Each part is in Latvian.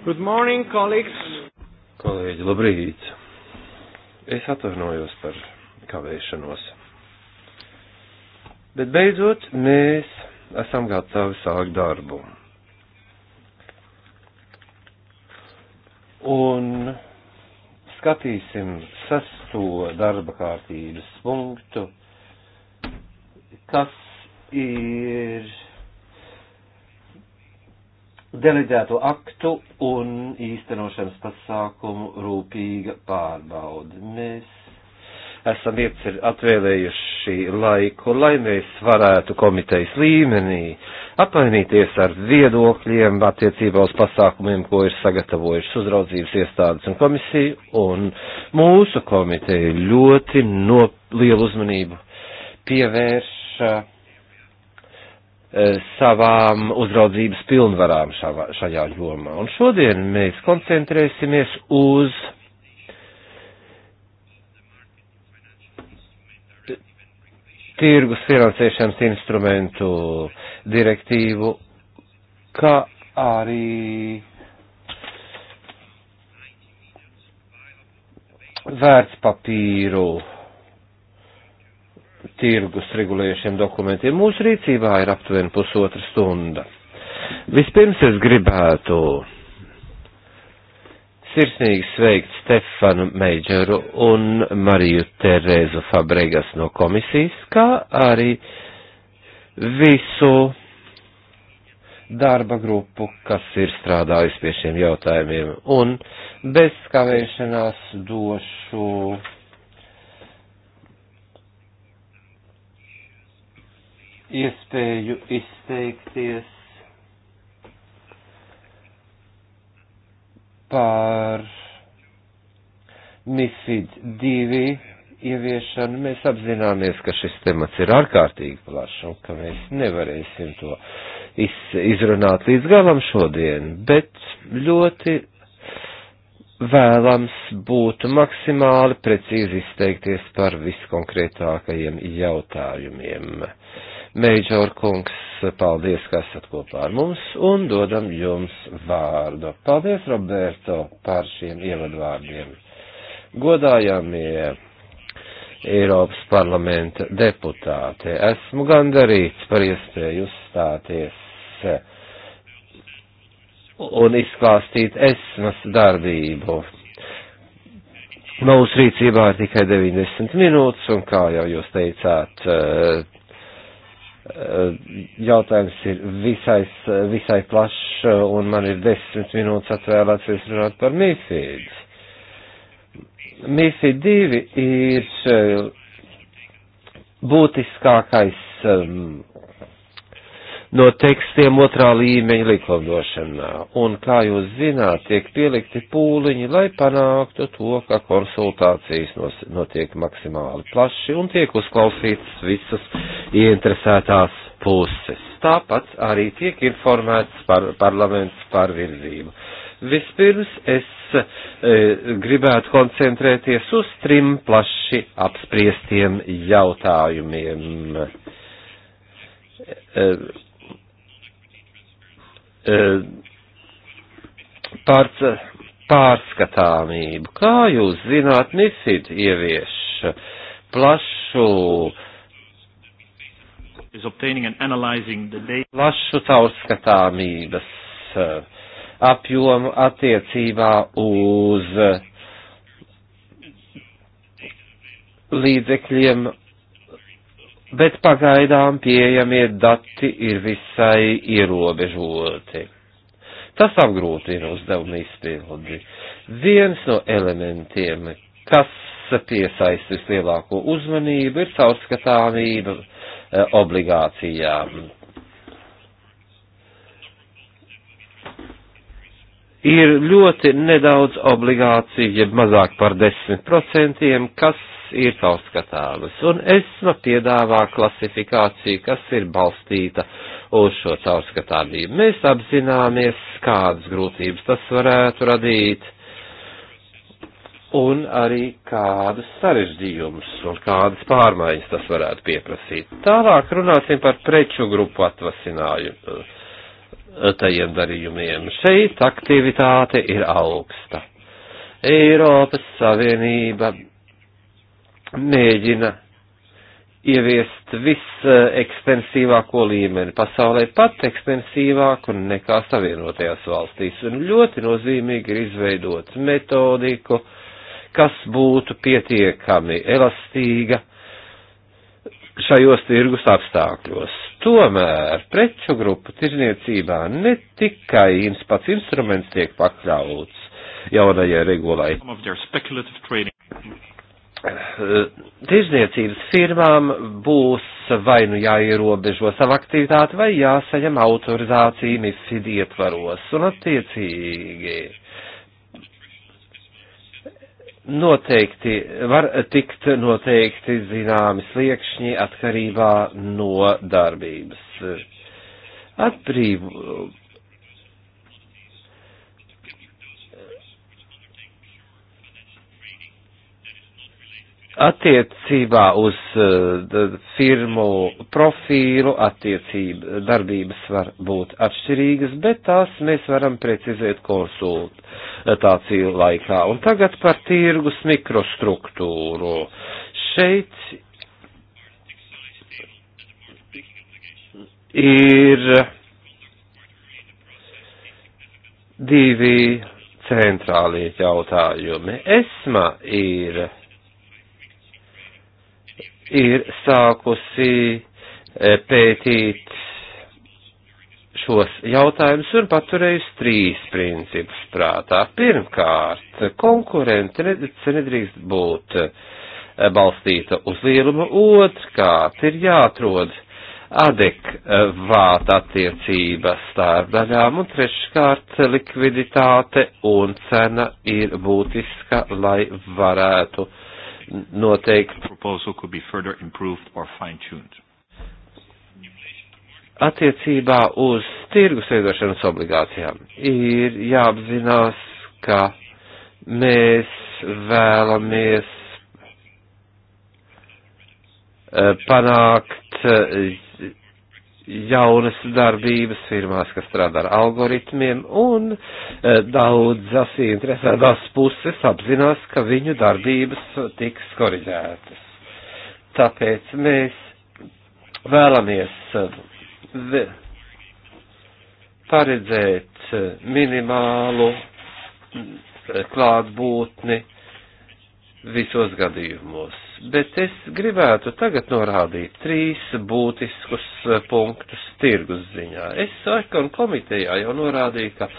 Good morning, colleagues. Kolēģi, labrīt. Es atvainojos par kavēšanos. Bet beidzot, mēs esam gatavi sākt darbu. Un skatīsim sesto darba kārtības punktu, kas ir deleģēto aktu un īstenošanas pasākumu rūpīga pārbauda. Mēs esam atvēlējuši laiku, lai mēs varētu komitejas līmenī apmainīties ar viedokļiem attiecībā uz pasākumiem, ko ir sagatavojušas uzraudzības iestādes un komisija, un mūsu komiteja ļoti no lielu uzmanību pievērš uh, Eh, savām uzraudzības pilnvarām šavā, šajā jomā. Un šodien mēs koncentrēsimies uz tirgus finansēšanas instrumentu direktīvu, kā arī vērtspapīru tirgus regulējušiem dokumentiem. Mūsu rīcībā ir aptuveni pusotra stunda. Vispirms es gribētu sirsnīgi sveikt Stefanu Meidžeru un Mariju Terēzu Fabregas no komisijas, kā arī visu darba grupu, kas ir strādājusi pie šiem jautājumiem. Un bez kavēšanās došu iespēju izteikties par MIFID 2 ieviešanu. Mēs apzināmies, ka šis temats ir ārkārtīgi plašs un ka mēs nevarēsim to iz, izrunāt līdz galam šodien, bet ļoti vēlams būtu maksimāli precīzi izteikties par viskonkrētākajiem jautājumiem. Uh, Meidžor kungs, paldies, ka esat kopā ar mums un dodam jums vārdu. Paldies, Roberto, par šiem ievadvārdiem. Godājamie Eiropas parlamenta deputāti, esmu gandarīts par iespēju uzstāties un izklāstīt esmas darbību. Mūsu rīcībā ir tikai 90 minūtes, un kā jau jūs teicāt, Eh, jautājums ir visais, visai plašs, eh, un man ir desmit minūtes atvēlēts runāt par MIFID. MIFID 2 ir eh, būtiskākais um, no tekstiem otrā līmeņa likumdošanā. Un, kā jūs zināt, tiek pielikti pūliņi, lai panāktu to, ka konsultācijas nos, notiek maksimāli plaši un tiek uzklausītas visas ieinteresētās puses. Tāpat arī tiek informēts par parlaments par virzību. Vispirms es e, gribētu koncentrēties uz trim plaši apspriestiem jautājumiem. E, E, par pārskatāmību. Kā jūs zināt, MIFID ievieš plašu plašu caurskatāmības e, apjomu attiecībā uz e, līdzekļiem bet pagaidām pieejamie dati ir visai ierobežoti. Tas apgrūtina uzdevumu izpildi. Viens no elementiem, kas piesaista vislielāko uzmanību, ir caurskatāmība eh, obligācijām. Ir ļoti nedaudz obligāciju, jeb mazāk par 10%, kas ir caurskatāmas. Un ESMA piedāvā klasifikāciju, kas ir balstīta uz šo caurskatāmību. Mēs apzināmies, kādas grūtības tas varētu radīt, un arī kādus sarežģījumus un kādas pārmaiņas tas varētu pieprasīt. Tālāk runāsim par preču grupu atvasinājumu eh, tajiem darījumiem. Šeit aktivitāte ir augsta. Eiropas Savienība mēģina ieviest visekstensīvāko līmeni pasaulē, pat ekstensīvāku nekā Savienotajās valstīs. Un ļoti nozīmīgi ir izveidot metodiku, kas būtu pietiekami elastīga šajos tirgus apstākļos. Tomēr preču grupu tirzniecībā ne tikai ins pats instruments tiek pakļauts jaunajai regulai Eh, tirzniecības firmām būs vai nu jāierobežo savu aktivitāti, vai jāsaņem autorizācija MIFID ietvaros un attiecīgi. Noteikti var tikt noteikti zināmi sliekšņi atkarībā no darbības. Atbrīvo, attiecībā uz uh, firmu profilu attiecība darbības var būt atšķirīgas, bet tās mēs varam precizēt konsultāciju laikā. Un tagad par tirgus mikrostruktūru. Šeit ir divi centrālie jautājumi. ESMA ir ir sākusi e, pētīt šos jautājumus un paturējusi trīs principus prātā. Pirmkārt, konkurence nedrīkst būt e, balstīta uz lielumu, otrkārt ir jāatrod adekvāta e, attiecība starp daļām, un treškārt likviditāte un cena ir būtiska, lai varētu uh, noteikti. Attiecībā uz tirgus veidošanas obligācijām ir jāapzinās, ka mēs vēlamies eh, panākt eh, jaunas darbības firmās, kas strādā ar algoritmiem, un eh, daudzas interesētās puses apzinās, ka viņu darbības tiks korizētas. Tāpēc mēs vēlamies eh, paredzēt eh, minimālu klātbūtni visos gadījumos bet es gribētu tagad norādīt trīs būtiskus eh, punktus tirgus ziņā. Es sarkanu komitejā jau norādīju, ka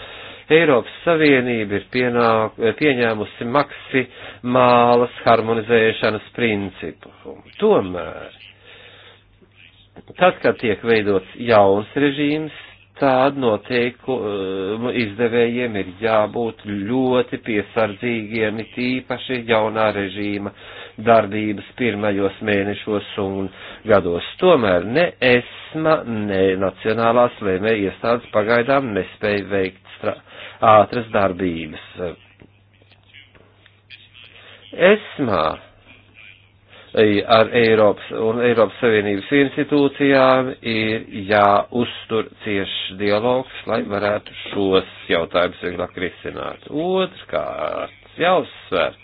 Eiropas Savienība ir pienāk, eh, pieņēmusi maksimālas harmonizēšanas principu. Tomēr, tad, kad tiek veidots jauns režīms, tādu noteikumu eh, izdevējiem ir jābūt ļoti piesardzīgiem, it īpaši jaunā režīma uh, darbības pirmajos mēnešos un gados. Tomēr ne ESMA, ne Nacionālās lēmē iestādes pagaidām nespēja veikt ātras darbības. ESMA ar Eiropas un Eiropas Savienības institūcijām ir jāuztur cieši dialogs, lai varētu šos jautājumus vieglāk risināt. Otrkārt, jāuzsver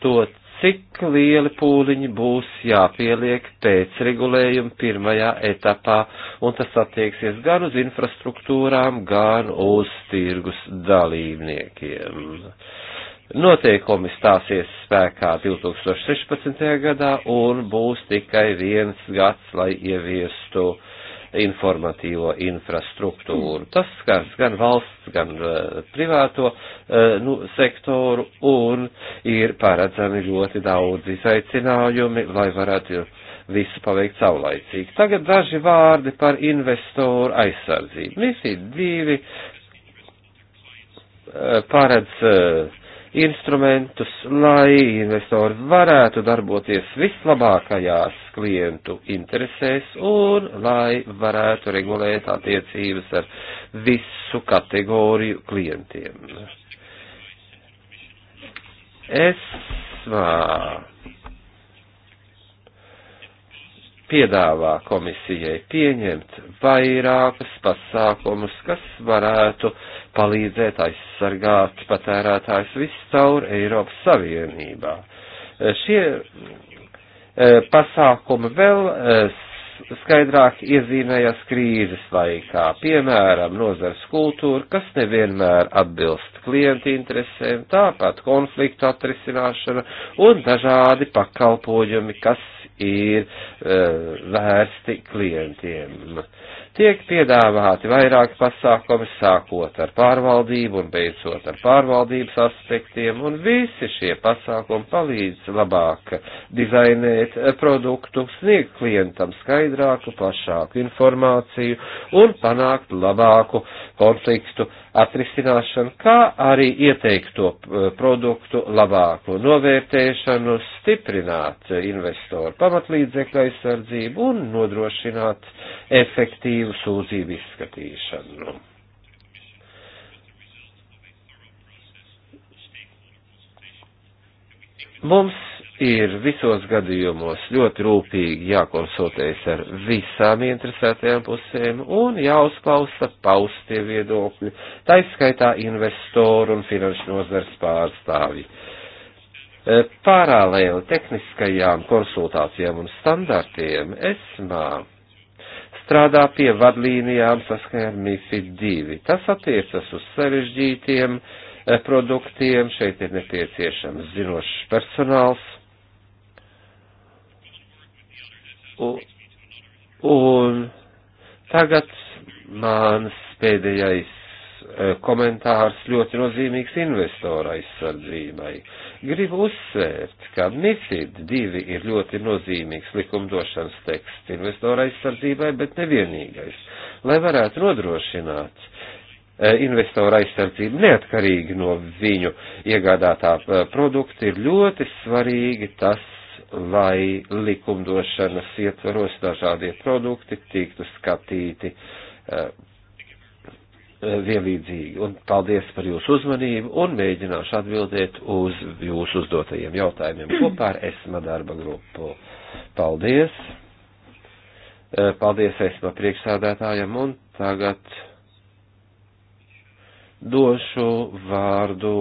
to cik lieli pūliņi būs jāpieliek pēc regulējuma pirmajā etapā, un tas attieksies gan uz infrastruktūrām, gan uz tirgus dalībniekiem. Noteikumi stāsies spēkā 2016. gadā un būs tikai viens gads, lai ieviestu uh, informatīvo infrastruktūru. Tas skars gan valsts, gan uh, privāto uh, nu, sektoru un ir paredzami ļoti daudz izaicinājumi, lai varētu visu paveikt saulaicīgi. Tagad daži vārdi par investoru aizsardzību. Misi divi eh, paredz uh, instrumentus, lai investori varētu darboties vislabākajās klientu interesēs un lai varētu regulēt attiecības ar visu kategoriju klientiem. ESMA piedāvā komisijai pieņemt vairākus pasākumus, kas varētu palīdzēt aizsargāt patērētājs viscaur Eiropas Savienībā. Eh, šie eh, pasākumi vēl eh, skaidrāk iezīmējas krīzes laikā, piemēram, nozars kultūra, kas nevienmēr atbilst klienta interesēm, tāpat konfliktu atrisināšana un dažādi pakalpojumi, kas ir eh, vērsti klientiem. Tiek piedāvāti vairāki pasākumi, sākot ar pārvaldību un beidzot ar pārvaldības aspektiem, un visi šie pasākumi palīdz labāk dizainēt produktu, sniegt klientam skaidrāku, plašāku informāciju un panākt labāku konfliktu atrisināšanu, kā arī ieteikto eh, produktu labāku novērtēšanu, stiprināt investoru pamatlīdzekļu aizsardzību un nodrošināt efektīvu kolektīvu sūdzību izskatīšanu. Mums ir visos gadījumos ļoti rūpīgi jākonsultējas ar visām interesētajām pusēm un jāuzklausa paustie viedokļi, taiskaitā investoru un finanšu nozars pārstāvji. E, paralēli tehniskajām konsultācijām un standartiem ESMA jāstrādā pie vadlīnijām saskaņā ar MIFID 2. Tas attiecas uz sarežģītiem eh, produktiem, šeit ir nepieciešams zinošs personāls. Un, un tagad mans pēdējais eh, komentārs ļoti nozīmīgs investora aizsardzībai. Uh, Gribu uzsvērt, ka MIFID 2 ir ļoti nozīmīgs likumdošanas teksts investora aizsardzībai, bet nevienīgais, lai varētu nodrošināt e, investora aizsardzību neatkarīgi no viņu iegādātā e, produkta, ir ļoti svarīgi tas, lai likumdošanas ietvaros dažādie produkti tiktu skatīti uh, Eh, vienlīdzīgi. Un paldies par jūsu uzmanību un mēģināšu atbildēt uz jūsu uzdotajiem jautājumiem kopā ar ESMA darba grupu. Paldies! Eh, paldies ESMA priekšsādātājam un tagad došu vārdu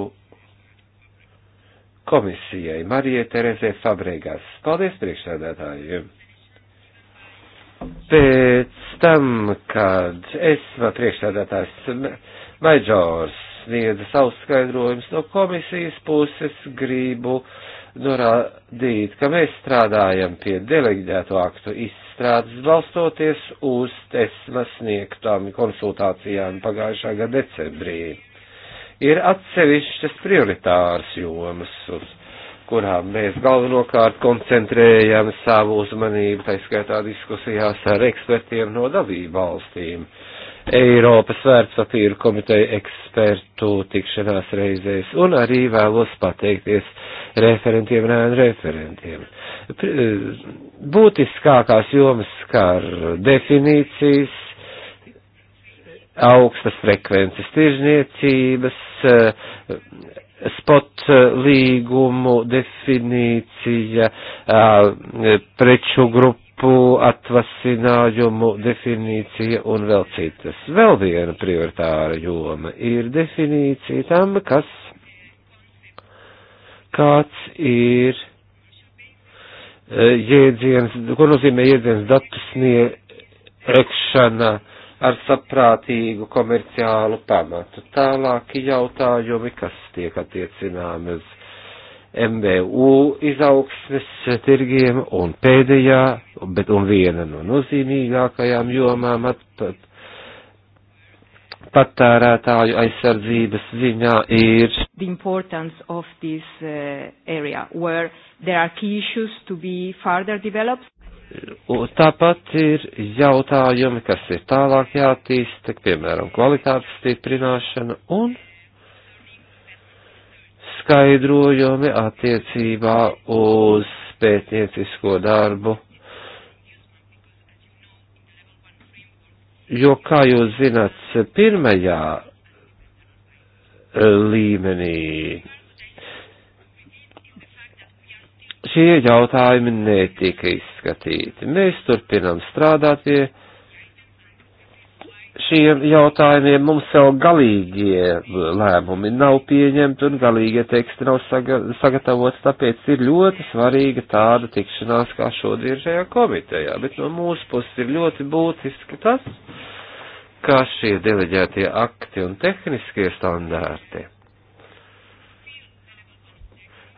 komisijai Marijai Terezē Fabregas. Paldies priekšsēdētājiem! Pēc tam, kad ESMA priekšstādātājs Maidžors sniedza savus skaidrojumus no komisijas puses, gribu norādīt, ka mēs strādājam pie deleģēto aktu izstrādes balstoties uz ESMA sniegtām konsultācijām pagājušā gada decembrī. Ir atsevišķas prioritāras jomas, uz kurām mēs galvenokārt koncentrējam savu uzmanību, tā skaitā diskusijās ar ekspertiem no dalību valstīm. Eiropas vērtspapīru komiteja ekspertu tikšanās reizēs un arī vēlos pateikties referentiem un referentiem. Būtiskākās jomas skar definīcijas, augstas frekvences tirzniecības, spot eh, līgumu definīcija, e, preču grupu atvasinājumu definīcija un vēl citas. Vēl viena prioritāra joma ir definīcija tam, kas, kāds ir e, jēdziens, ko nozīmē jēdziens datu sniegšana ar saprātīgu komerciālu pamatu. Tālāki jautājumi, kas tiek attiecināmi uz MBU izaugsmes tirgiem un pēdējā, bet un viena no nozīmīgākajām jomām atpat patērētāju aizsardzības ziņā ir the importance of this uh, area where there are key issues to be further developed. Tāpat ir jautājumi, kas ir tālāk jātīsta, piemēram, kvalitātes stiprināšana un skaidrojumi attiecībā uz pētniecisko darbu. Jo, kā jūs zināt, pirmajā e, līmenī šie jautājumi netika izskatīti. Mēs turpinām strādāt pie šiem jautājumiem. Mums vēl galīgie lēmumi nav pieņemti un galīgie teksti nav saga sagatavots, tāpēc ir ļoti svarīga tāda tikšanās kā šodien šajā komitejā. Bet no mūsu puses ir ļoti būtiski tas, kā šie deleģētie akti un tehniskie standārti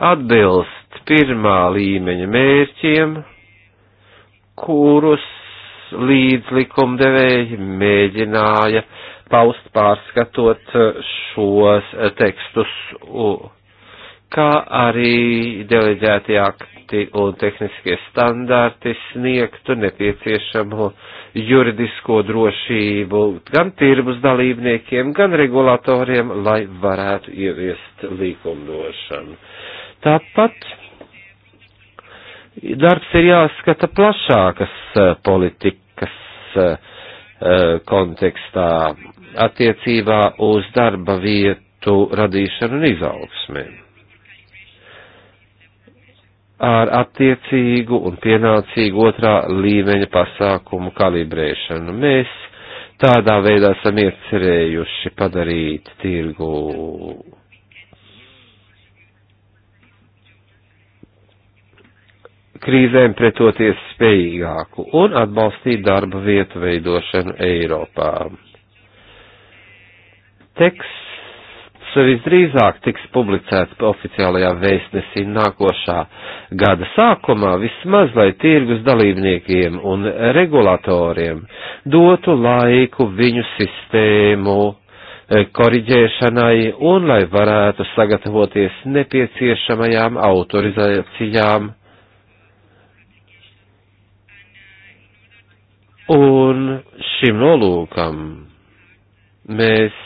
atbilst pirmā līmeņa mērķiem, kurus līdz likumdevēji mēģināja paust pārskatot šos tekstus, kā arī deleģēti akti un tehniskie standarti sniegtu nepieciešamo juridisko drošību gan tirgus dalībniekiem, gan regulatoriem, lai varētu ieviest likumdošanu. Tāpat darbs ir jāskata plašākas eh, politikas eh, eh, kontekstā attiecībā uz darba vietu radīšanu un izaugsmi ar attiecīgu un pienācīgu otrā līmeņa pasākumu kalibrēšanu. Mēs tādā veidā esam iecerējuši padarīt tirgu krīzēm pretoties spējīgāku un atbalstīt darba vietu veidošanu Eiropā. Teksts visdrīzāk tiks publicēts oficiālajā vēstnesī nākošā gada sākumā, vismaz lai tirgus dalībniekiem un regulatoriem dotu laiku viņu sistēmu e, koriģēšanai un lai varētu sagatavoties nepieciešamajām autorizācijām Un šim nolūkam mēs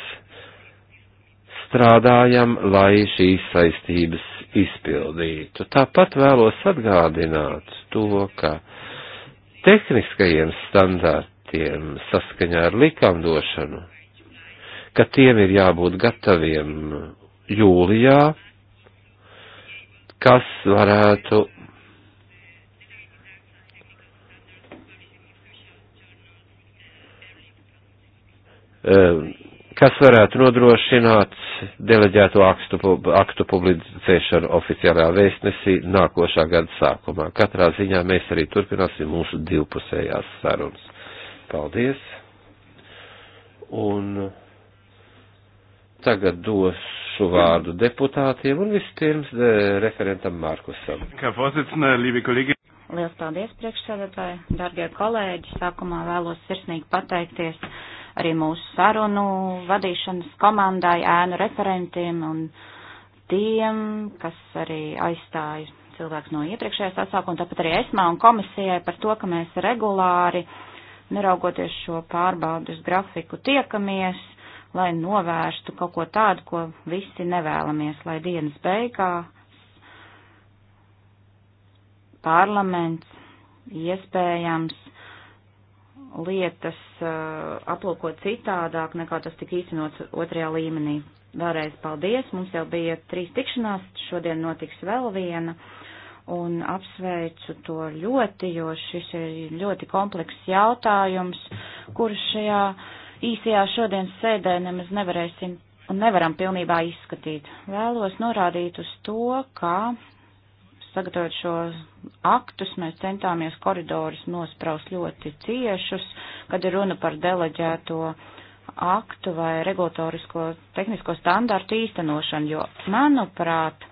strādājam, lai šīs saistības izpildītu. Tāpat vēlos atgādināt to, ka tehniskajiem standartiem saskaņā ar likumdošanu, ka tiem ir jābūt gataviem jūlijā, kas varētu Ehm, kas varētu nodrošināt deleģēto aktu, aktu publicēšanu oficiālā vēstnesī nākošā gada sākumā. Katrā ziņā mēs arī turpināsim mūsu divpusējās sarunas. Paldies! Un tagad došu vārdu deputātiem un vispirms de, referentam Markusam. Liels paldies priekšsēdētāji, dargie kolēģi. Sākumā vēlos sirsnīgi pateikties arī mūsu sarunu vadīšanas komandai, ēnu referentiem un tiem, kas arī aizstāja cilvēks no iepriekšējā sasākuma, tāpat arī esmā un komisijai par to, ka mēs regulāri, neraugoties šo pārbaudas grafiku, tiekamies, lai novērstu kaut ko tādu, ko visi nevēlamies, lai dienas beigās parlaments iespējams lietas uh, aplūkot citādāk, nekā tas tika īstenots otrajā līmenī. Vēlreiz paldies, mums jau bija trīs tikšanās, šodien notiks vēl viena, un apsveicu to ļoti, jo šis ir ļoti komplekss jautājums, kurš šajā īsajā šodienas sēdē nemaz nevarēsim un nevaram pilnībā izskatīt. Vēlos norādīt uz to, ka sagatavot šo aktus, mēs centāmies koridorus nospraust ļoti ciešus, kad ir runa par deleģēto aktu vai regulatorisko tehnisko standārtu īstenošanu, jo, manuprāt,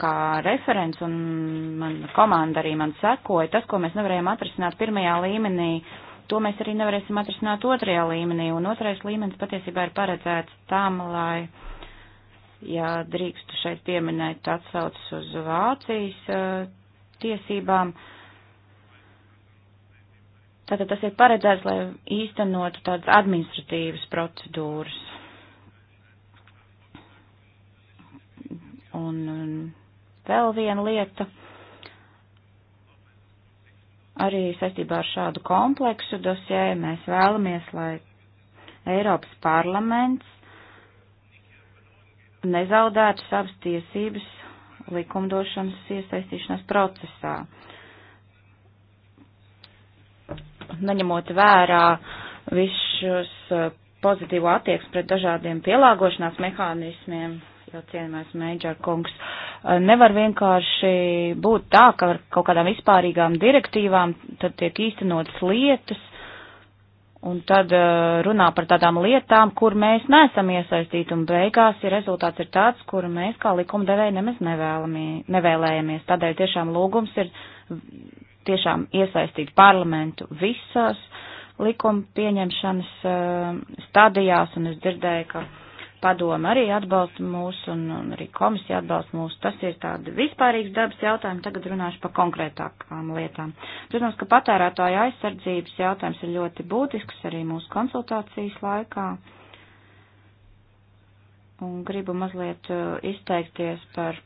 kā referents un man komanda arī man sekoja, tas, ko mēs nevarējām atrisināt pirmajā līmenī, to mēs arī nevarēsim atrisināt otrajā līmenī, un otrais līmenis patiesībā ir paredzēts tam, lai ja drīkstu šeit pieminēt atsaucas uz Vācijas eh, tiesībām. Tātad tas ir paredzēts, lai īstenotu tādas administratīvas procedūras. Un um, vēl viena lieta arī saistībā ar šādu kompleksu dosē mēs vēlamies, lai Eiropas parlaments nezaudētu savas tiesības likumdošanas iesaistīšanās procesā. Neņemot vērā visus eh, pozitīvo attieksmi pret dažādiem pielāgošanās mehānismiem, jo cienījamais Meidžar kungs, eh, nevar vienkārši būt tā, ka ar kaut kādām vispārīgām direktīvām tad tiek īstenotas lietas, un tad uh, runā par tādām lietām, kur mēs neesam iesaistīti, un beigās ir rezultāts ir tāds, kuru mēs kā likumdevēji nemaz nevēlējamies. Tādēļ tiešām lūgums ir tiešām iesaistīt parlamentu visās likuma pieņemšanas uh, stadijās, un es dzirdēju, ka padoma arī atbalsta mūs un, un arī komisija atbalsta mūs. Tas ir tāda vispārīgs dabas jautājuma, tagad runāšu par konkrētākām lietām. Protams, ka patērētāja aizsardzības jautājums ir ļoti būtisks arī mūsu konsultācijas laikā. Un gribu mazliet uh, izteikties par,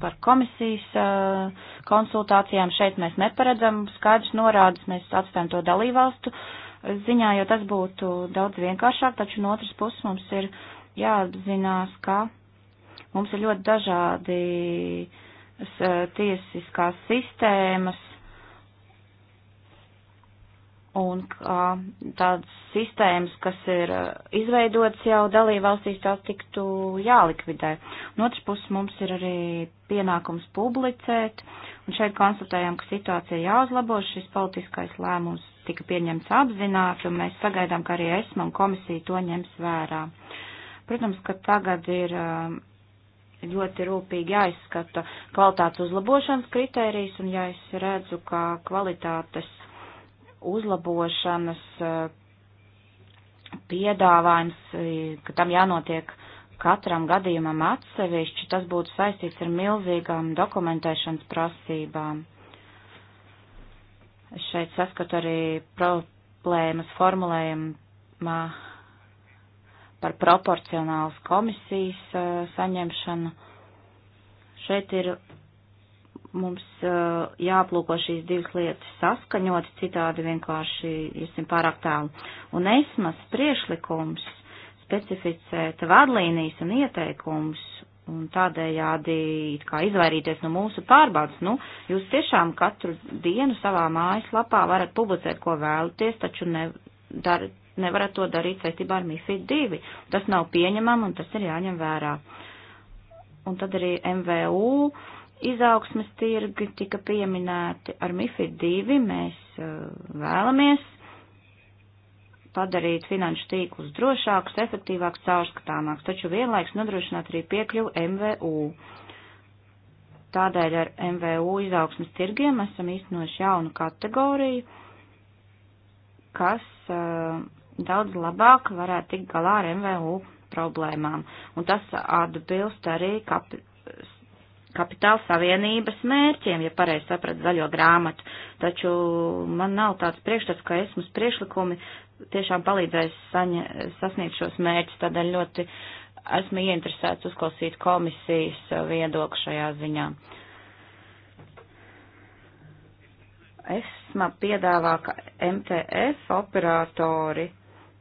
par komisijas uh, konsultācijām. Šeit mēs neparedzam skaidrs norādes, mēs atstājam to dalībvalstu. Uh, ziņā, jo tas būtu daudz vienkāršāk, taču no otras puses mums ir jāapzinās, ka mums ir ļoti dažādi eh, tiesiskās sistēmas un ka tādas sistēmas, kas ir eh, izveidotas jau dalībvalstīs, tās tiktu jālikvidē. No otras puses mums ir arī pienākums publicēt, un šeit konstatējam, ka situācija jāuzlabo, šis politiskais lēmums tika pieņemts apzināti, un mēs sagaidām, ka arī esmu un komisija to ņems vērā. Protams, ka tagad ir um, ļoti rūpīgi jāizskata kvalitātes uzlabošanas kritērijas, un ja es redzu, ka kvalitātes uzlabošanas uh, piedāvājums, uh, ka tam jānotiek katram gadījumam atsevišķi, tas būtu saistīts ar milzīgām dokumentēšanas prasībām. Es šeit saskatu arī problēmas formulējumā par proporcionālas komisijas saņemšanu. Šeit ir mums jāplūko šīs divas lietas saskaņot, citādi vienkārši iesim pārāk tālu. Un esmas priešlikums specificēt vadlīnijas un ieteikums un tādējādi it kā izvairīties no mūsu pārbaudas. Nu, jūs tiešām katru dienu savā mājaslapā varat publicēt, ko vēlaties, taču ne, dar, nevarat to darīt saistībā ar MIFID 2. Tas nav pieņemam un tas ir jāņem vērā. Un tad arī MVU izaugsmes tirgi tika pieminēti. Ar MIFID 2 mēs uh, vēlamies padarīt finanšu tīklus drošākus, efektīvākus, caurskatāmākus, taču vienlaiks nodrošināt arī piekļuvu MVU. Tādēļ ar MVU izaugsmas tirgiem esam īstenojuši jaunu kategoriju, kas uh, daudz labāk varētu tikt galā ar MVU problēmām. Un tas atbilst arī kap kapitāla savienības mērķiem, ja pareizi sapratu zaļo grāmatu. Taču man nav tāds priekšstats, ka esmas priekšlikumi tiešām palīdzēs saņa, sasniegt šos mērķus, tādēļ ļoti esmu ieinteresēts uzklausīt komisijas viedokli šajā ziņā. ESMA piedāvā, ka MTF operatori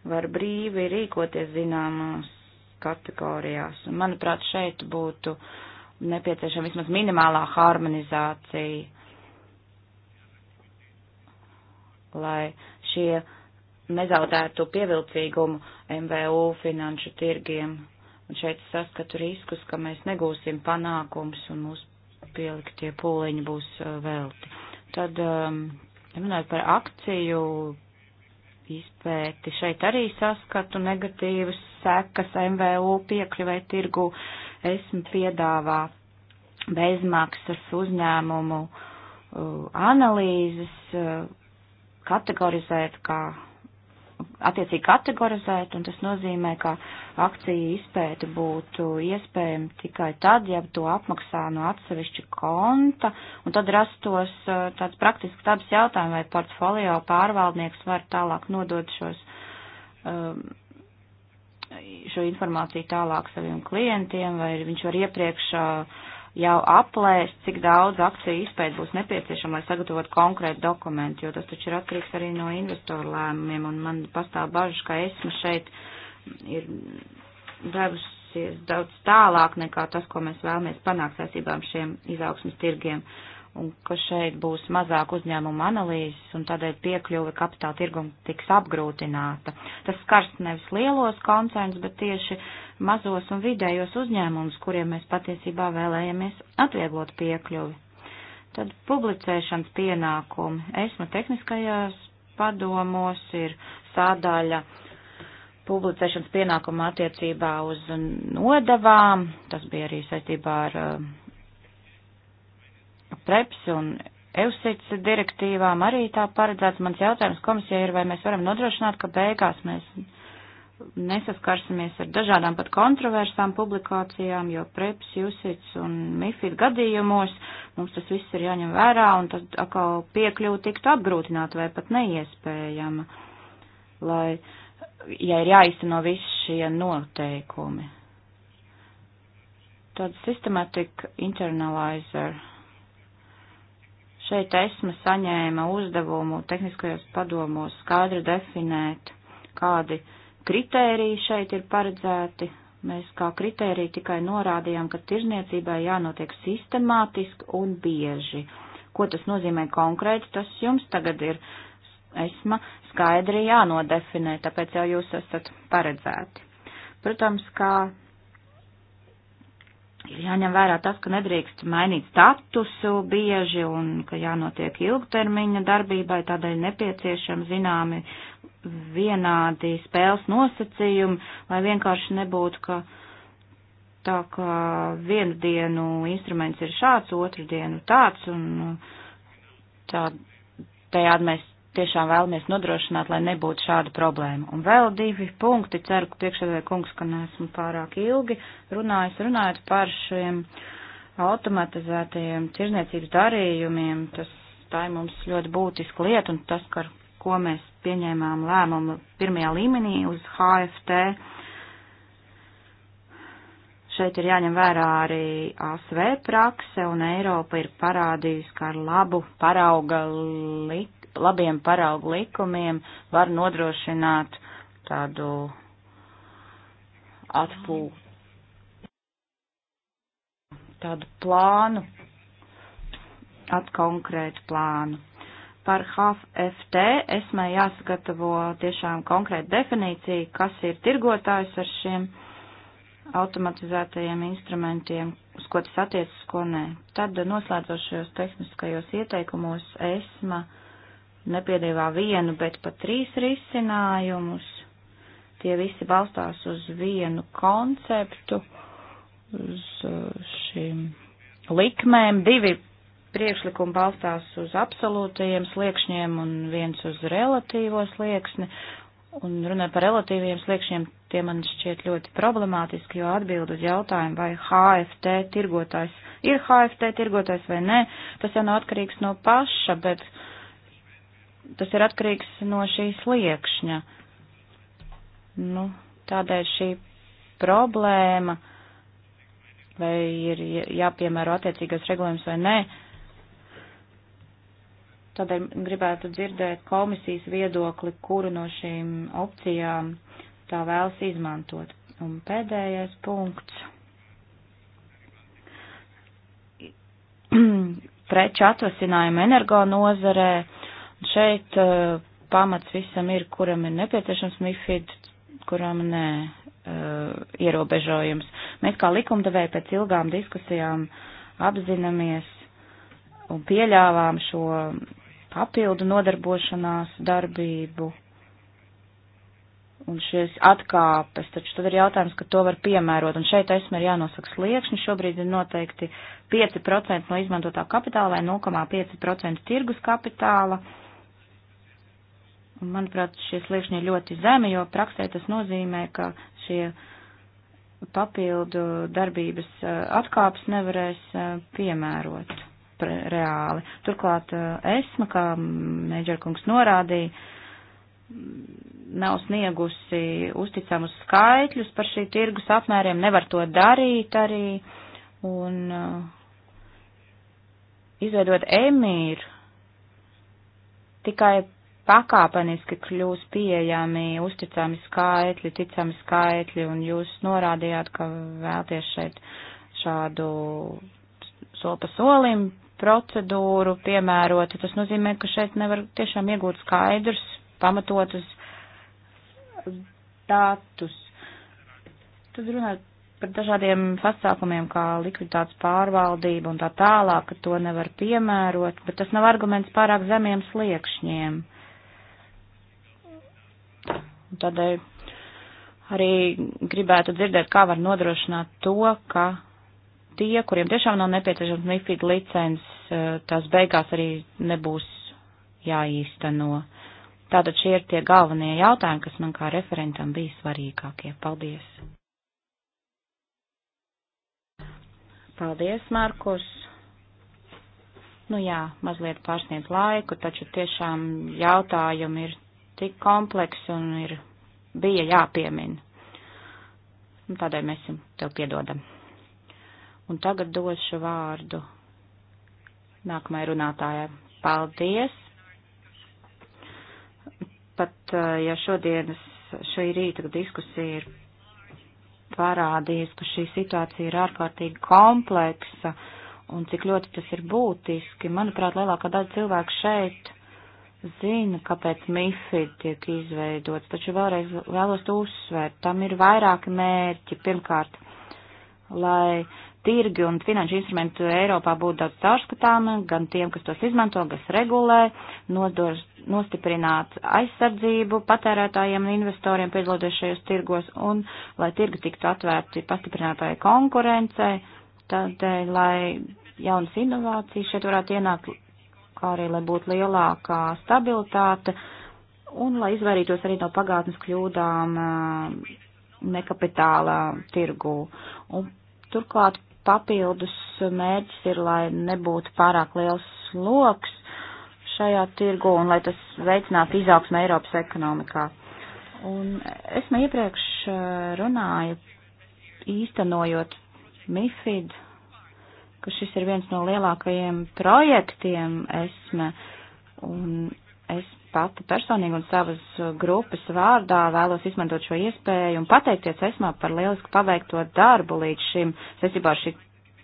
var brīvi rīkoties zināmās kategorijās. Un, manuprāt, šeit būtu nepieciešama vismaz minimālā harmonizācija, lai šie uh, nezaudētu pievilcīgumu MVU finanšu tirgiem. Un šeit saskatu riskus, ka mēs negūsim panākums un mūsu pieliktie pūliņi būs uh, velti. Tad, um, runājot par akciju izpēti, šeit arī saskatu negatīvas sekas MVU piekļuvai tirgu. Esmu piedāvā bezmaksas uzņēmumu uh, analīzes uh, kategorizēt kā attiecīgi kategorizēt, un tas nozīmē, ka akciju izpēta būtu iespējama tikai tad, ja to apmaksā no atsevišķa konta, un tad rastos uh, tāds praktiski tāds jautājums, vai portfolio pārvaldnieks var tālāk nodot šos, um, šo informāciju tālāk saviem klientiem, vai viņš var iepriekš uh, jau aplēst, cik daudz akciju izpēt būs nepieciešama, lai sagatavotu konkrētu dokumentu, jo tas taču ir atkarīgs arī no investoru lēmumiem, un man pastāv bažas, ka esmu šeit ir devusies daudz tālāk nekā tas, ko mēs vēlamies panākt saistībām šiem izaugsmas tirgiem, un ka šeit būs mazāk uzņēmumu analīzes, un tādēļ piekļuve kapitāla tirgumu tiks apgrūtināta. Tas skars nevis lielos koncerns, bet tieši uh, mazos un vidējos uzņēmumus, kuriem mēs patiesībā vēlējamies atvieglot piekļuvi. Tad publicēšanas pienākumi. Esmu tehniskajās padomos ir sādaļa publicēšanas pienākuma attiecībā uz nodavām. Tas bija arī saistībā ar uh, preps un EUSITS direktīvām arī tā paredzēts. Mans jautājums komisijai ir, vai mēs varam nodrošināt, ka beigās mēs nesaskarsimies ar dažādām pat kontroversām publikācijām, jo preps, jūsits un mifid gadījumos mums tas viss ir jāņem vērā un tad atkal piekļuvi tiktu apgrūtināt vai pat neiespējama, lai, ja ir jāizteno visi šie noteikumi. Tad systematic internalizer. Šeit esma saņēma uzdevumu tehniskajos padomos skaidri definēt, kādi uh, kritēriji šeit ir paredzēti. Mēs kā kritēriju tikai norādījām, ka tirzniecībai jānotiek sistemātiski un bieži. Ko tas nozīmē konkrēti, tas jums tagad ir esma skaidri jānodefinē, tāpēc jau jūs esat paredzēti. Protams, kā ir jāņem vērā tas, ka nedrīkst mainīt statusu bieži un ka jānotiek ilgtermiņa darbībai, tādēļ nepieciešami zināmi vienādi spēles nosacījumi, lai vienkārši nebūtu, ka tā kā vienu dienu instruments ir šāds, otru dienu tāds, un nu, tā, tajādi mēs tiešām vēlamies nodrošināt, lai nebūtu šāda problēma. Un vēl divi punkti, ceru, ka priekšsēdē kungs, ka neesmu pārāk ilgi runājis, runājot par šiem automatizētajiem tirzniecības darījumiem, tas tā ir mums ļoti būtiska lieta, un tas, ka ko mēs pieņēmām lēmumu pirmajā līmenī uz HFT. Šeit ir jāņem vērā arī ASV prakse, un Eiropa ir parādījusi, ka ar labu parauga lik, labiem parauga likumiem var nodrošināt tādu atpū, tādu plānu, atkonkrētu plānu. Par HFT esmai jāsagatavo tiešām konkrēta definīcija, kas ir tirgotājs ar šiem automatizētajiem instrumentiem, uz ko tas attiecas, ko nē. Tad noslēdzošajos tehniskajos ieteikumos esma nepiedēvā vienu, bet pat trīs risinājumus. Tie visi balstās uz vienu konceptu, uz uh, šīm likmēm. Divi priekšlikumi balstās uz absolūtajiem sliekšņiem un viens uz relatīvo slieksni. Un runājot par relatīviem sliekšņiem, tie man šķiet ļoti problemātiski, jo atbild uz jautājumu, vai HFT tirgotājs ir HFT tirgotājs vai nē, tas jau nav atkarīgs no paša, bet tas ir atkarīgs no šī sliekšņa. Nu, tādēļ šī problēma, vai ir jāpiemēro attiecīgais regulējums vai nē, Tādēļ gribētu dzirdēt komisijas viedokli, kuru no šīm opcijām tā vēlas izmantot. Un pēdējais punkts. Preču atvasinājumu energo nozarē. Šeit uh, pamats visam ir, kuram ir nepieciešams MIFID, kuram nē uh, ierobežojums. Mēs kā likumdevēji pēc ilgām diskusijām apzināmies un pieļāvām šo papildu nodarbošanās darbību un šīs atkāpes, taču tad ir jautājums, ka to var piemērot, un šeit esmu ir jānosaka sliekšņi, šobrīd ir noteikti 5% no izmantotā kapitāla vai 0,5% tirgus kapitāla, un manuprāt, šie sliekšņi ir ļoti zemi, jo praksē tas nozīmē, ka šie papildu darbības eh, atkāpes nevarēs eh, piemērot reāli. Turklāt eh, ESMA, kā Mēģerkungs norādīja, nav sniegusi uzticamus skaitļus par šī tirgus apmēriem, nevar to darīt arī, un eh, izveidot emīru tikai pakāpeniski kļūs pieejami uzticami skaitļi, ticami skaitļi, un jūs norādījāt, ka vēlties šeit šādu soli pa solim procedūru piemērota. Tas nozīmē, ka šeit nevar tiešām iegūt skaidrus, pamatotus datus. Tad runāt par dažādiem pasākumiem, kā likviditātes pārvaldība un tā tālāk, ka to nevar piemērot, bet tas nav arguments pārāk zemiem sliekšņiem. Un tādēļ eh, arī gribētu dzirdēt, kā var nodrošināt to, ka tie, kuriem tiešām nav nepieciešams MIFID licences, eh, tās beigās arī nebūs jāīsteno. Tātad šie ir tie galvenie jautājumi, kas man kā referentam bija svarīgākie. Paldies! Paldies, Markus! Nu jā, mazliet pārsniedz laiku, taču tiešām jautājumi ir tik kompleksi un ir, bija jāpiemina. Un nu, tādēļ mēs tev piedodam. Un tagad došu vārdu nākamajai runātājai. Paldies! Pat eh, ja šodienas, šī rīta diskusija ir parādījusi, ka šī situācija ir ārkārtīgi kompleksa un cik ļoti tas ir būtiski, manuprāt, lielākā daļa cilvēku šeit zina, kāpēc MIFID tiek izveidots, taču vēlreiz vēlos to uzsvērt. Tam ir vairāki mērķi. Pirmkārt, lai uh, tirgi un finanšu instrumentu Eiropā būtu daudz caurskatāmi, gan tiem, kas tos izmanto, kas regulē, nodos, nostiprināt aizsardzību patērētājiem un investoriem piedaloties šajos tirgos un lai tirgi tiktu atvērti pastiprinātāji konkurencei, tādēļ, eh, lai jaunas inovācijas šeit varētu ienākt, kā arī, lai būtu lielākā stabilitāte un lai izvairītos arī no pagātnes kļūdām eh, nekapitāla tirgu. Un turklāt papildus mērķis ir, lai nebūtu pārāk liels loks šajā tirgu un lai tas veicinātu izaugsmu Eiropas ekonomikā. Un es man iepriekš eh, runāju, īstenojot MIFID, ka šis ir viens no lielākajiem projektiem esme, un es pati personīgi un savas uh, grupas vārdā vēlos izmantot šo iespēju un pateikties esmā par lielisku paveikto darbu līdz šim saistībā ar šī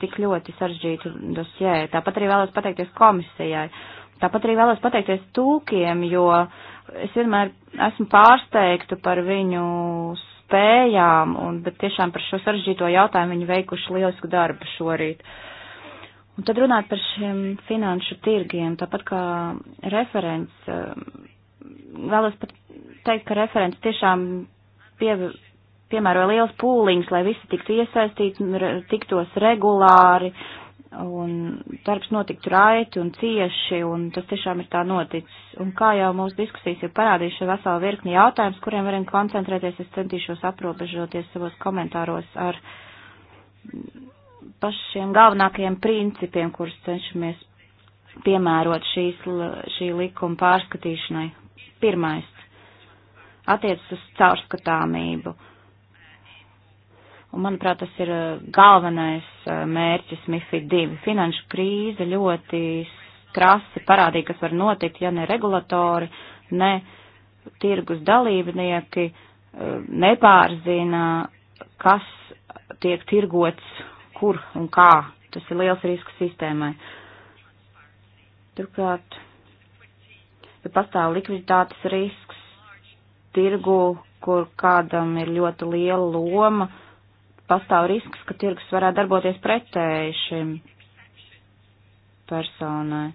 tik ļoti sarežģītu dosjē. Tāpat arī vēlos pateikties komisijai. Tāpat arī vēlos pateikties tūkiem, jo es vienmēr esmu pārsteigta par viņu spējām, un, bet tiešām par šo sarežģīto jautājumu viņi veikuši lielisku darbu šorīt. Uh, Un tad runāt par šiem finanšu tirgiem, tāpat kā referents, eh, vēlos pat teikt, ka referents tiešām pie, piemēro liels pūliņus, lai visi tiktu iesaistīti, tiktos regulāri, un darbs notiktu raiti un cieši, un tas tiešām ir tā noticis. Un kā jau mūsu diskusijas ir parādījuši vesela virkni jautājums, kuriem varam koncentrēties, es centīšos aprobežoties savos komentāros ar pašiem galvenākajiem principiem, kurus cenšamies piemērot šīs, šī likuma pārskatīšanai. Pirmais attiecas uz caurskatāmību. Un, manuprāt, tas ir eh, galvenais eh, mērķis MIFID 2. Finanšu krīze ļoti krasi parādīja, kas var notikt, ja ne regulatori, ne tirgus dalībnieki eh, nepārzina, kas tiek tirgots kur un kā. Tas ir liels risks sistēmai. Turklāt, ja pastāv likviditātes risks tirgu, kur kādam ir ļoti liela loma, pastāv risks, ka tirgus varētu darboties pretēji šim personai.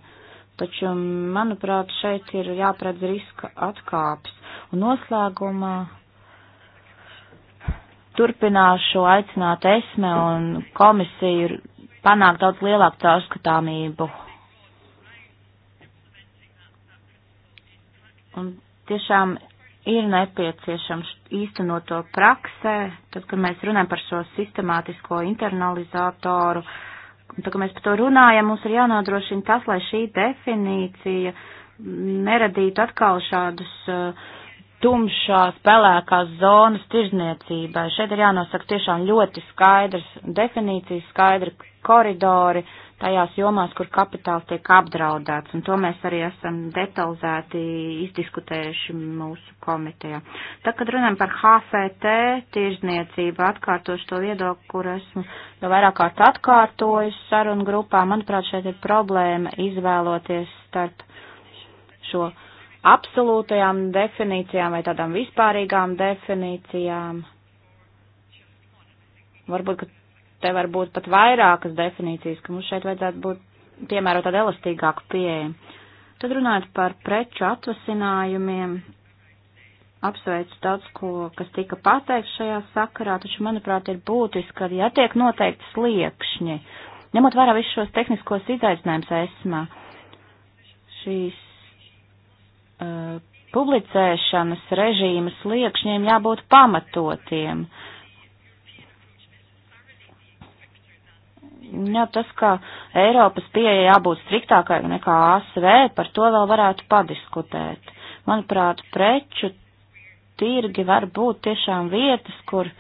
Taču, manuprāt, šeit ir jāpredz riska atkāpes. Un noslēgumā turpināšu aicināt esme un komisiju panākt daudz lielāku caurskatāmību. Un tiešām ir nepieciešams īstenot to praksē, tad, kad mēs runājam par šo sistemātisko internalizatoru, tad, kad mēs par to runājam, mums ir jānodrošina tas, lai šī definīcija neradītu atkal šādus uh, tumšās, pelēkās zonas tirzniecībai. Šeit ir jānosaka tiešām ļoti skaidrs definīcijas, skaidri koridori tajās jomās, kur kapitāls tiek apdraudēts, un to mēs arī esam detalizēti izdiskutējuši mūsu komitejā. Tā, kad runājam par HFT tirzniecību, atkārtošu to viedokli, kur esmu jau vairāk kārt atkārtojis sarunu grupā, manuprāt, šeit ir problēma izvēloties starp šo absolūtajām definīcijām vai tādām vispārīgām definīcijām. Varbūt, ka te var būt pat vairākas definīcijas, ka mums šeit vajadzētu būt piemērot tādu elastīgāku pieeju. Tad runājot par preču atvasinājumiem, apsveicu daudz ko, kas tika pateikts šajā sakarā, taču, manuprāt, ir būtiski arī attiek noteikti sliekšņi. Ņemot vērā visus šos tehniskos izaicinājumus esmā, šīs Uh, publicēšanas režīmas liekšņiem jābūt pamatotiem. Jā, tas, ka Eiropas pieeja jābūt striktākai nekā ASV, par to vēl varētu padiskutēt. Manuprāt, preču tirgi var būt tiešām vietas, kur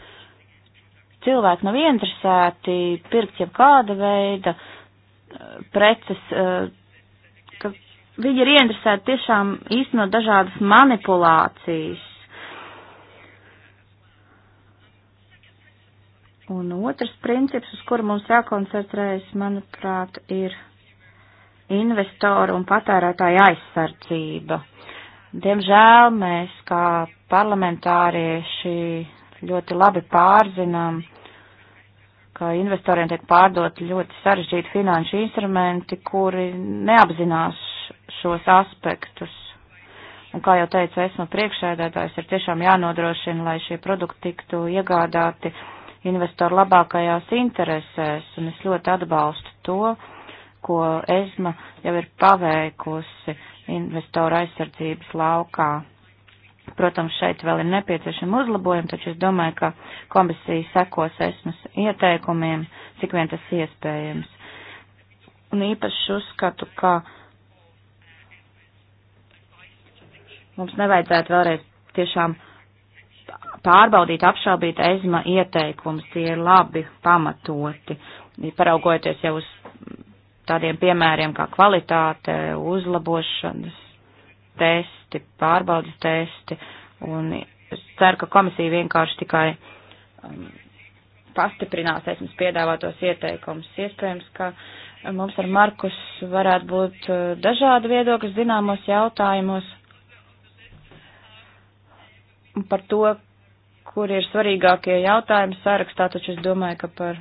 cilvēki nav interesēti pirkt jau kāda veida uh, preces uh, Viņi ir ieinteresēti tiešām īstenot dažādas manipulācijas. Un otrs princips, uz kuru mums jākoncentrējas, manuprāt, ir investoru un patērētāju aizsardzība. Diemžēl mēs, kā parlamentārieši, ļoti labi pārzinām, ka investoriem tiek pārdot ļoti sarežģīti finanšu instrumenti, kuri neapzinās šos aspektus. Un kā jau teicu, esmu priekšēdētājs, ir tiešām jānodrošina, lai šie produkti tiktu iegādāti investoru labākajās interesēs, un es ļoti atbalstu to, ko ESMA jau ir paveikusi investoru aizsardzības laukā. Protams, šeit vēl ir nepieciešama uzlabojuma, taču es domāju, ka komisija sekos esmas ieteikumiem, cik vien tas iespējams. Un īpaši uzskatu, ka Mums nevajadzētu vēlreiz tiešām pārbaudīt, apšaubīt ezma ieteikums, tie ir labi pamatoti, paraugoties jau uz tādiem piemēriem kā kvalitāte, uzlabošanas testi, pārbaudas testi, un es ceru, ka komisija vienkārši tikai um, pastiprinās esmas piedāvātos ieteikumus. Iespējams, ka mums ar Markus varētu būt uh, dažādi viedokļi zināmos jautājumos par to, kur ir svarīgākie jautājumi sarakstā, taču es domāju, ka par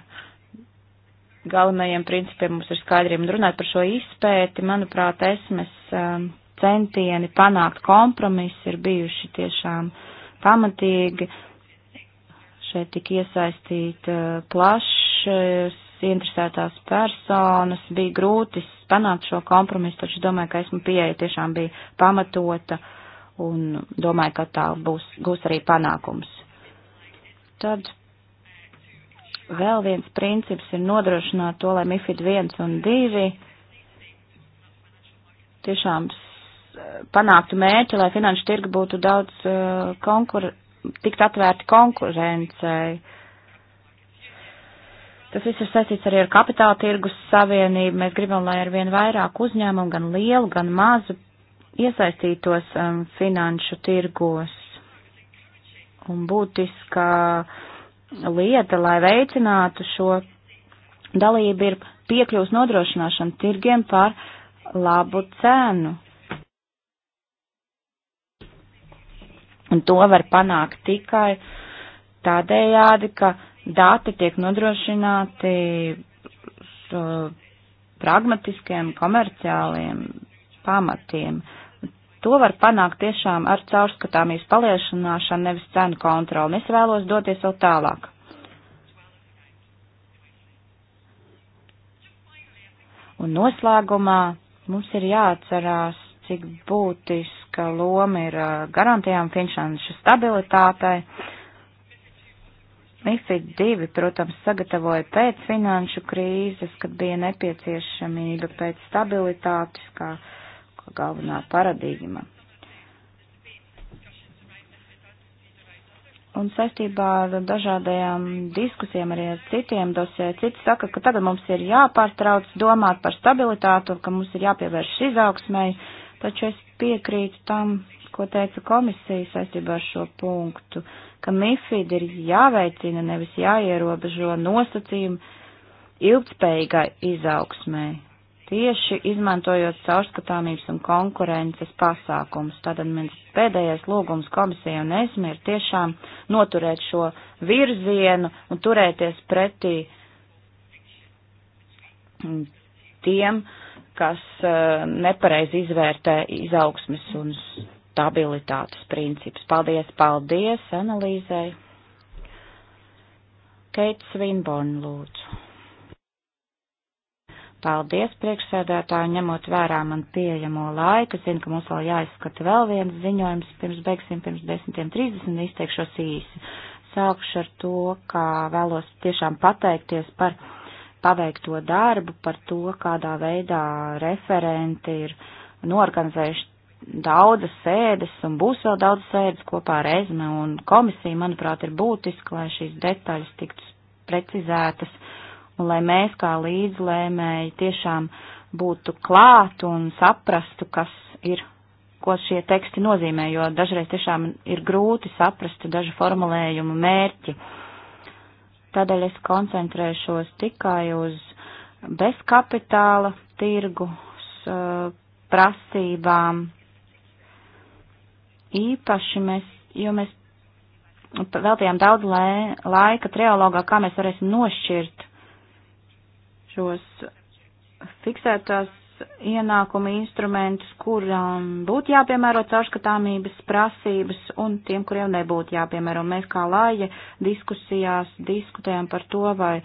galvenajiem principiem mums ir skaidriem. Un runāt par šo izpēti, manuprāt, esmes um, centieni panākt kompromisu ir bijuši tiešām pamatīgi. Šeit tik iesaistīta uh, plašas interesētās personas, bija grūti panākt šo kompromisu, taču domāju, ka esmu pieeja tiešām bija pamatota. Uh, un domāju, ka tā būs, būs arī panākums. Tad vēl viens princips ir nodrošināt to, lai MIFID 1 un 2 tiešām panāktu mērķi, lai finanšu tirgi būtu daudz e, konkur, tikt atvērti konkurencei. Tas viss ir saistīts arī ar kapitāla tirgus savienību. Mēs gribam, lai ar vien vairāk uzņēmumu, gan lielu, gan mazu, iesaistītos um, finanšu tirgos. Un būtiskā lieta, lai veicinātu šo dalību, ir piekļūs nodrošināšana tirgiem par labu cenu. Un to var panākt tikai tādējādi, ka dati tiek nodrošināti uh, pragmatiskiem komerciāliem pamatiem. Uh, To var panākt tiešām ar caurskatāmības palielināšanu, nevis cenu kontroli. Es vēlos doties vēl tālāk. Un noslēgumā mums ir jāatcerās, cik būtiska loma ir uh, garantējām finanšu stabilitātei. MIFID 2, protams, sagatavoja pēc finanšu krīzes, kad bija nepieciešamība pēc stabilitātes, kā galvenā paradigma. Un saistībā ar dažādajām diskusijām arī ar citiem dosē, citi saka, ka tagad mums ir jāpārtrauc domāt par stabilitātu, ka mums ir jāpievērš izaugsmai, taču es piekrītu tam, ko teica komisija saistībā ar šo punktu, ka MIFID ir jāveicina, nevis jāierobežo nosacījumu ilgspējīgai izaugsmai tieši izmantojot caurskatāmības un konkurences pasākumus. Tātad mans pēdējais lūgums komisijai un esmu ir tiešām noturēt šo virzienu un turēties pretī tiem, kas eh, nepareiz izvērtē izaugsmes un stabilitātes principus. Paldies, paldies analīzai. Keits Svinborn lūdzu. Paldies, priekšsēdētāji, ņemot vērā man pieejamo laiku. Zinu, ka mums vēl jāizskata vēl viens ziņojums, pirms beigsim pirms 10.30 izteikšos īsi. Sākšu ar to, kā vēlos tiešām pateikties par paveikto darbu, par to, kādā veidā referenti ir norganizējuši daudzas sēdes un būs vēl daudz sēdes kopā ar EZME un komisiju, manuprāt, ir būtiski, lai šīs detaļas tiktu precizētas un lai mēs kā līdzlēmēji tiešām būtu klāt un saprastu, kas ir, ko šie teksti nozīmē, jo dažreiz tiešām ir grūti saprast dažu formulējumu mērķi. Tādēļ es koncentrēšos tikai uz bezkapitāla tirgus eh, prasībām. Īpaši mēs, jo mēs veltījām daudz laika trialogā, kā mēs varēsim nošķirt šos fiksētās ienākuma instrumentus, kurām būtu jāpiemēro caurskatāmības prasības un tiem, kuriem nebūtu jāpiemēro. Mēs kā laija diskusijās diskutējam par to, vai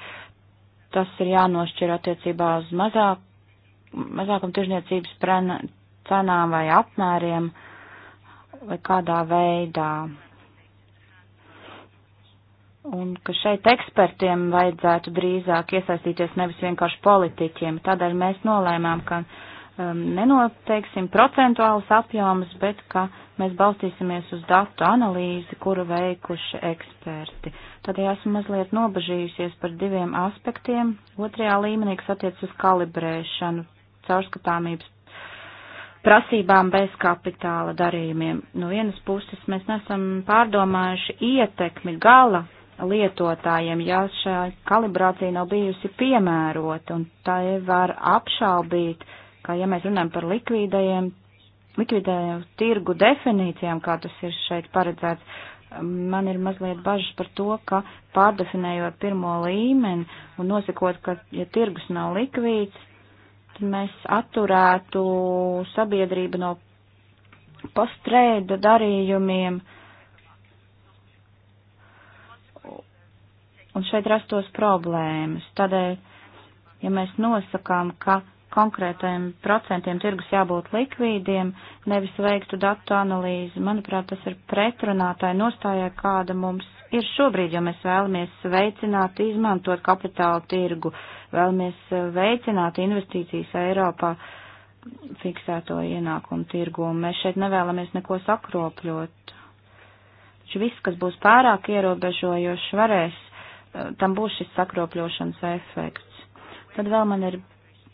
tas ir jānošķir attiecībā uz mazāk, mazākam tirzniecības cenām vai apmēriem vai kādā veidā un ka šeit ekspertiem vajadzētu drīzāk iesaistīties nevis vienkārši politiķiem. Tādēļ mēs nolēmām, ka um, nenoteiksim procentuālus apjomus, bet ka mēs balstīsimies uz datu analīzi, kuru veikuši eksperti. Tad ja esmu mazliet nobežījusies par diviem aspektiem. Otrajā līmenī, kas attiec uz kalibrēšanu, caurskatāmības prasībām bez kapitāla darījumiem. No vienas puses mēs nesam pārdomājuši ietekmi gala lietotājiem, ja šā kalibrācija nav bijusi piemērota, un tā var apšaubīt, ka ja mēs runājam par likvīdajiem, likvidēju tirgu definīcijām, kā tas ir šeit paredzēts, man ir mazliet bažas par to, ka pārdefinējot pirmo līmeni un nosakot, ka ja tirgus nav likvīds, tad mēs atturētu sabiedrību no postrēda darījumiem, un šeit rastos problēmas. Tādēļ, ja mēs nosakām, ka konkrētajiem procentiem tirgus jābūt likvīdiem, nevis veiktu datu analīzi, manuprāt, tas ir pretrunātāji nostājai, kāda mums ir šobrīd, jo mēs vēlamies veicināt, izmantot kapitāla tirgu, vēlamies veicināt investīcijas Eiropā fiksēto ienākumu tirgu, un mēs šeit nevēlamies neko sakropļot. Taču viss, kas būs pārāk ierobežojoši, varēs tam būs šis sakropļošanas efekts. Tad vēl man ir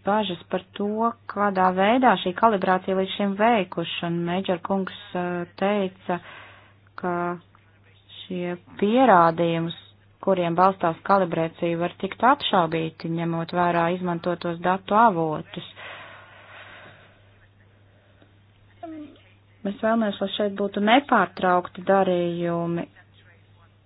bažas par to, kādā veidā šī kalibrācija līdz šim veikuši, un Meģer kungs eh, teica, ka šie pierādījums, kuriem balstās kalibrācija, var tikt apšaubīti, ņemot vērā izmantotos datu avotus. Mēs vēlamies, lai šeit būtu nepārtraukti darījumi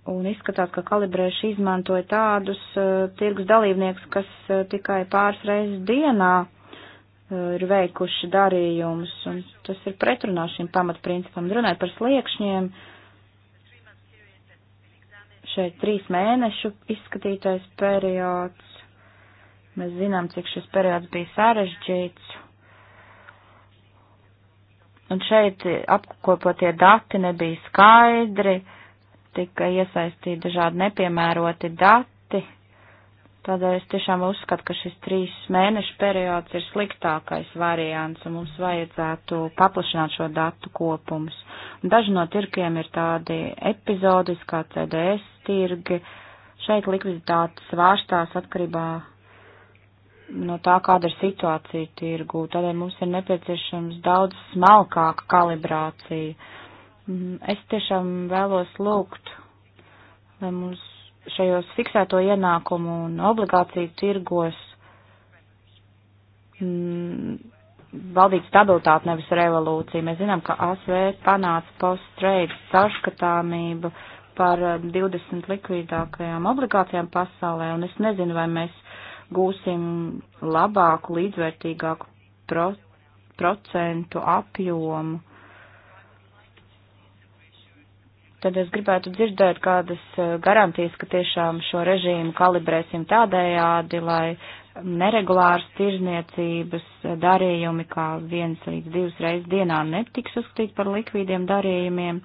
Un izskatās, ka kalibrēši izmantoja tādus uh, tirgus dalībniekus, kas uh, tikai pāris reizes dienā uh, ir veikuši darījumus, un tas ir pretrunā šim pamatprincipam. Runājot par sliekšņiem, šeit trīs mēnešu izskatītais periods, mēs zinām, cik šis periods bija sarežģīts, un šeit apkopotie dati nebija skaidri. Uh, tika iesaistīti dažādi nepiemēroti dati. Tādēļ es tiešām uzskatu, ka šis trīs mēnešu periods ir sliktākais variants, un mums vajadzētu paplašināt šo datu kopumus. Daži no tirkiem ir tādi epizodiski, kā CDS tirgi. Šeit likviditātes svārstās atkarībā no tā, kāda ir situācija tirgū. Tādēļ mums ir nepieciešams daudz smalkāka kalibrācija. Mhm. Es tiešām vēlos lūgt, lai mums šajos fiksēto ienākumu un obligāciju tirgos mm, valdīt stabilitāti, nevis revolūciju. Mēs zinām, ka ASV panāca post-trade caurskatāmību par 20 eh, likvidākajām obligācijām pasaulē, un es nezinu, vai mēs gūsim labāku, līdzvērtīgāku pro procentu apjomu tad es gribētu dzirdēt kādas eh, garantijas, ka tiešām šo režīmu kalibrēsim tādējādi, lai neregulārs tirzniecības darījumi, kā viens līdz divas reizes dienā, netiks uzskatīt par likvīdiem darījumiem.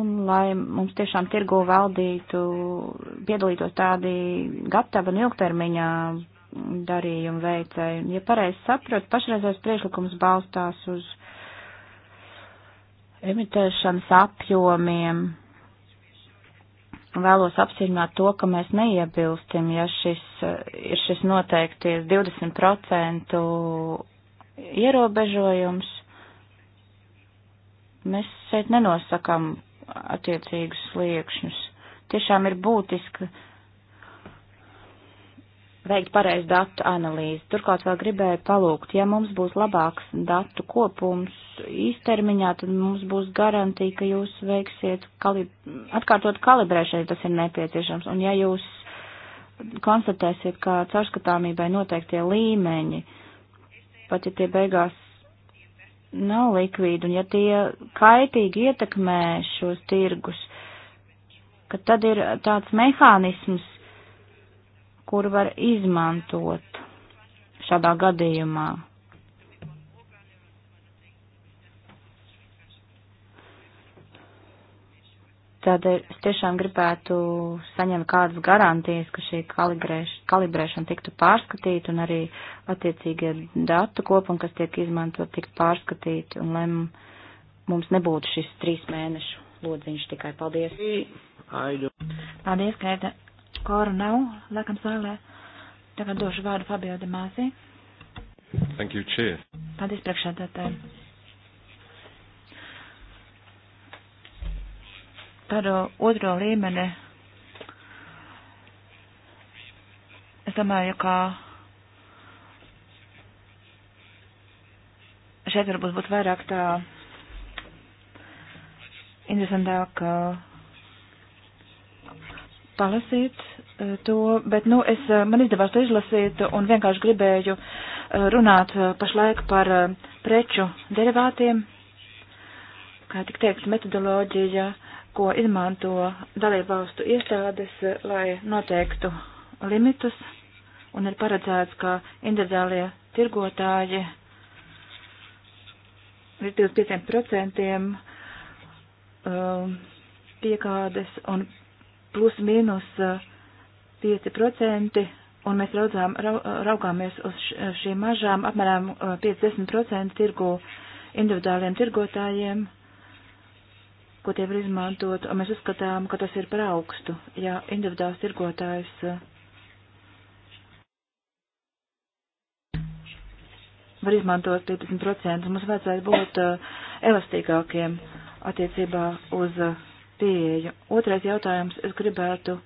Un lai mums tiešām tirgu valdītu, piedalītos tādi gatavi un ilgtermiņā darījumu veicēji. Ja pareizi saprotu, pašreizais priekšlikums balstās uz emitēšanas apjomiem. Vēlos apstiprināt to, ka mēs neiebilstam, ja šis, ir šis noteikties 20% ierobežojums. Mēs šeit nenosakam attiecīgus sliekšņus. Tiešām ir būtiski veikt pareizu datu analīzi. Turklāt vēl gribēju palūgt, ja mums būs labāks datu kopums īstermiņā, tad mums būs garantija, ka jūs veiksiet kalib atkārtot kalibrēšanu, ja tas ir nepieciešams. Un ja jūs konstatēsiet, ka caurskatāmībai noteiktie līmeņi, pat ja tie beigās nav likvīdi, un ja tie kaitīgi ietekmē šos tirgus, ka tad ir tāds mehānisms, kur var izmantot šādā gadījumā. Tad es tiešām gribētu saņemt kādas garantijas, ka šī kalibrēšana tiktu pārskatīta un arī attiecīgie datu kopumi, kas tiek izmantot, tiktu pārskatīti un lai mums nebūtu šis trīs mēnešu lodziņš tikai. Paldies! Paldies, Greta Kāru nav, laikam zālē. Tagad došu vārdu Fabio de Māzī. Thank you, cheers. Paldies priekšādātājiem. Par otro līmeni. Es domāju, ka šeit varbūt būtu vairāk tā interesantāk. Uh, palasīt e, to, bet, nu, es, e, man izdevās to izlasīt un vienkārši gribēju e, runāt pašlaik par preču derivātiem, kā tik teikt, metodoloģija, ko izmanto dalībvalstu iestādes, lai noteiktu limitus, un ir paredzēts, ka individuālie tirgotāji līdz 25% piekādes un plus mīnus 5%, eh, un mēs raudzām, eh, raugāmies uz eh, šīm mažām apmēram 50% tirgu individuāliem tirgotājiem, ko tie var izmantot, un mēs uzskatām, ka tas ir par augstu, ja individuāls tirgotājs var izmantot 15%, mums vajadzētu būt elastīgākiem attiecībā uz uh, pieeja. Otrais jautājums. Es gribētu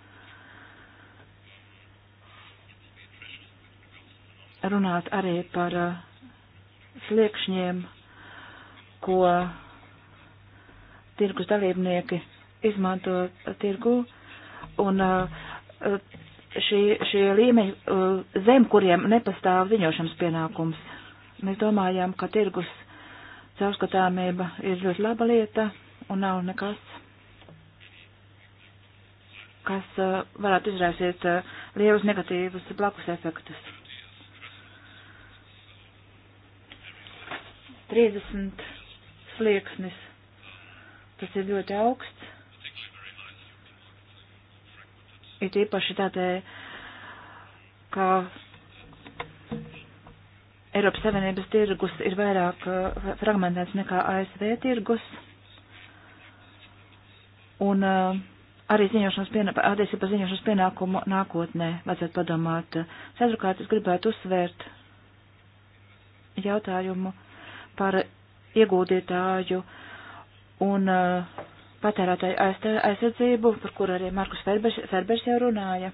runāt arī par uh, sliekšņiem, ko tirgus dalībnieki izmanto tirgu. Un uh, šī, šie līmeņi, uh, zem kuriem nepastāv ziņošanas pienākums. Mēs domājām, ka tirgus caurskatāmība ir ļoti laba lieta un nav nekas kas eh, varētu izraisīt eh, lielus negatīvus blakus efektus. 30 slieksnis. Tas ir ļoti augsts. It īpaši tādēļ, ka Eiropas Savienības tirgus ir vairāk eh, fragmentēts nekā ASV tirgus. Un uh, arī ziņošanas pienākumu, attiecībā par ziņošanas pienākumu nākotnē vajadzētu padomāt. Ceturkārt, es gribētu uzsvērt jautājumu par iegūdietāju un uh, patērētāju aizt, aizsardzību, par kur arī Markus Ferbers, Ferbers jau runāja.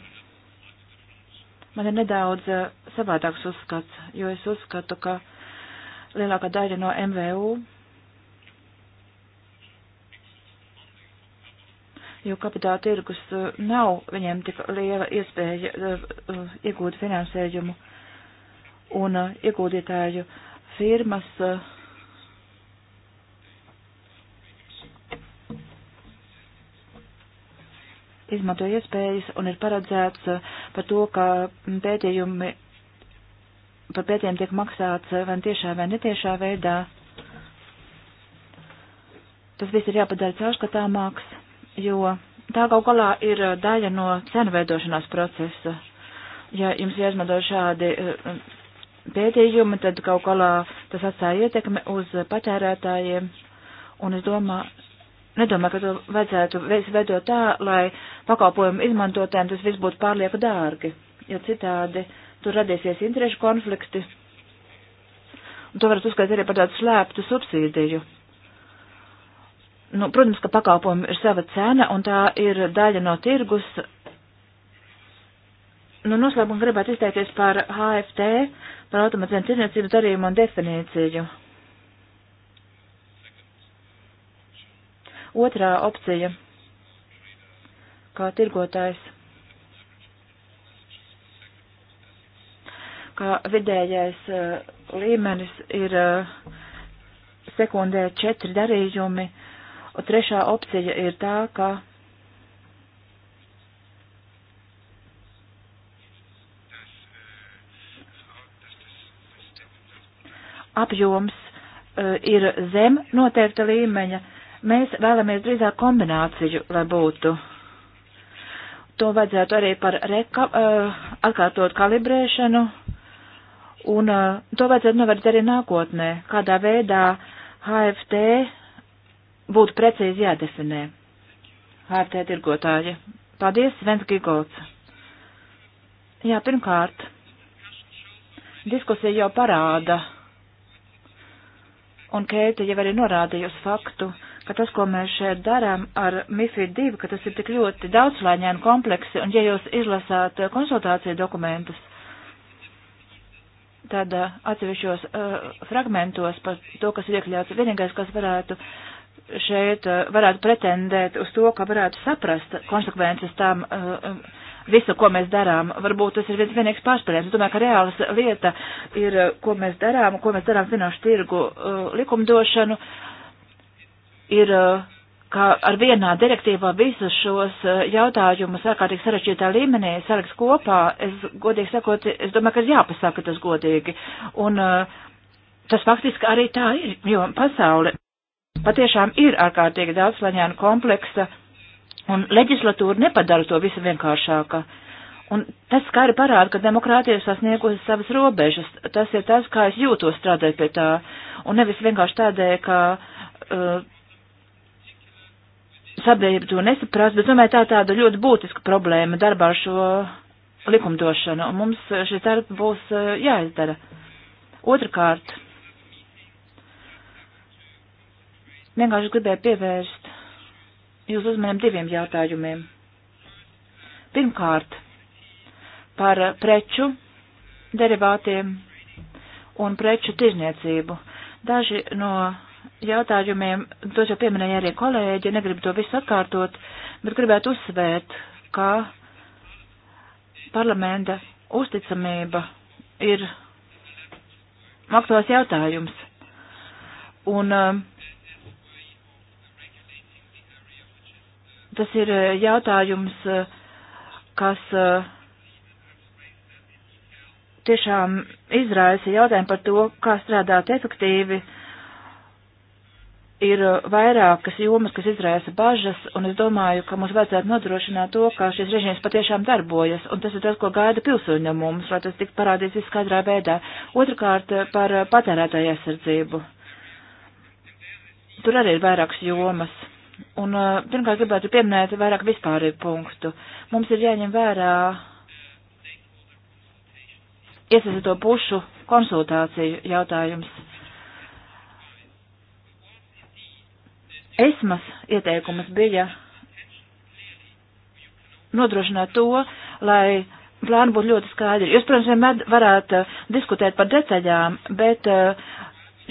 Man ir nedaudz uh, savādāks uzskats, jo es uzskatu, ka lielākā daļa no MVU jo kapitāla tirgus eh, nav viņiem tik liela iespēja eh, eh, iegūt finansējumu un ieguldītāju firmas izmanto iespējas un ir paredzēts par to, ka pētījumi, par pētījumiem tiek maksāts vai nu tiešā vai netiešā veidā. Tas viss ir jāpadara caurskatāmāks jo tā kaut galā ir eh, daļa no cenu veidošanās procesa. Ja jums jāizmanto šādi eh, pētījumi, tad kaut galā tas atstāja ietekmi uz patērētājiem, un es domāju, nedomāju, ka to vajadzētu veidot tā, lai pakalpojumu izmantotājiem tas viss būtu pārlieku dārgi, jo citādi tur radīsies interešu konflikti, un to varat uzskatīt arī par tādu slēptu subsīdiju Nu, protams, ka pakalpojumi ir sava cena, un tā ir daļa no tirgus. Nu, noslēgumā gribētu izteikties par HFT, par automatizēm tirniecības darījumu un definīciju. Otrā opcija, kā tirgotājs, kā vidējais uh, līmenis ir uh, sekundē četri darījumi. Uh, Un trešā opcija ir tā, ka apjoms e, ir zem noteikta līmeņa. Mēs vēlamies drīzāk kombināciju, lai būtu. To vajadzētu arī par reka, e, atkārtot kalibrēšanu, un e, to vajadzētu novērt arī nākotnē, kādā veidā HFT būtu precīzi jādefinē. HFT tirgotāji. Paldies, Svens Gigolds. Jā, pirmkārt, diskusija jau parāda, un Keita jau arī norādīja uz faktu, ka tas, ko mēs šeit darām ar MIFID 2, ka tas ir tik ļoti daudzslāņēni kompleksi, un ja jūs izlasāt eh, konsultāciju dokumentus, tad eh, atsevišķos uh, fragmentos par to, kas ir iekļauts, vienīgais, kas varētu uh, šeit eh, varētu pretendēt uz to, ka varētu saprast konsekvences tam eh, visu, ko mēs darām. Varbūt tas ir viens vienīgs pārspēlējums. Es domāju, ka reāls lieta ir, eh, ko mēs darām, ko mēs darām finanšu tirgu likumdošanu, ir, ka ar vienā direktīvā visus šos jautājumus ārkārtīgi sarežģītā līmenī saraks kopā. Es, godīgi sakot, es domāju, ka ir jāpasaka tas godīgi. Un tas faktiski arī tā ir, jo pasaule patiešām ir ārkārtīgi daudz slaņēnu kompleksa, un leģislatūra nepadara to visu vienkāršāku. Un tas skaidri parāda, ka demokrātija ir sasniegusi savas robežas. Tas ir tas, kā es jūtos strādājot pie tā. Un nevis vienkārši tādēļ, ka uh, sabiedrība to nesaprast, bet domāju, tā tāda ļoti būtiska problēma darbā ar šo likumdošanu. Un mums šis darbs būs uh, jāizdara. Otrakārt, Vienkārši gribēju pievērst jūs uzmanību diviem jautājumiem. Pirmkārt, par preču derivātiem un preču tirzniecību. Daži no jautājumiem, tos jau pieminēja arī kolēģi, negribu to visu atkārtot, bet gribētu uzsvērt, ka parlamenta uzticamība ir aktuāls jautājums. Un um, tas ir eh, jautājums, eh, kas eh, tiešām izraisa jautājumu par to, kā strādāt efektīvi. Ir vairākas jomas, kas izraisa bažas, un es domāju, ka mums vajadzētu nodrošināt to, ka šis režīms patiešām darbojas, un tas ir tas, ko gaida pilsoņi no mums, lai tas tik parādīs viskaidrā veidā. Otrakārt, par patērētāju aizsardzību. Tur arī ir vairākas jomas Un uh, pirmkārt gribētu pieminēt vairāk vispārīgu punktu. Mums ir jāņem vērā iesaistīto pušu konsultāciju jautājums. Esmas ieteikums bija nodrošināt to, lai plāni būtu ļoti skaidri. Jūs, protams, vienmēr varētu uh, diskutēt par detaļām, bet uh,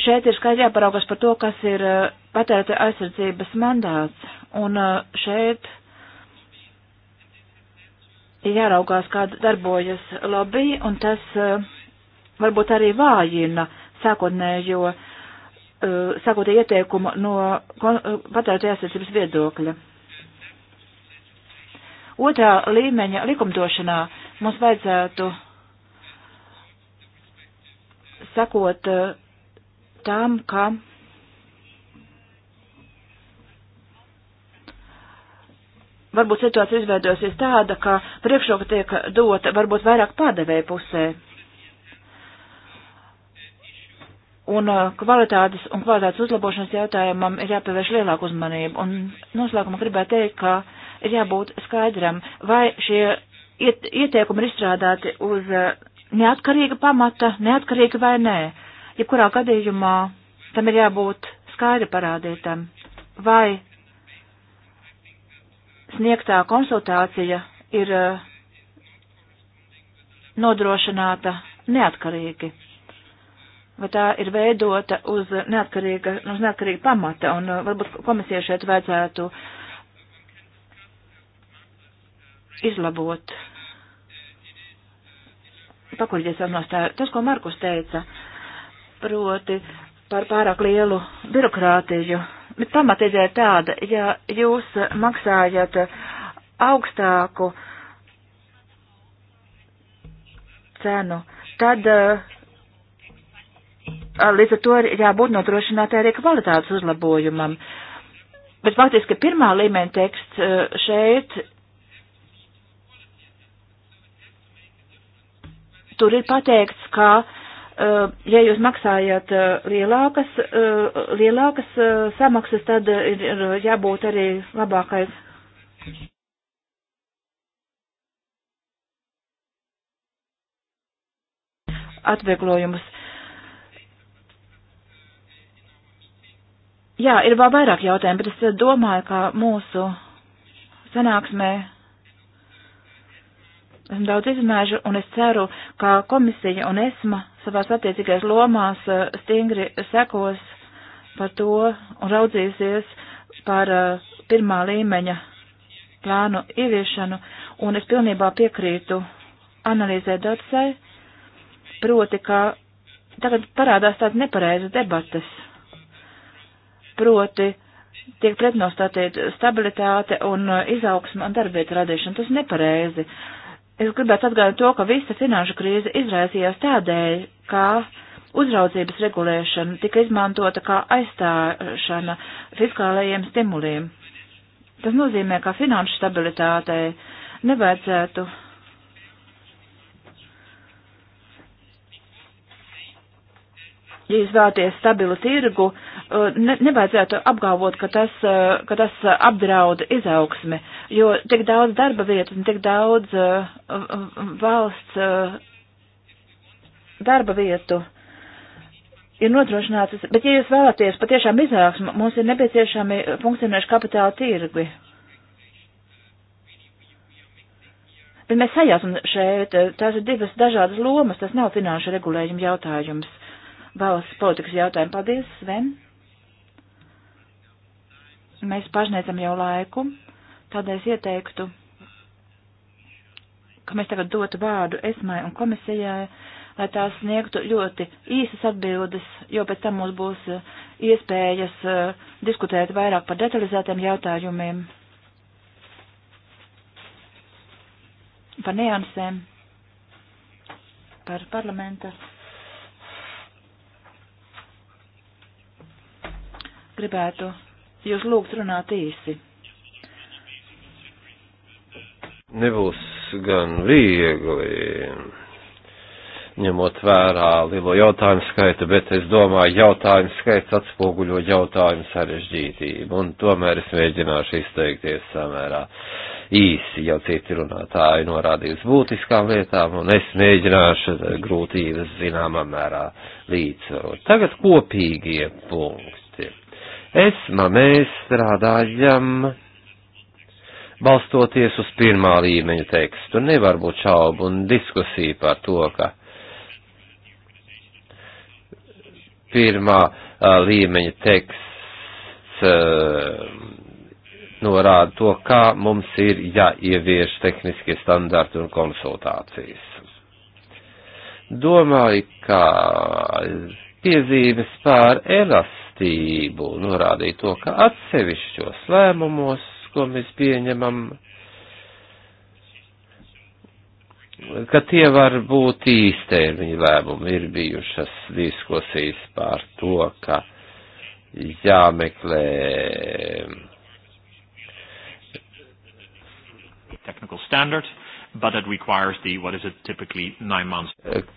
šeit ir skaidri jāparaugas par to, kas ir uh, patērētāja aizsardzības mandāts, un uh, šeit ir jāraugās, kā darbojas lobby, un tas uh, varbūt arī vājina sākotnējo, uh, sākotnējo ieteikumu no patērētāja aizsardzības viedokļa. Otrā līmeņa likumdošanā mums vajadzētu sakot tām, ka varbūt situācija izveidosies tāda, ka priekšroka tiek dota varbūt vairāk pārdevēja pusē. Un uh, kvalitātes un kvalitātes uzlabošanas jautājumam ir jāpievērš lielāku uzmanību. Un noslēgumā gribētu teikt, ka ir jābūt skaidram, vai šie iet, ieteikumi ir izstrādāti uz uh, neatkarīga pamata, neatkarīga vai nē. Jebkurā gadījumā tam ir jābūt skaidri parādītam, vai sniegtā konsultācija ir eh, nodrošināta neatkarīgi. Vai tā ir veidota uz neatkarīga, uz neatkarīga pamata, un eh, varbūt komisija šeit vajadzētu izlabot. Pakuļģies vēl nostāju. Tas, ko Markus teica, proti par pārāk lielu birokrātiju Bet pamatizie tāda, ja jūs maksājat augstāku cenu, tad eh, līdz ar to ir jābūt nodrošinātai arī kvalitātes uzlabojumam. Bet faktiski pirmā līmeņa teksts eh, šeit tur ir pateikts, ka uh, Eh, ja jūs maksājat eh, lielākas, eh, lielākas samaksas, tad ir jābūt arī labākai. Atvieglojumus. Jā, ir vēl vairāk jautājumu, bet es domāju, ka mūsu sanāksmē esam daudz izrunājuši, un es ceru, ka komisija un esma savās attiecīgais lomās eh, stingri sekos par to un raudzīsies par eh, pirmā līmeņa plānu ieviešanu, un es pilnībā piekrītu analīzē Dotsai, proti, ka tagad parādās tādas nepareizas debatas, proti, tiek pretnostatīta stabilitāte un eh, izaugsma un darbvieta radīšana. Tas nepareizi. Uh, Es gribētu atgādināt to, ka visa finanšu krīze izraisījās tādēļ, ka uzraudzības regulēšana tika izmantota kā aizstāšana fiskālajiem stimuliem. Tas nozīmē, ka finanšu stabilitātei nevajadzētu ja jūs vēlaties stabilu tirgu, uh, ne, nevajadzētu apgalvot, ka tas, uh, ka tas uh, apdraud izaugsmi, jo tik daudz darba vietas un tik daudz valsts darba vietu ir nodrošināts, bet ja jūs vēlaties patiešām izaugsmu, mums ir nepieciešami funkcionējuši kapitāla tirgi. Bet mēs sajāsim šeit, tās ir divas dažādas lomas, tas nav finanšu regulējuma jautājums valsts politikas jautājumu. Paldies, Sven! Mēs pašniecam jau laiku, tādēļ es ieteiktu, ka mēs tagad dotu vārdu esmai un komisijai, lai tās sniegtu ļoti īsas atbildes, jo pēc tam mums būs eh, iespējas eh, diskutēt vairāk par detalizētiem jautājumiem, par niansēm, par parlamenta gribētu jūs lūgt runāt īsi. Nebūs gan viegli, ņemot vērā lielo jautājumu skaitu, bet es domāju, jautājumu skaits atspoguļo jautājumu sarežģītību, un tomēr es mēģināšu izteikties samērā īsi, jau citi runātāji norādīja uz būtiskām lietām, un es mēģināšu grūtības zināmā mērā līdzsvarot. Tagad kopīgie punkti ESMA mēs strādājam balstoties uz pirmā līmeņa tekstu. Nevar būt šaubu un diskusija par to, ka pirmā līmeņa teksts norāda to, kā mums ir jāievieš tehniskie standarti un konsultācijas. Domāju, ka piezīmes pār elas kustību, norādīja to, ka atsevišķos lēmumos, ko mēs pieņemam, ka tie var būt īstermiņa lēmumi, ir bijušas diskusijas par to, ka jāmeklē technical standard but it requires the, what is it, typically nine months.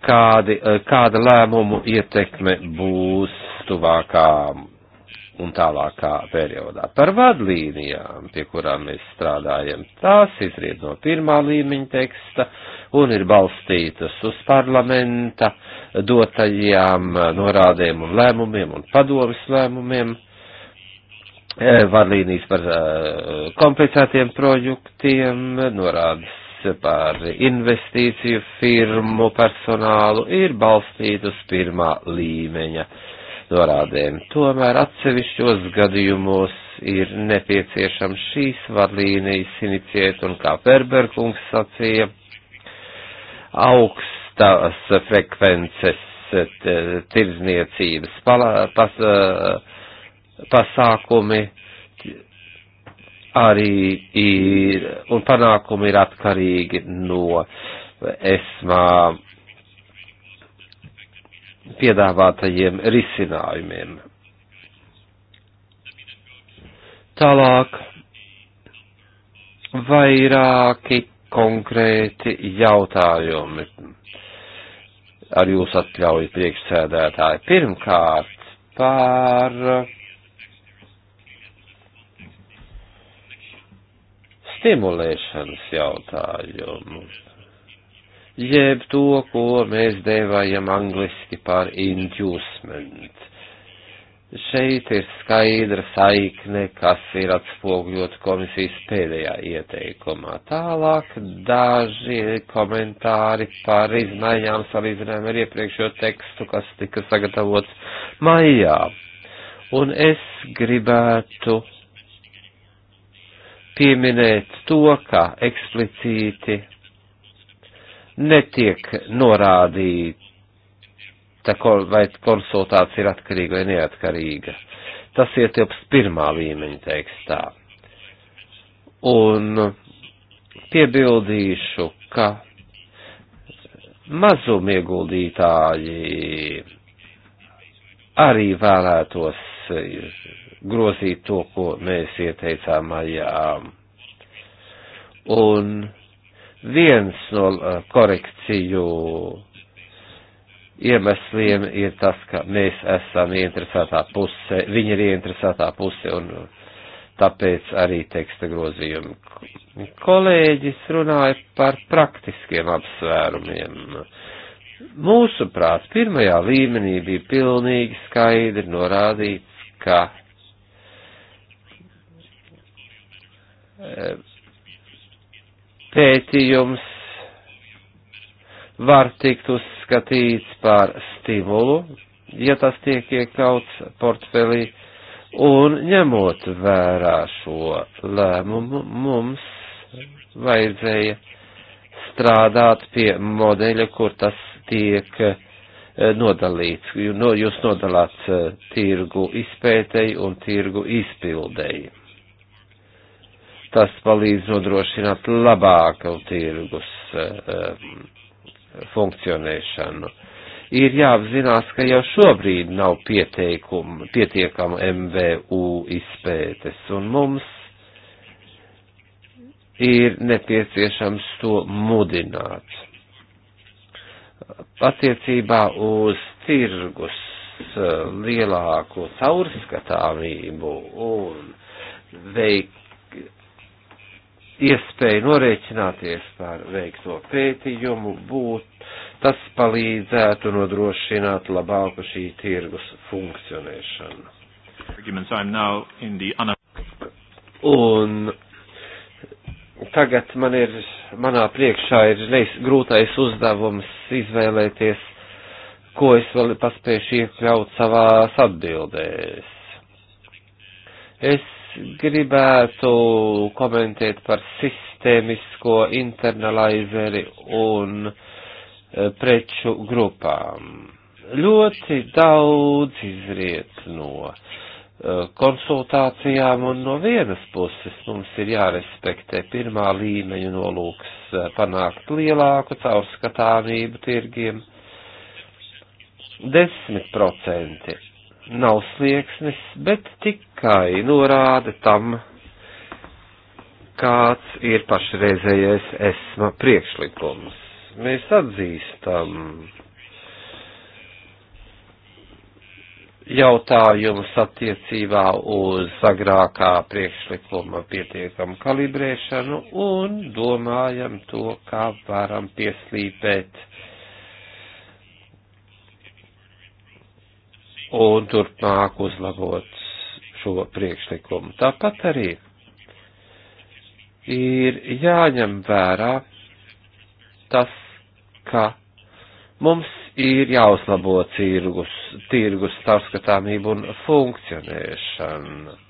Kādi, kāda lēmumu ietekme būs tuvākā un tālākā periodā? Par vadlīnijām, pie kurām mēs strādājam, tās izriet no pirmā līmeņa teksta un ir balstītas uz parlamenta dotajām norādēm un lēmumiem un padomis lēmumiem eh, vadlīnijas par eh, komplicētiem projektiem, norādes par investīciju firmu personālu ir balstīta uz pirmā līmeņa norādēm. Tomēr atsevišķos gadījumos ir nepieciešams šīs vadlīnijas iniciēt un, kā Perberkungs sacīja, augstas frekvences tirzniecības pas, pasākumi arī ir, un panākumi ir atkarīgi no esmā piedāvātajiem risinājumiem. Tālāk vairāki konkrēti jautājumi ar jūsu atļauju priekšsēdētāji. Pirmkārt, par stimulēšanas jautājumu, jeb to, ko mēs dēvājam angliski par inducement. Šeit ir skaidra saikne, kas ir atspogļot komisijas pēdējā ieteikumā. Tālāk daži komentāri par izmaiņām salīdzinājumu ar iepriekšējo tekstu, kas tika sagatavots maijā. Un es gribētu pieminēt to, ka eksplicīti netiek norādīta, vai konsultācija ir atkarīga vai neatkarīga. Tas ietilps pirmā līmeņa tekstā. Un piebildīšu, ka mazumieguldītāji arī vēlētos grozīt to, ko mēs ieteicām maijā. Un viens no uh, korekciju iemesliem ir tas, ka mēs esam ieinteresētā puse, viņi ir ieinteresētā puse un tāpēc arī teksta grozījumi. Kolēģis runāja par praktiskiem apsvērumiem. Mūsuprāt, pirmajā līmenī bija pilnīgi skaidri norādīts, ka pētījums var tikt uzskatīts par stimulu, ja tas tiek iekauts portfelī, un ņemot vērā šo lēmumu, mums vajadzēja strādāt pie modeļa, kur tas tiek eh, nodalīts, jūs nodalāt eh, tirgu izpētēji un tirgu izpildēji. Tas palīdz nodrošināt labāku tirgus eh, eh, funkcionēšanu. Ir jāapzinās, ka jau šobrīd nav pietiekama MVU izpētes, un mums ir nepieciešams to mudināt. Attiecībā uz tirgus eh, lielāku caurskatāmību un veik, iespēju norēķināties par veikto pētījumu, būt, tas palīdzētu nodrošināt labāku šī tirgus funkcionēšanu. Un tagad man ir, manā priekšā ir reiz grūtais uzdevums izvēlēties, ko es vēl paspēšu iekļaut savās atbildēs. Es gribētu komentēt par sistēmisko internalizeri un eh, preču grupām. Ļoti daudz izriet no eh, konsultācijām un no vienas puses mums ir jārespektē pirmā līmeņa nolūks eh, panākt lielāku caurskatāmību tirgiem. 10% nav slieksnis, bet tikai norāda tam, kāds ir pašreizējais esma priekšlikums. Mēs atzīstam jautājumus attiecībā uz agrākā priekšlikuma pietiekamu kalibrēšanu un domājam to, kā varam pieslīpēt un turpmāk uzlabot šo priekšlikumu. Tāpat arī ir jāņem vērā tas, ka mums ir jāuzlabo tirgus, tirgus starpskatāmību un funkcionēšanu.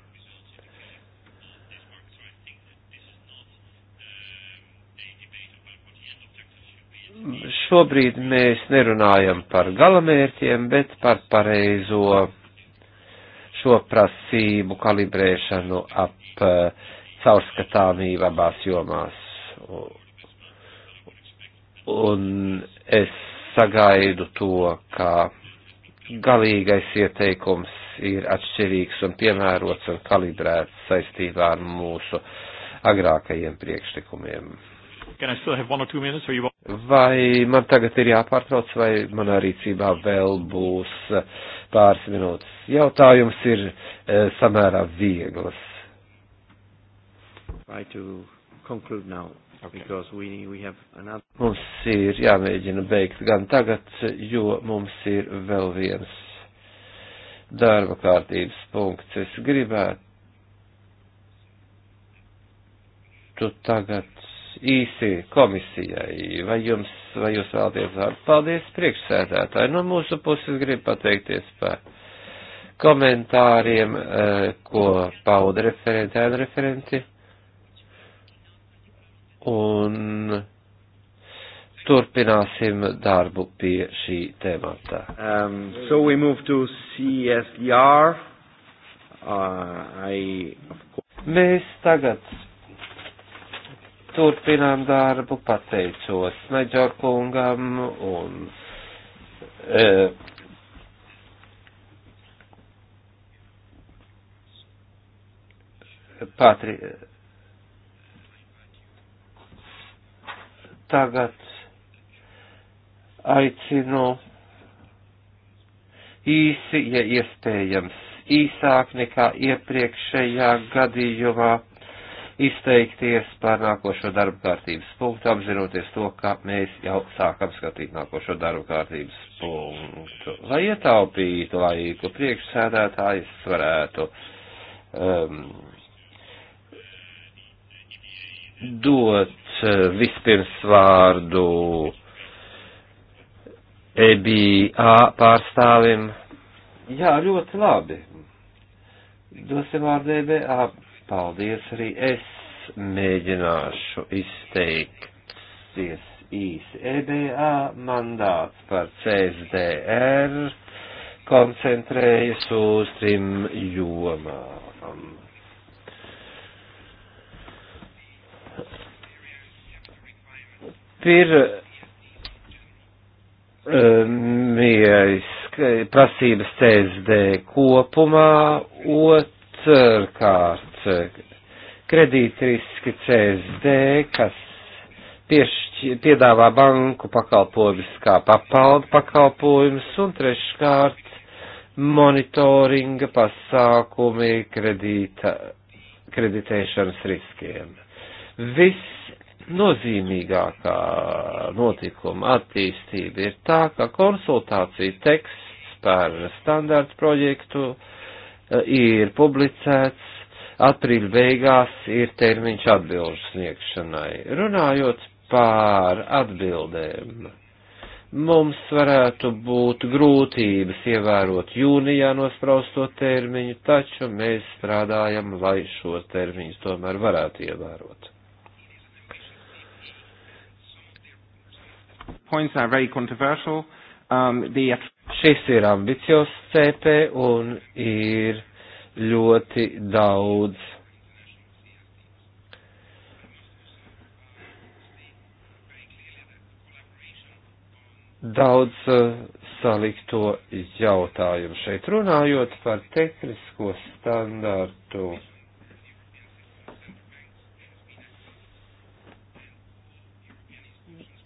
šobrīd mēs nerunājam par galamērķiem, bet par pareizo šo prasību kalibrēšanu ap eh, caurskatāmību abās jomās. Un es sagaidu to, ka galīgais ieteikums ir atšķirīgs un piemērots un kalibrēts saistībā ar mūsu agrākajiem priekšlikumiem. Vai man tagad ir jāpārtrauc, vai manā rīcībā vēl būs uh, pāris minūtes? Jautājums ir e, samērā vieglas. Now, okay. we, we another... Mums ir jāmēģina beigt gan tagad, jo mums ir vēl viens darba kārtības punkts. Es gribētu tagad īsi komisijai, vai jums, vai jūs vēlaties vārdu? Paldies priekšsēdētāji. No mūsu puses gribu pateikties par komentāriem, eh, ko pauda referenti, ēna referenti. Un turpināsim darbu pie šī temata. Um, so we move to CSDR. E uh, I, of course... Mēs tagad turpinām darbu, pateicos Naidžor kungam un e, Patri. Tagad aicinu īsi, ja iespējams, īsāk nekā iepriekšējā gadījumā izteikties par nākošo darba kārtības punktu, apzinoties to, ka mēs jau sākam skatīt nākošo darba kārtības punktu. Lai ietaupītu laiku, priekšsēdētājs varētu um, dot uh, vispirms vārdu EBA pārstāvim. Jā, ļoti labi. Dosim vārdu EBA Paldies arī es mēģināšu izteikties īsi. EBA mandāts par CSDR koncentrējas uz trim jomām. Pirmais eh, prasības CSD kopumā, otrs Otrkārt, kredītriski CSD, kas piešķi, piedāvā banku pakalpojumus kā papaldu pakalpojumus, un treškārt, monitoringa pasākumi kredīta, kreditēšanas riskiem. Viss nozīmīgākā notikuma attīstība ir tā, ka konsultācija teksts par standārtu projektu uh, Eh, ir publicēts, aprīļa beigās ir termiņš atbilžu sniegšanai. Runājot pār atbildēm, mums varētu būt grūtības ievērot jūnijā nosprausto termiņu, taču mēs strādājam, lai šos termiņus tomēr varētu ievērot. Points are very controversial. Um, the Šis ir ambiciozs CP un ir ļoti daudz. Daudz eh, salikto jautājumu šeit runājot par tehnisko standārtu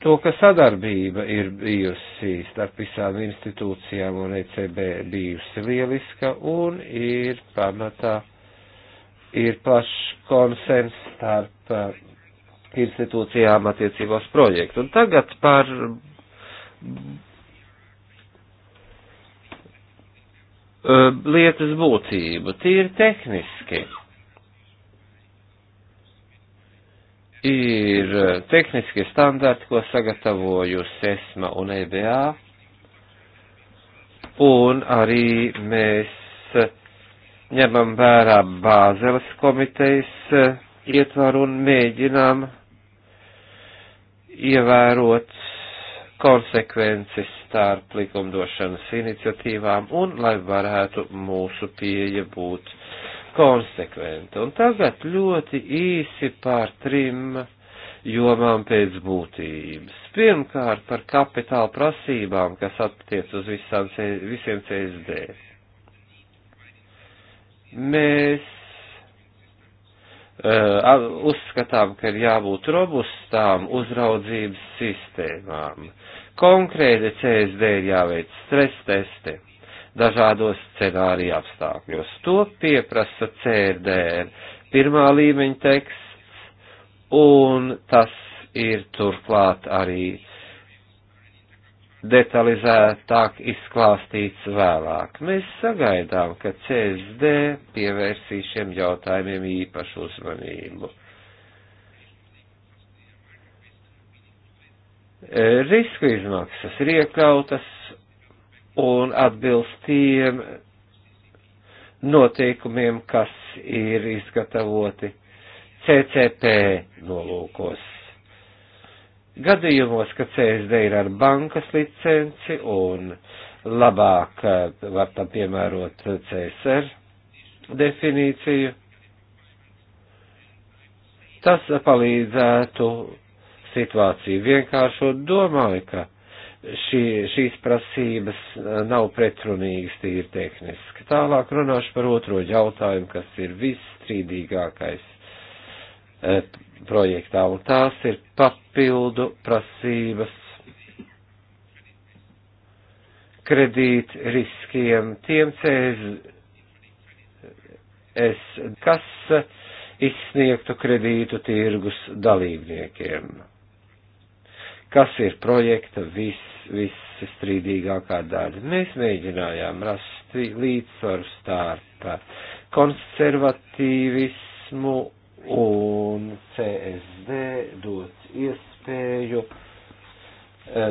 to, ka sadarbība ir bijusi starp visām institūcijām un ECB bijusi lieliska un ir pamatā, ir plašs konsens starp eh, institūcijām attiecībos projektu. Un tagad par eh, lietas būtību. Tīri tehniski ir eh, tehniskie standarti, ko sagatavojusi ESMA un EBA, un arī mēs eh, ņemam vērā Bāzeles komitejas eh, ietvaru un mēģinām ievērot konsekvences starp likumdošanas iniciatīvām un lai varētu mūsu pieeja būt konsekventa. Un tagad ļoti īsi pār trim jomām pēc būtības. Pirmkārt par kapitāla prasībām, kas attiec uz visām, visiem CSD. Mēs uh, uzskatām, ka ir jābūt robustām uzraudzības sistēmām. Konkrēti CSD ir jāveic stres testi dažādos scenārija apstākļos. To pieprasa CRDR pirmā līmeņa teksts, un tas ir turklāt arī detalizētāk izklāstīts vēlāk. Mēs sagaidām, ka CSD pievērsīs šiem jautājumiem īpašu uzmanību. Risku izmaksas ir iekļautas un atbilst tiem noteikumiem, kas ir izgatavoti CCP nolūkos. Gadījumos, ka CSD ir ar bankas licenci un labāk eh, var tam piemērot CSR definīciju, tas palīdzētu situāciju vienkāršot, domāju, ka šī, šīs prasības eh, nav pretrunīgas tīri tehniski. Tālāk runāšu par otro jautājumu, kas ir visstrīdīgākais e, projektā, un tās ir papildu prasības kredīt riskiem tiem CSS, kas izsniegtu kredītu tirgus dalībniekiem kas ir projekta viss visstrīdīgākā daļa. Mēs mēģinājām rast līdzsvaru starp konservatīvismu un CSD dot iespēju eh,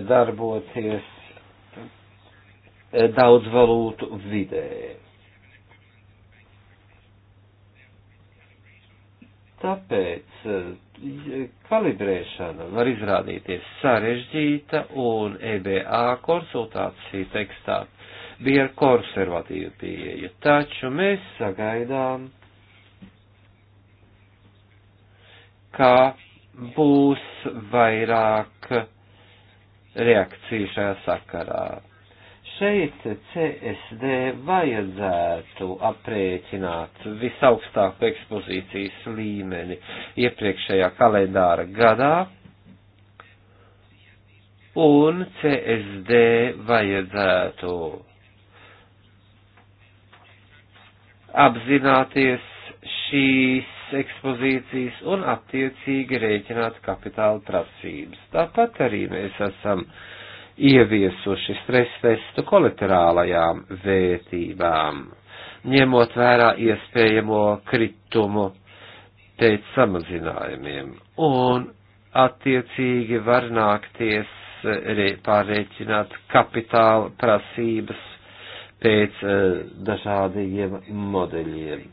darboties eh, daudz valūtu vidē. Tāpēc eh, kalibrēšana var izrādīties sarežģīta un EBA konsultācija tekstā bija ar konservatīvu pieeju, taču mēs sagaidām, ka būs vairāk reakciju šajā sakarā šeit CSD vajadzētu aprēķināt visaugstāko ekspozīcijas līmeni iepriekšējā kalendāra gadā, un CSD vajadzētu apzināties šīs ekspozīcijas un attiecīgi rēķināt kapitāla prasības. Tāpat arī mēs esam uh, ieviesuši stres testu kolaterālajām vērtībām, ņemot vērā iespējamo kritumu pēc samazinājumiem, un attiecīgi var nākties pārreikināt kapitāla prasības pēc eh, dažādiem modeļiem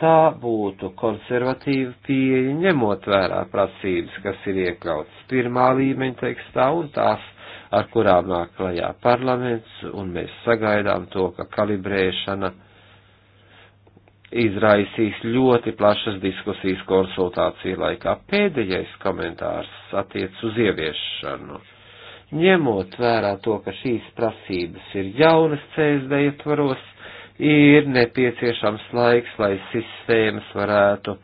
tā būtu konservatīva pieeja, ņemot vērā prasības, kas ir iekļautas pirmā līmeņa tekstā un tās, ar kurām nāk klajā parlaments, un mēs sagaidām to, ka kalibrēšana izraisīs ļoti plašas diskusijas konsultāciju laikā. Pēdējais komentārs attiec uz ieviešanu. Ņemot vērā to, ka šīs prasības ir jaunas CSD ietvaros, ir nepieciešams laiks, lai sistēmas varētu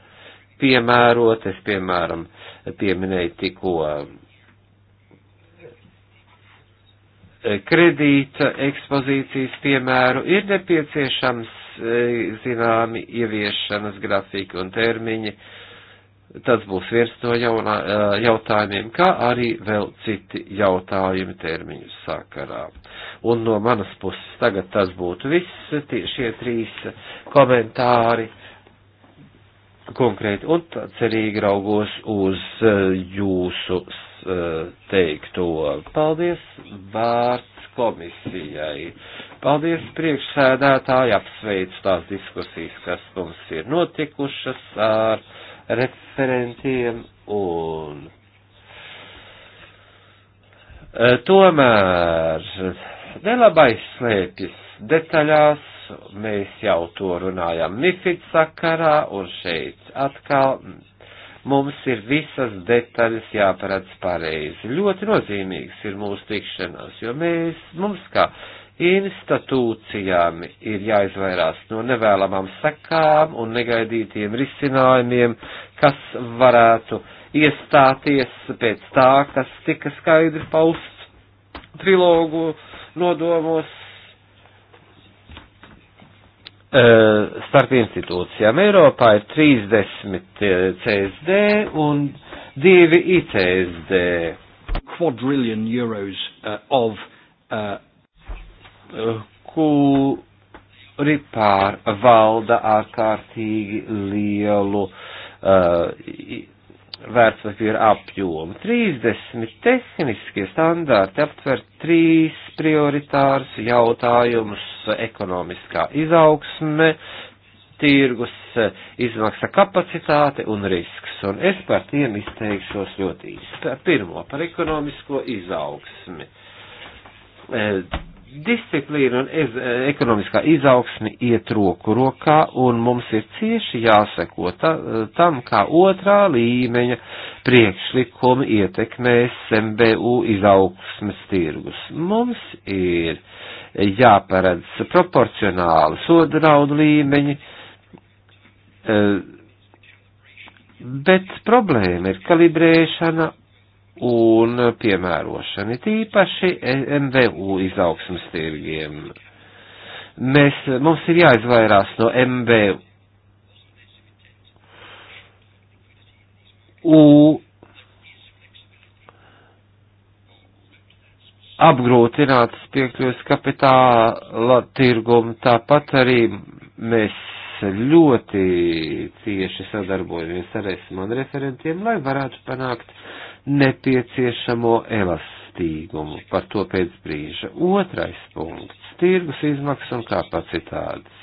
piemērot. Es, piemēram, pieminēju tikko kredīta ekspozīcijas piemēru, ir nepieciešams e, zināmi ieviešanas grafiki un termiņi, Tas būs viens no jaunā, eh, jautājumiem, kā arī vēl citi jautājumi termiņu sakarā. Un no manas puses tagad tas būtu viss, tie, šie trīs komentāri konkrēti, un cerīgi raugos uz eh, jūsu eh, teikto. Paldies vārds komisijai. Paldies priekšsēdētāji, apsveicu tās diskusijas, kas mums ir notikušas ar. Uh, referentiem un e, tomēr nelabais slēpjas detaļās, mēs jau to runājam Mifid sakarā, un šeit atkal mums ir visas detaļas jāparedz pareizi. Ļoti nozīmīgs ir mūsu tikšanās, jo mēs, mums kā institūcijām ir jāizvairās no nevēlamām sekām un negaidītiem risinājumiem, kas varētu iestāties pēc tā, kas tika skaidri pausts trilogu nodomos e, starp institūcijām. Eiropā ir 30 e, CSD un 2 ICSD. Quadrillion euros uh, of uh, kuri pārvalda ārkārtīgi lielu uh, eh, vērtspapīra apjomu. 30 tehniskie standarti aptver trīs prioritārus jautājumus - ekonomiskā izaugsme, tirgus eh, izmaksa kapacitāte un risks. Un es par tiem izteikšos ļoti īsti. Pirmo par ekonomisko izaugsmi. Eh, disciplīna un ez, e, ekonomiskā izaugsme iet roku rokā, un mums ir cieši jāseko ta, e, tam, kā otrā līmeņa priekšlikumi ietekmēs MBU izaugsmes tirgus. Mums ir jāparedz proporcionāli soda naudu līmeņi, e, bet problēma ir kalibrēšana un piemērošana, tīpaši MVU izaugsmas tirgiem. Mēs, mums ir jāizvairās no MVU U apgrūtinātas piekļuves kapitāla tirgumu, tāpat arī mēs ļoti cieši sadarbojamies ar esman referentiem, lai varētu panākt uh, nepieciešamo elastīgumu par to pēc brīža. Otrais punkts - tirgus izmaksas un kapacitātes.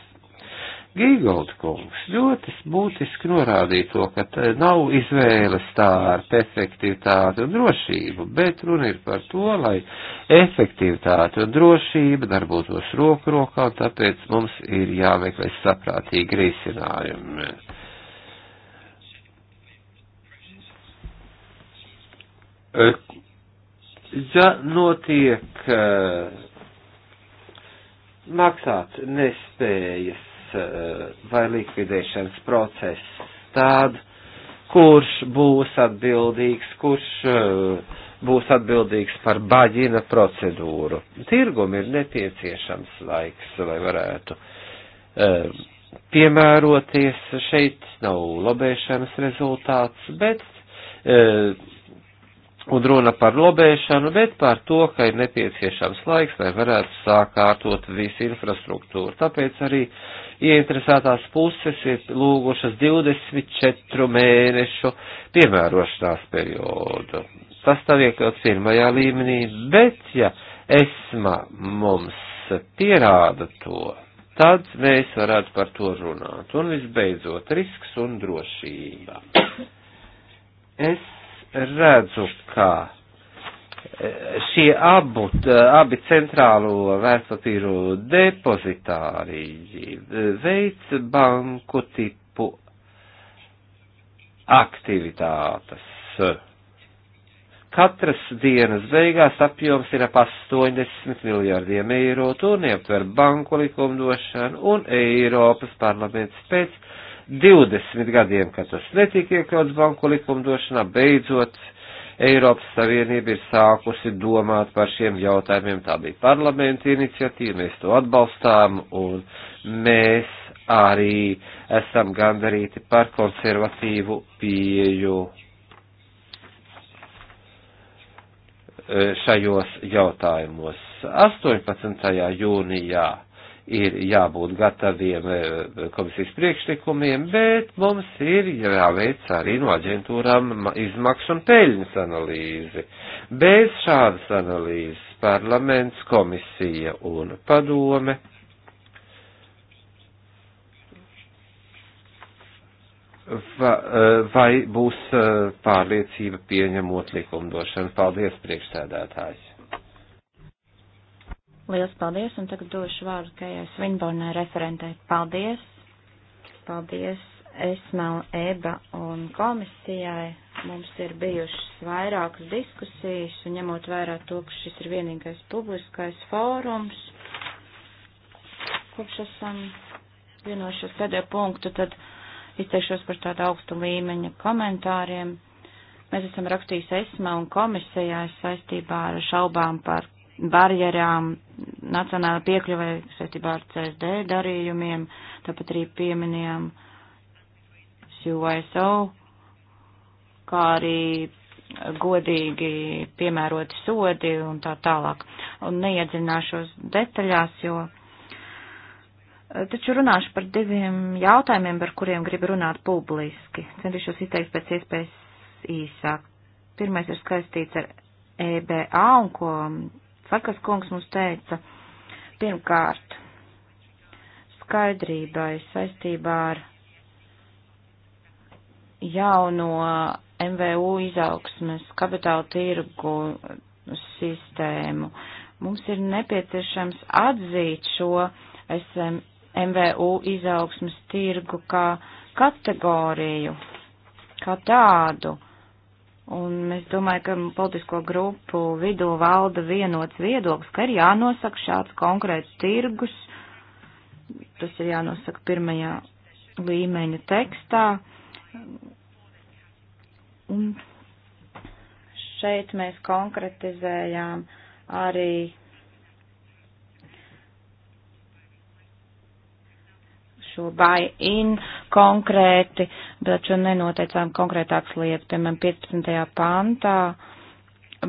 Gīgold kungs ļoti būtiski norādīja to, ka nav izvēles tā ar efektivitāti un drošību, bet runa ir par to, lai efektivitāte un drošība darbotos roku rokā, tāpēc mums ir jāmeklē saprātīgi risinājumi. Ja notiek eh, maksāt nespējas eh, vai likvidēšanas process, tad kurš būs atbildīgs, kurš eh, būs atbildīgs par baģina procedūru. Tirgum ir nepieciešams laiks, lai varētu piemēroties. Šeit nav lobēšanas rezultāts, bet un runa par lobēšanu, bet par to, ka ir nepieciešams laiks, lai varētu sākārtot visu infrastruktūru. Tāpēc arī ieinteresētās puses ir lūgušas 24 mēnešu piemērošanās periodu. Tas tā iekļauts pirmajā līmenī, bet ja esma mums pierāda to, tad mēs varētu par to runāt. Un visbeidzot, risks un drošība. Es redzu, ka eh, šie abu, eh, abi centrālo vērtspapīru depozitāriji eh, veic banku tipu aktivitātes. Katras dienas beigās apjoms ir ap 80 miljārdiem eiro, to neaptver banku likumdošana un Eiropas parlaments pēc 20 gadiem, kad tas netika iekļauts banku likumdošanā, beidzot Eiropas Savienība ir sākusi domāt par šiem jautājumiem. Tā bija parlamenta iniciatīva, mēs to atbalstām un mēs arī esam gandarīti par konservatīvu pieju eh, šajos jautājumos. 18. jūnijā ir jābūt gataviem eh, komisijas priekšlikumiem, bet mums ir jāveic arī no aģentūrām izmaksu un peļņas analīzi. Bez šādas analīzes parlaments, komisija un padome Va, eh, vai būs eh, pārliecība pieņemot likumdošanu. Paldies, priekšsēdētājs! Liels paldies, un tagad došu vārdu Kējai Svinbornai referentē. Paldies! Paldies Esmēl, Eba un komisijai. Mums ir bijušas vairākas diskusijas, un ņemot vērā to, ka šis ir vienīgais publiskais fórums, kopš esam vienojušies pēdējo punktu, tad izteikšos par tādu augstu līmeņa komentāriem. Mēs esam rakstījuši esmē un komisijā saistībā ar šaubām par barjerām, nacionāla piekļuvē saistībā ar CSD darījumiem, tāpat arī pieminējām USO, kā arī godīgi piemēroti sodi un tā tālāk. Un neiedzināšos detaļās, jo taču runāšu par diviem jautājumiem, par kuriem gribu runāt publiski. Centīšos izteikt pēc iespējas īsāk. Pirmais ir skaistīts ar EBA un ko Sakas kungs mums teica, pirmkārt, skaidrībai saistībā ar jauno MVU izaugsmes kapitāla tirgu sistēmu. Mums ir nepieciešams atzīt šo SM, MVU izaugsmes tirgu kā kategoriju, kā tādu. Un es domāju, ka politisko grupu vidū valda vienots viedoklis, ka ir jānosaka šāds konkrēts tirgus. Tas ir jānosaka pirmajā līmeņa tekstā. Un šeit mēs konkretizējām arī šo buy-in konkrēti, bet šo nenoteicām konkrētāks lietas, piemēram, 15. pantā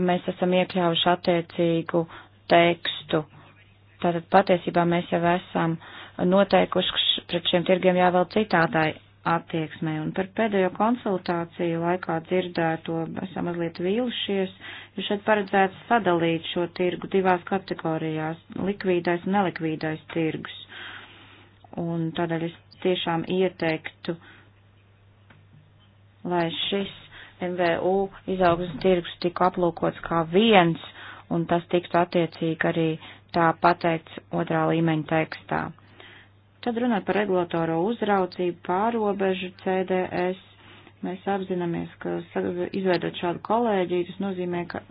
mēs esam iekļāvuši attiecīgu tekstu. Tātad patiesībā mēs jau esam noteikuši, ka pret šiem tirgiem jāvēl citātai attieksmē. Un par pēdējo konsultāciju laikā dzirdēto esam mazliet vīlušies, jo šeit paredzēts sadalīt šo tirgu divās kategorijās - likvīdais un nelikvīdais tirgus. Un tādēļ es tiešām ieteiktu, lai šis MVU izaugsmes tirgus tik aplūkots kā viens, un tas tiktu attiecīgi arī tā pateikts otrā līmeņa tekstā. Tad runāt par regulatoro uzraucību pārobežu CDS. Mēs apzināmies, ka izveidot šādu kolēģiju, tas nozīmē, ka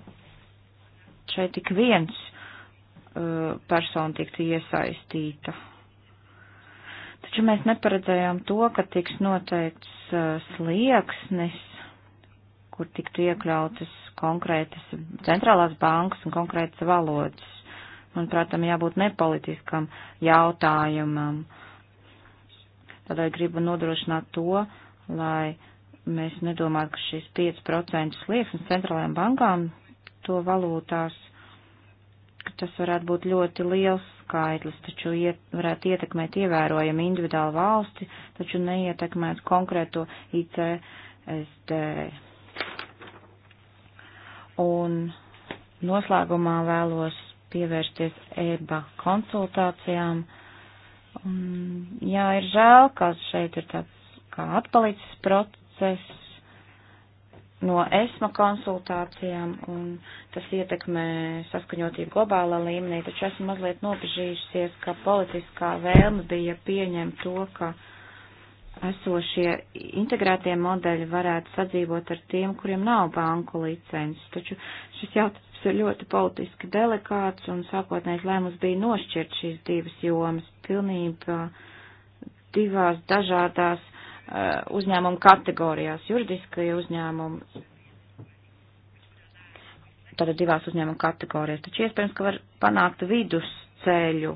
šeit tik viens uh, persona tiktu iesaistīta Taču mēs neparedzējām to, ka tiks noteikts uh, slieksnis, kur tiktu iekļautas konkrētas centrālās bankas un konkrētas valodas. Manuprāt, tam jābūt nepolitiskam jautājumam. Tādēļ gribu nodrošināt to, lai mēs nedomātu, ka šīs 5% slieksnis centrālajām bankām to valūtās, ka tas varētu būt ļoti liels skaitlis taču iet, varētu ietekmēt ievērojami individuālu valsti, taču neietekmēt konkrēto ICSD. Un noslēgumā vēlos pievērsties EBA konsultācijām. Un, jā, ir žēl, ka šeit ir tāds kā atpalicis process, no ESMA konsultācijām, un tas ietekmē saskaņotību globālā līmenī, taču esmu mazliet nobežījusies, ka politiskā vēlme bija pieņemt to, ka esošie integrētie modeļi varētu sadzīvot ar tiem, kuriem nav banku licences. Taču šis jautājums ir ļoti politiski delikāts, un sākotnējais lēmums bija nošķirt šīs divas jomas pilnībā divās dažādās Uh, uzņēmumu kategorijās, juridiskie uzņēmumi, tātad divās uzņēmuma kategorijās, taču iespējams, ka var panākt vidusceļu.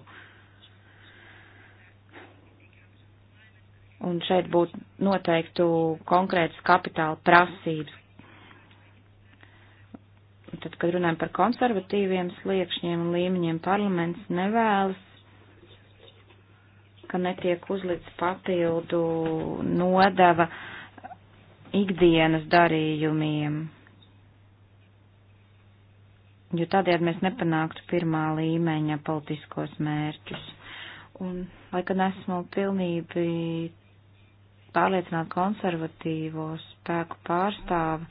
Un šeit būtu noteiktu konkrētas kapitāla prasības. Tad, kad runājam par konservatīviem sliekšņiem un līmeņiem, parlaments nevēlas ka netiek uzlikts papildu nodeva ikdienas darījumiem, jo tādējādi mēs nepanāktu pirmā līmeņa politiskos mērķus. Un, lai gan esmu pilnīgi pārliecināta konservatīvo spēku pārstāve,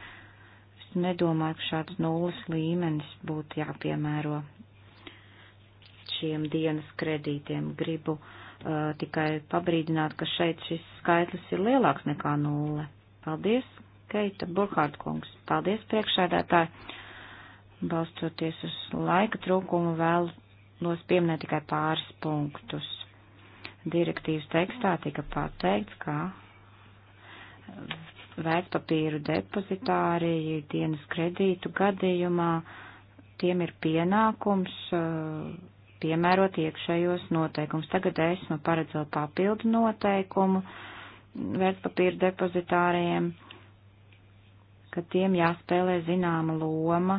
es nedomāju, ka šāds nulles līmenis būtu jāpiemēro šiem dienas kredītiem. Gribu uh, Uh, tikai pabrīdināt, ka šeit šis skaitlis ir lielāks nekā nulle. Paldies, Keita Burkhārta kungs. Paldies, priekšsēdētāji. Balstoties uz laika trūkumu vēlos pieminēt tikai pāris punktus. Direktīvas tekstā tika pateikts, ka vērtpapīru depozitāri dienas kredītu gadījumā tiem ir pienākums uh, piemērot iekšējos noteikumus. Tagad esmu paredzēju papildu noteikumu vērtspapīra depozitāriem, ka tiem jāspēlē zināma loma,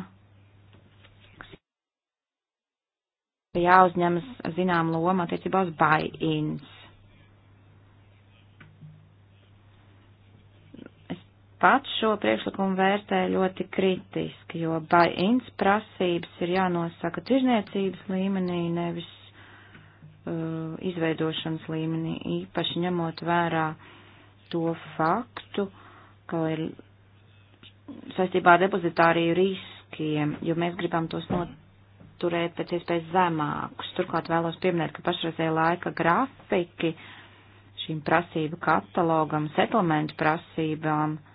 jāuzņemas zināma loma attiecībā uz buy-ins. pats šo priekšlikumu vērtē ļoti kritiski, jo buy-ins prasības ir jānosaka tirzniecības līmenī, nevis uh, izveidošanas līmenī, īpaši ņemot vērā to faktu, ka ir saistībā ar depozitāriju riskiem, jo mēs gribam tos noturēt pēc iespējas zemākus. Turklāt vēlos pieminēt, ka pašreizēja laika grafiki šīm prasību katalogam, settlement prasībām, uh,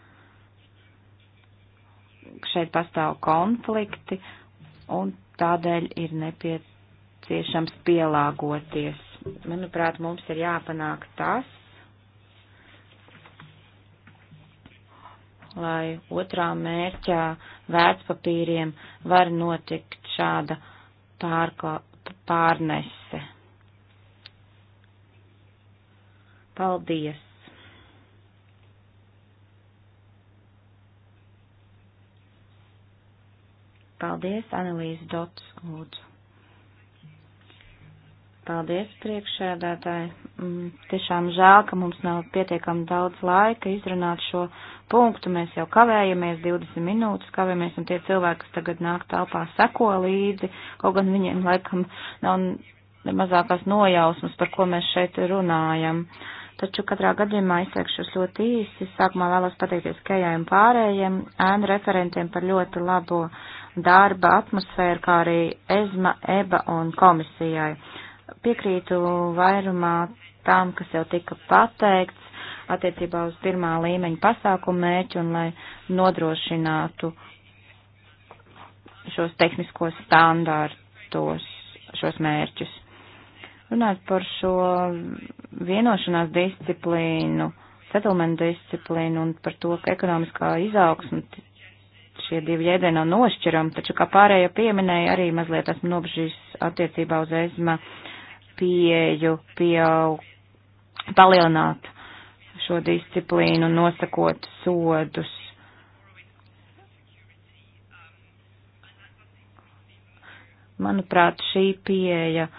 šeit pastāv konflikti un tādēļ ir nepieciešams pielāgoties. Manuprāt, mums ir jāpanāk tas, lai otrā mērķā vērtspapīriem var notikt šāda pārkla, pārnese. Paldies! Paldies, Analīze Dots, lūdzu. Paldies, priekšsēdētāji. Mm, tiešām žēl, ka mums nav pietiekami daudz laika izrunāt šo punktu. Mēs jau kavējamies 20 minūtes, kavējamies, un tie cilvēki, kas tagad nāk telpā, seko līdzi, kaut gan viņiem laikam nav mazākās nojausmas, par ko mēs šeit runājam. Taču katrā gadījumā izteikšos ļoti īsi. Sākumā vēlos pateikties Kejai un pārējiem ēnu referentiem par ļoti labo uh, darba atmosfēru, kā arī ESMA, EBA un komisijai. Piekrītu vairumā tām, kas jau tika pateikts attiecībā uz pirmā līmeņa pasākumu mērķu un lai nodrošinātu šos tehniskos standārtos, šos mērķus. Runāt par šo vienošanās disciplīnu settlement disciplīnu un par to, ka ekonomiskā izaugsme šie divi jēdzieni nav nošķiram, taču, kā pārējo pieminēja, arī mazliet esmu nobežīs attiecībā uz ezma pieeju pieaug, palielināt šo disciplīnu, nosakot sodus. Manuprāt, šī pieeja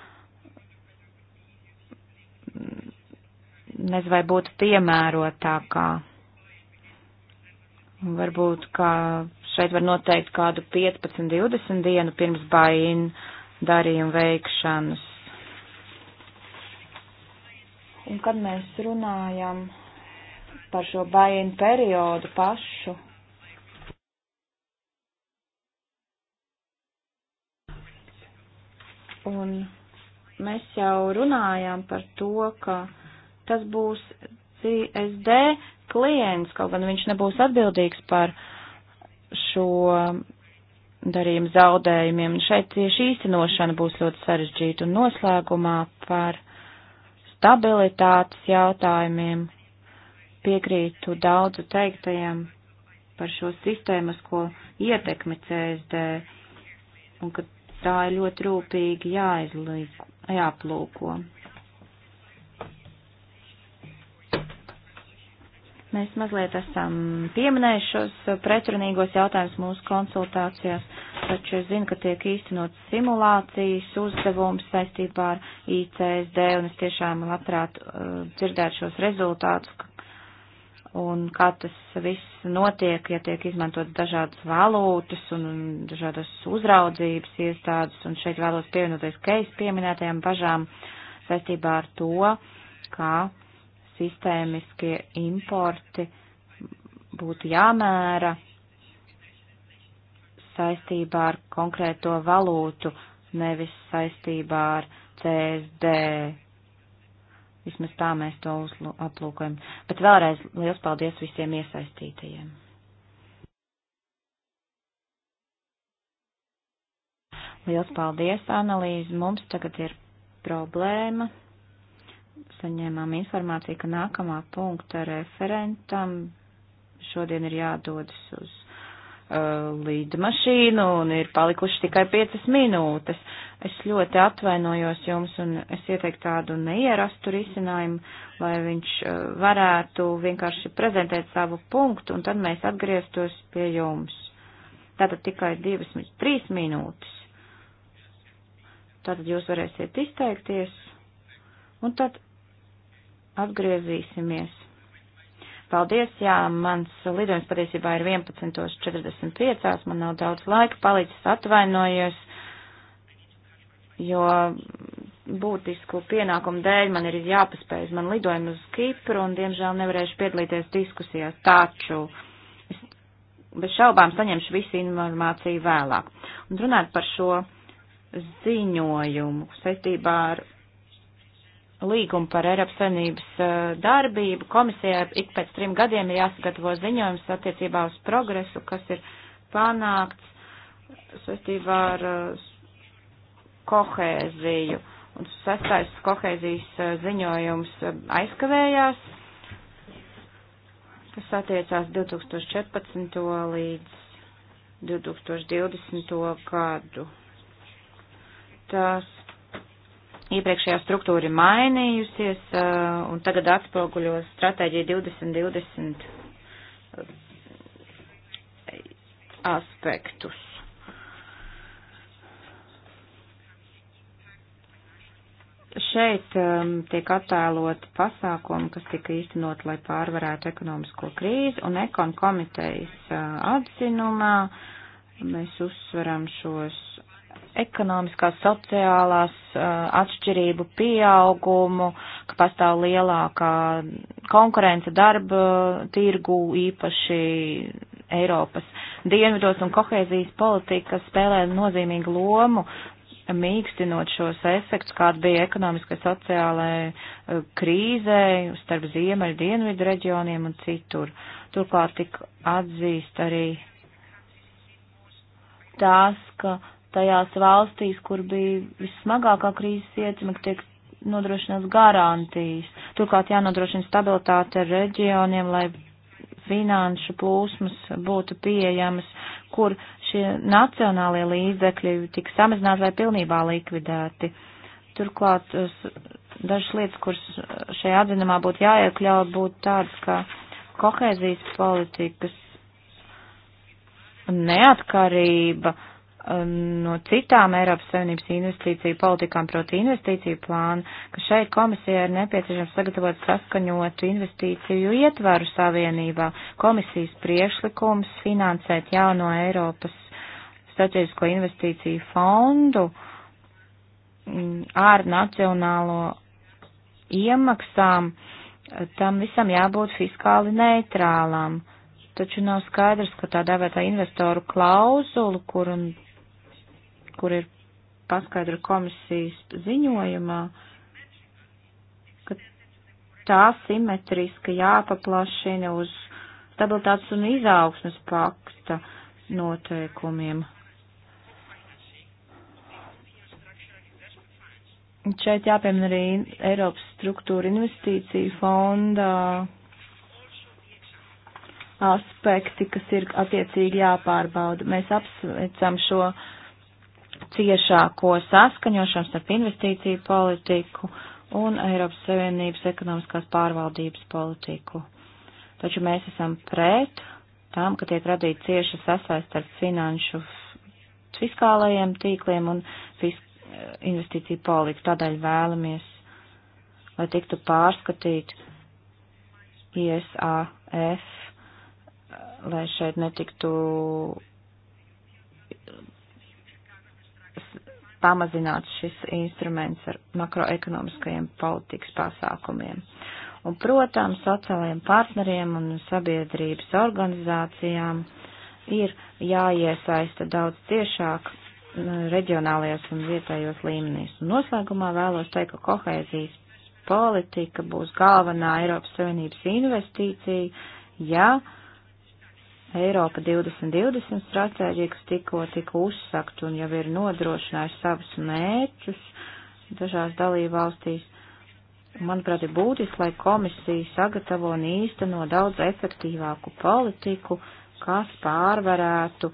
nezinu, vai būtu piemērotākā. Varbūt, ka Šeit var noteikt kādu 15-20 dienu pirms bain darījuma veikšanas. Un kad mēs runājam par šo bainu periodu pašu, un mēs jau runājām par to, ka tas būs CSD klients, kaut gan viņš nebūs atbildīgs par uh, šo darījumu zaudējumiem. Un šeit tieši īstenošana būs ļoti sarežģīta un noslēgumā par stabilitātes jautājumiem piekrītu daudzu teiktajiem par šo sistēmasko ietekmi CSD un ka tā ir ļoti rūpīgi jāizlīk, jāplūko. Mēs mazliet esam pieminējuši šos pretrunīgos jautājumus mūsu konsultācijās, taču es zinu, ka tiek īstenot simulācijas uzdevums saistībā ar ICSD, un es tiešām labprāt uh, dzirdētu šos rezultātus, un kā tas viss notiek, ja tiek izmantot dažādas valūtas un dažādas uzraudzības iestādes, un šeit vēlos pievienoties Keis pieminētajām bažām saistībā ar to, kā sistēmiskie importi būtu jāmēra saistībā ar konkrēto valūtu, nevis saistībā ar CSD. Vismaz tā mēs to aplūkojam. Bet vēlreiz liels paldies visiem iesaistītajiem. Liels paldies, analīze. Mums tagad ir problēma saņēmām informāciju, ka nākamā punkta referentam šodien ir jādodas uz uh, līdmašīnu un ir palikuši tikai piecas minūtes. Es ļoti atvainojos jums un es ieteiktu tādu neierastu risinājumu, lai viņš uh, varētu vienkārši prezentēt savu punktu un tad mēs atgrieztos pie jums. Tātad tikai divas, trīs minūtes. Tātad jūs varēsiet izteikties un tad atgriezīsimies. Paldies, jā, mans lidojums patiesībā ir 11.45, man nav daudz laika palicis, atvainojos, jo būtisku pienākumu dēļ man ir jāpaspēj uz man lidojumu uz Kipru un, diemžēl, nevarēšu piedalīties diskusijās, taču es bez šaubām saņemšu visu informāciju vēlāk. Un runāt par šo ziņojumu saistībā ar līgumu par Eiropas Savienības uh, darbību. Komisijai ik pēc trim gadiem ir jāsagatavo ziņojums attiecībā uz progresu, kas ir panākts saistībā ar uh, kohēziju. Un sastais kohēzijas uh, ziņojums aizkavējās, kas attiecās 2014. līdz 2020. gadu. Tas iepriekšējā struktūra ir mainījusies uh, un tagad atspoguļo stratēģiju uh, 2020 aspektus. Šeit um, tiek attēlot pasākumi, kas tika īstenot, lai pārvarētu ekonomisko krīzi, un ekon komitejas uh, atzinumā mēs uzsveram šos ekonomiskās, sociālās uh, atšķirību pieaugumu, ka pastāv lielākā konkurence darba tirgu, īpaši Eiropas dienvidos un kohēzijas politika spēlē nozīmīgu lomu, mīkstinot šos efektus, kāda bija ekonomiskai, sociālai uh, krīzē starp ziemeļu dienvidu reģioniem un citur. Turklāt tik atzīst arī tās, ka uh, tajās valstīs, kur bija vissmagākā krīzes ietekme, tiek nodrošinās garantijas. Turklāt jānodrošina stabilitāte ar reģioniem, lai finanšu plūsmas būtu pieejamas, kur šie nacionālie līdzekļi tik samazināti vai pilnībā likvidēti. Turklāt dažas lietas, kuras šajā atzinumā būtu jāiekļaut, būtu tādas, kā kohēzijas politikas neatkarība, Um, no citām Eiropas Savienības investīciju politikām, proti investīciju plānu, ka šeit komisijai ir nepieciešams sagatavot saskaņotu investīciju ietvaru Savienībā. Komisijas priekšlikums finansēt jauno Eiropas strateģisko investīciju fondu mm, ar nacionālo iemaksām, tam visam jābūt fiskāli neitrālam taču nav skaidrs, ka tā dēvētā investoru klauzulu, kuru kur ir paskaidro komisijas ziņojumā, ka tā simetriski jāpaplašina uz stabilitātes un izaugsmes pakta noteikumiem. Šeit jāpiemina arī Eiropas struktūra investīcija fonda aspekti, kas ir attiecīgi jāpārbauda. Mēs apsveicam šo uh, ciešāko saskaņošanu starp investīciju politiku un Eiropas Savienības ekonomiskās pārvaldības politiku. Taču mēs esam pret tam, ka tiek radīta cieša sasaist ar finanšu fiskālajiem tīkliem un fisk investīciju politiku. Tādēļ vēlamies, lai tiktu pārskatīt ISAF, lai šeit netiktu pamazināts šis instruments ar makroekonomiskajiem politikas pasākumiem. Un, protams, sociālajiem partneriem un sabiedrības organizācijām ir jāiesaista daudz ciešāk reģionālajos un vietējos līmenīs. Un noslēgumā vēlos teikt, ka kohēzijas politika būs galvenā Eiropas Savienības investīcija, ja Eiropa 2020 stratēģija, kas tikko tika uzsakt un jau ir nodrošinājusi savus mērķus dažās dalībvalstīs. Manuprāt, ir būtiski, lai komisija sagatavo un īsteno daudz efektīvāku politiku, kas pārvarētu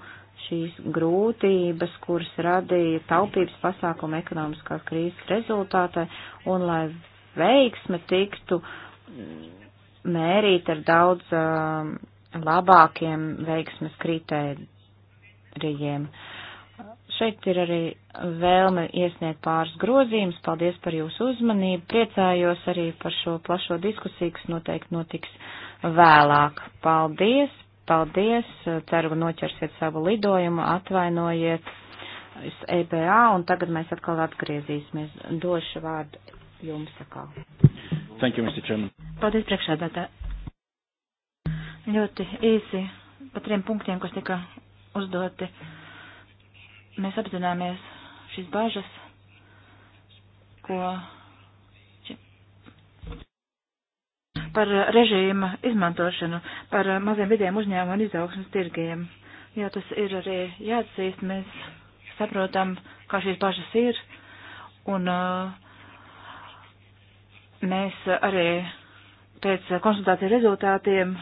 šīs grūtības, kuras radīja taupības pasākuma ekonomiskās krīzes rezultātā, un lai veiksme tiktu mērīt ar daudz uh, um, labākiem veiksmes kritērijiem. Šeit ir arī vēlme iesniegt pāris grozījumus. Paldies par jūsu uzmanību. Priecājos arī par šo plašo diskusiju, kas noteikti notiks vēlāk. Paldies, paldies. Ceru, ka noķersiet savu lidojumu, atvainojiet EBA, e un tagad mēs atkal atgriezīsimies. Došu vārdu jums atkal. Thank you, Mr. Chairman. Paldies, priekšādātā. Ļoti īsi par trim punktiem, kas tika uzdoti. Mēs apzināmies šīs bažas, ko par režīma izmantošanu, par maziem vidiem uzņēmumu un izaugsmas tirgiem. Jā, tas ir arī jāatzīst, mēs saprotam, kā šīs bažas ir, un uh, mēs arī pēc konsultāciju rezultātiem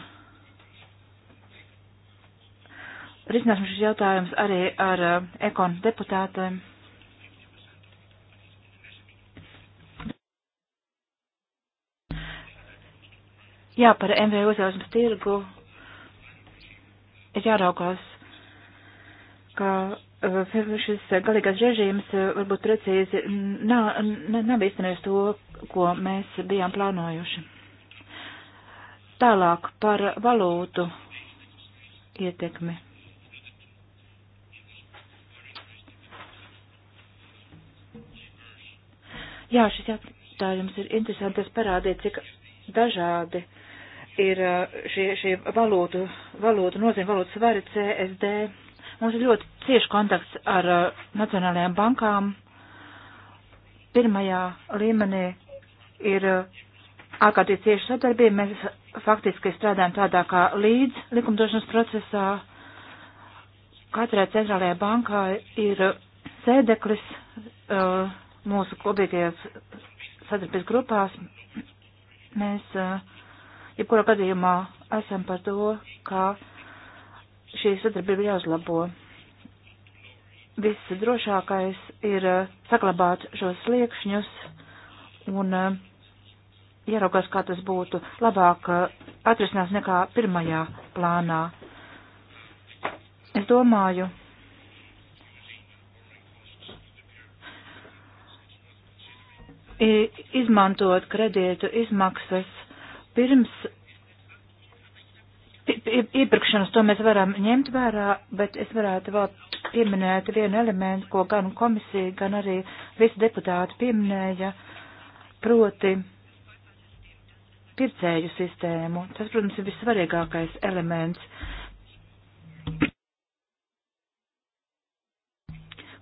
risināsim šis jautājums arī ar eh, ekon deputātēm. Jā, par MVU uzņēmumu tirgu ir jāraukās, ka eh, šis galīgais režīms eh, varbūt precīzi nav, nav īstenojis to, ko mēs bijām plānojuši. Tālāk par valūtu ietekmi. Jā, šis jautājums ir interesants. Tas parādīja, cik dažādi ir uh, šie, šie valūtu, valūtu nozīme, valūtu svari CSD. Mums ir ļoti cieši kontakts ar uh, nacionālajām bankām. Pirmajā līmenī ir uh, ārkārtīgi cieši sadarbība. Mēs faktiski strādājam tādā kā līdz likumdošanas procesā. Katrai centrālajai bankai ir uh, sēdeklis, uh, mūsu kopīgajās sadarbības grupās mēs, eh, jebkurā gadījumā, esam par to, ka šī sadarbība jāuzlabo. Viss drošākais ir eh, saglabāt šos sliekšņus un eh, ieraugās, kā tas būtu labāk atrisinās nekā pirmajā plānā. Es domāju, izmantot kredītu izmaksas pirms iepirkšanas, to mēs varam ņemt vērā, bet es varētu vēl pieminēt vienu elementu, ko gan komisija, gan arī visi deputāti pieminēja, proti pircēju sistēmu. Tas, protams, ir vissvarīgākais elements.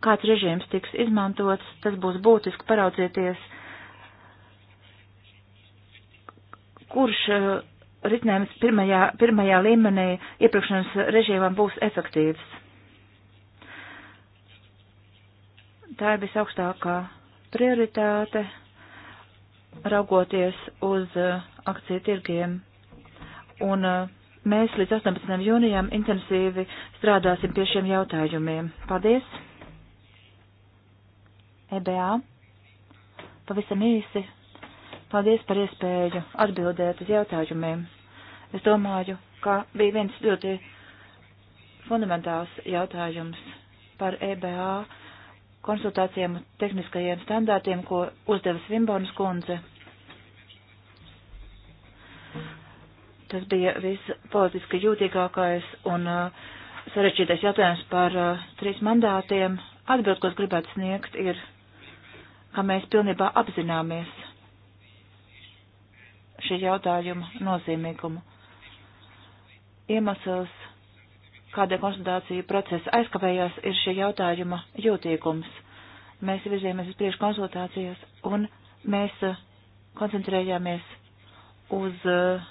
Kāds režīms tiks izmantots, tas būs būtiski paraudzieties kurš e, risinājums pirmajā, pirmajā līmenī iepirkšanas režīmam būs efektīvs. Tā ir visaugstākā prioritāte, raugoties uz e, akciju tirgiem. Un e, mēs līdz 18. jūnijam intensīvi strādāsim pie šiem jautājumiem. Paldies! EBA. Pavisam īsi Paldies par iespēju atbildēt uz jautājumiem. Es domāju, ka bija viens ļoti fundamentāls jautājums par EBA konsultācijām tehniskajiem standārtiem, ko uzdeva Svimbornas kundze. Tas bija viss politiski jūtīgākais un uh, sarežģītais jautājums par uh, trīs mandātiem. Atbild, ko es gribētu sniegt, ir, ka mēs pilnībā apzināmies šī jautājuma nozīmīgumu. Iemesls, kādēļ konsultāciju procesa aizkavējās, ir šī jautājuma jūtīgums. Mēs virzījāmies uz priekšu konsultācijas un mēs eh, koncentrējāmies uz eh,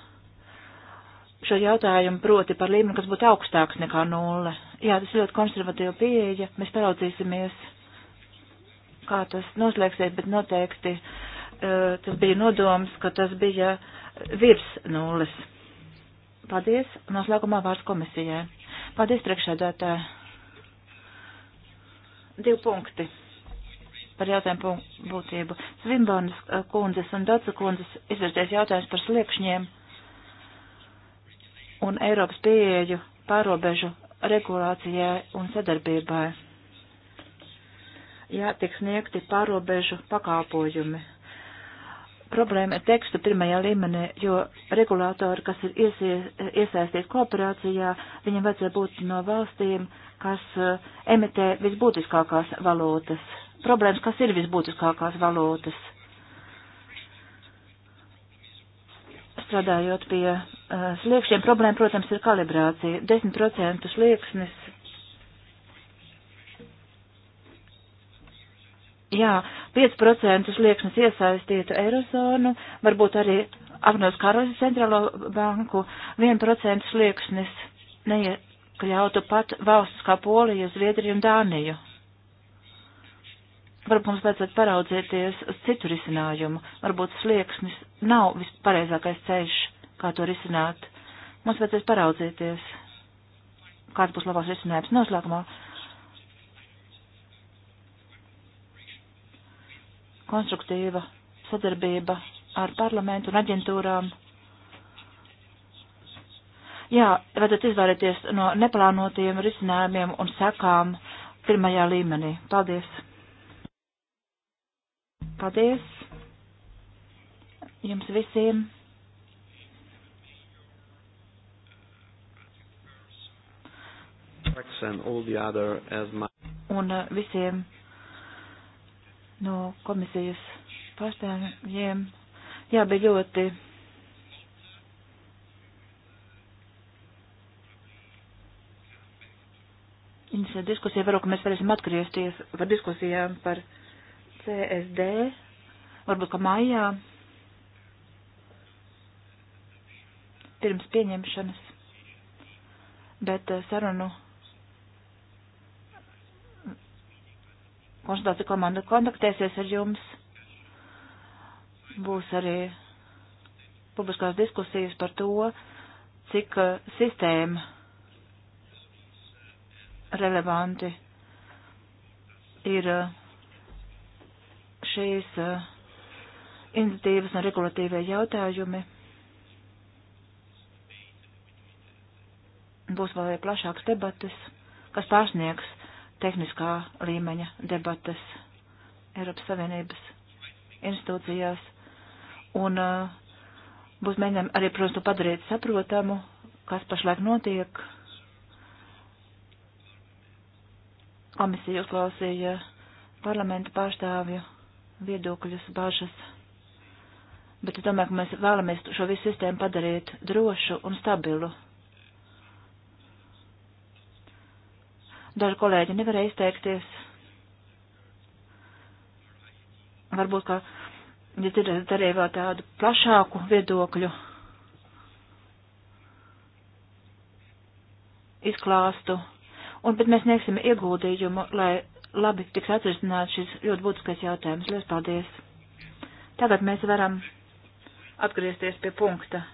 šo jautājumu proti par līmeni, kas būtu augstāks nekā nulle. Jā, tas ir ļoti konservatīva pieeja. Mēs paraudzīsimies, kā tas noslēgsies, bet noteikti uh, Eh, tas bija nodoms, ka tas bija virs nulles. Paldies. Noslēgumā vārds komisijai. Paldies, priekšēdētāji. Divi punkti par jautājumu būtību. Svimbonas eh, kundzes un Dotsa kundzes izvirzies jautājums par sliekšņiem un Eiropas pieeju pārobežu regulācijai un sadarbībai. Jā, tiek sniegti pārobežu pakāpojumi problēma ar tekstu pirmajā līmenī, jo regulātori, kas ir iesaistīti kooperācijā, viņam vajadzēja būt no valstīm, kas eh, emitē visbūtiskākās valūtas. Problēmas, kas ir visbūtiskākās valūtas. Strādājot pie uh, sliekšņiem, problēma, protams, ir kalibrācija. 10% slieksnis jā, 5% liekas iesaistītu Eirozonu, varbūt arī apnos Karozi centrālo banku, 1% slieksnis neiekļautu pat valsts kā Poliju, Zviedriju un Dāniju. Varbūt mums vajadzētu paraudzieties uz citu risinājumu. Varbūt slieksnis nav vispareizākais ceļš, kā to risināt. Mums vajadzēs paraudzieties, kāds būs labāks risinājums noslēgumā. konstruktīva sadarbība ar parlamentu un aģentūrām. Jā, vajadzētu izvairīties no neplānotiem risinājumiem un sekām pirmajā līmenī. Paldies! Paldies jums visiem! Un uh, visiem no komisijas pārstāvjiem. Jā, bija ļoti interesanta diskusija. Varbūt mēs varēsim atgriezties par diskusijām par CSD, varbūt ka maijā, pirms pieņemšanas, bet eh, sarunu konsultācija komanda kontaktēsies ar jums. Būs arī publiskās diskusijas par to, cik uh, sistēma relevanti ir uh, šīs uh, iniciatīvas un regulatīvie jautājumi. Būs vēl arī plašāks debatas, kas pārsniegs tehniskā līmeņa debatas Eiropas Savienības institūcijās. Un uh, būs mēģinājumi arī, protams, to padarīt saprotamu, kas pašlaik notiek. Komisija uzklausīja parlamentu pārstāvju viedokļus, bažas. Bet es domāju, ka mēs vēlamies šo visu sistēmu padarīt drošu un stabilu Daži kolēģi nevarēja izteikties. Varbūt, ka ja dzirdat arī vēl tādu plašāku viedokļu izklāstu, un, bet mēs sniegsim ieguldījumu, lai labi tiks atrisināt šis ļoti būtiskais jautājums. Lielas paldies! Tagad mēs varam atgriezties pie punkta,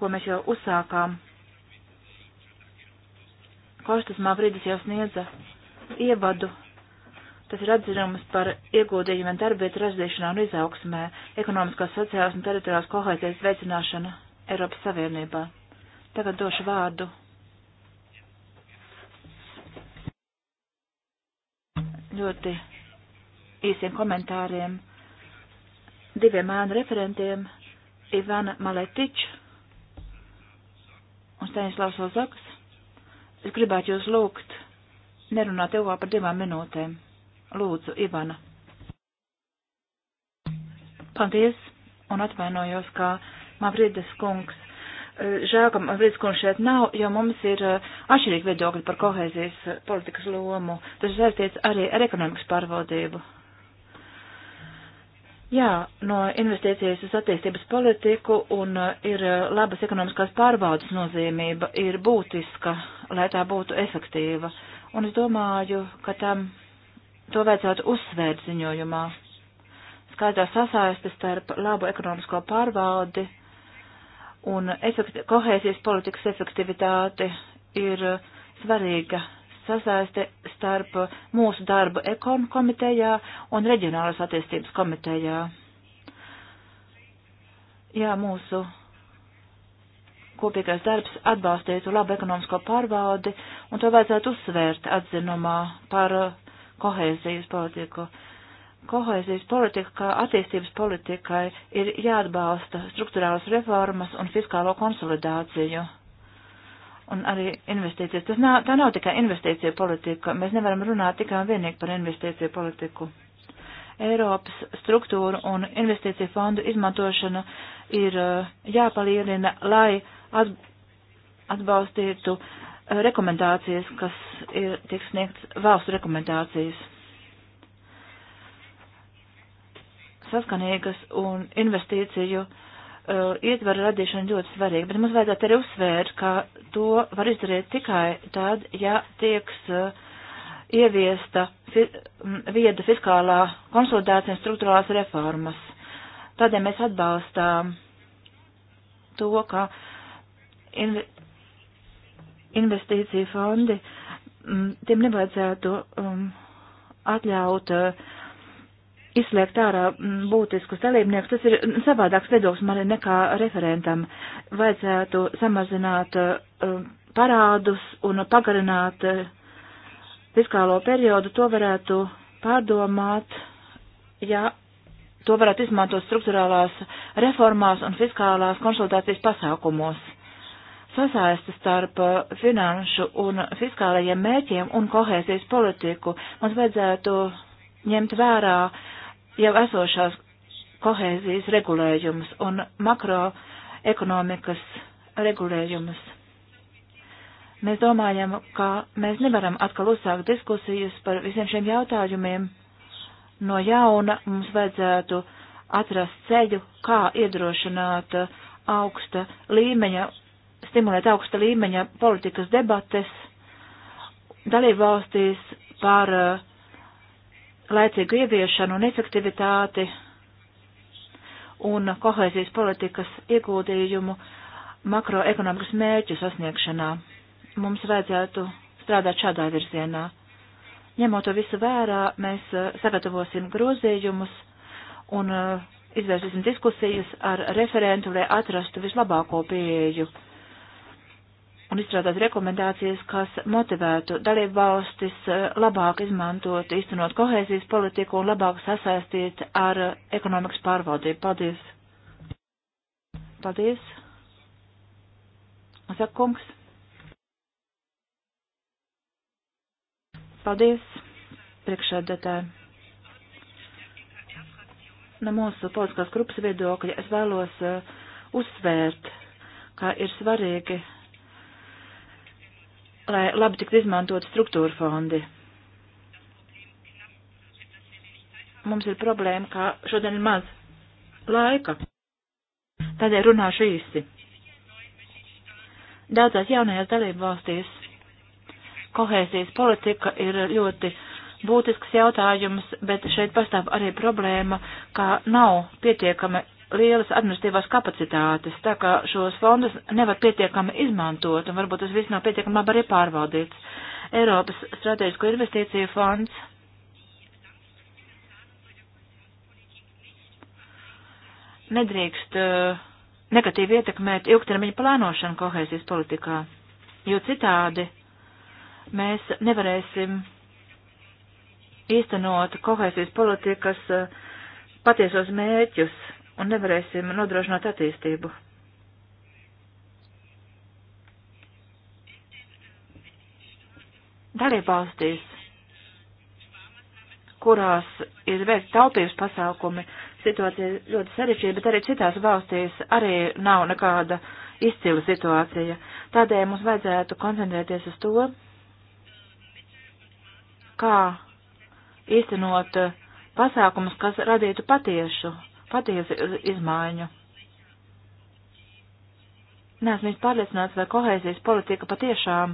ko mēs jau uzsākām. Horstas Mavrīdis jau sniedza ievadu. Tas ir atzinums par ieguldījumiem darbvietu radīšanā un izaugsmē, ekonomiskās, sociālās un teritoriālās kohēzijas veicināšana Eiropas Savienībā. Tagad došu vārdu. Ļoti īsiem komentāriem diviem ēnu referentiem Ivana Maletič un Stanislavs Ozakas. Es gribētu jūs lūgt nerunāt ilgāk par divām minūtēm. Lūdzu, Ivana. Paldies un atvainojos, ka Mavrides kungs. E, žēl, ka Mavrides kungs šeit nav, jo mums ir e, atšķirīgi viedokļi par kohēzijas e, politikas lomu. Tas saistīts arī ar ekonomikas pārvaldību. Jā, no investīcijas uz attīstības politiku un uh, ir uh, labas ekonomiskās pārbaudas nozīmība ir būtiska, lai tā būtu efektīva. Un es domāju, ka tam to vajadzētu uzsvērt ziņojumā. Skaidrā sasaiste starp labu ekonomisko pārbaudi un efekti, kohēzijas politikas efektivitāti ir uh, svarīga sasaiste starp mūsu darbu ekonu komitejā un reģionālas attīstības komitejā. Jā, mūsu kopīgais darbs atbalstītu labu ekonomisko pārvaldi, un to vajadzētu uzsvērt atzinumā par kohēzijas politiku. Kohēzijas politika, kā attīstības politikai, ir jāatbalsta struktūrālas reformas un fiskālo konsolidāciju un arī investīcijas. Tas nav, tā nav tikai investīcija politika. Mēs nevaram runāt tikai un vienīgi par investīciju politiku. Eiropas struktūru un investīciju fondu izmantošana ir eh, jāpalielina, lai atbalstītu eh, rekomendācijas, kas ir, tiek sniegts valstu rekomendācijas. Saskanīgas un investīciju uh, uh, eh, ietvaru radīšana ļoti svarīga, bet mums vajadzētu arī uzsvērt, ka to var izdarīt tikai tad, ja tieks uh, ieviesta fi vieda fiskālā konsolidācija un struktūrālās reformas. Tādēļ mēs atbalstām to, ka in investīcija fondi, um, tiem nevajadzētu um, atļaut uh, izslēgt ārā mm, būtiskus dalībniekus, tas ir savādāks viedoklis man nekā referentam. Vajadzētu samazināt eh, parādus un pagarināt eh, fiskālo periodu, to varētu pārdomāt, ja to varētu izmantot struktūrālās reformās un fiskālās konsultācijas pasākumos. Sasaista starp eh, finanšu un fiskālajiem mērķiem un kohēzijas politiku mums vajadzētu ņemt vērā uh, jau esošās kohēzijas regulējumus un makroekonomikas regulējumus. Mēs domājam, ka mēs nevaram atkal uzsākt diskusijas par visiem šiem jautājumiem. No jauna mums vajadzētu atrast ceļu, kā iedrošināt augsta līmeņa, stimulēt augsta līmeņa politikas debates dalībvalstīs par uh, laicīgu ieviešanu un efektivitāti un kohēzijas politikas ieguldījumu makroekonomikas mērķu sasniegšanā. Mums vajadzētu strādāt šādā virzienā. Ņemot to visu vērā, mēs uh, sagatavosim grozījumus un uh, izvērsīsim diskusijas ar referentu, lai atrastu vislabāko pieeju un izstrādāt rekomendācijas, kas motivētu dalību valstis eh, labāk izmantot, īstenot kohēzijas politiku un labāk sasaistīt ar eh, ekonomikas pārvaldību. Paldies! Paldies! Saka kungs. Paldies, priekšsēdētāji. No mūsu politiskās grupas viedokļa es vēlos uh, uzsvērt, ka ir svarīgi lai labi tiktu izmantot struktūra fondi. Mums ir problēma, ka šodien ir maz laika. Tādēļ runāšu īsi. Daudzās jaunajās dalību valstīs kohēzijas politika ir ļoti būtisks jautājums, bet šeit pastāv arī problēma, ka nav pietiekami lielas administratīvās kapacitātes, tā kā šos fondus nevar pietiekami izmantot, un varbūt tas viss nav pietiekami labi arī pārvaldīts. Eiropas strateģisko investīciju fonds. Nedrīkst uh, negatīvi ietekmēt ilgtermiņa plānošanu kohēzijas politikā, jo citādi mēs nevarēsim īstenot kohēzijas politikas uh, patiesos mērķus un nevarēsim nodrošināt attīstību. Dalībvalstīs, kurās ir veikti taupības pasākumi, situācija ļoti sarežģīta, bet arī citās valstīs arī nav nekāda izcila situācija. Tādēļ mums vajadzētu koncentrēties uz to, kā īstenot pasākumus, kas radītu patiešu patiesi izmaiņu. Neesmu īsti pārliecināts, vai kohēzijas politika patiešām,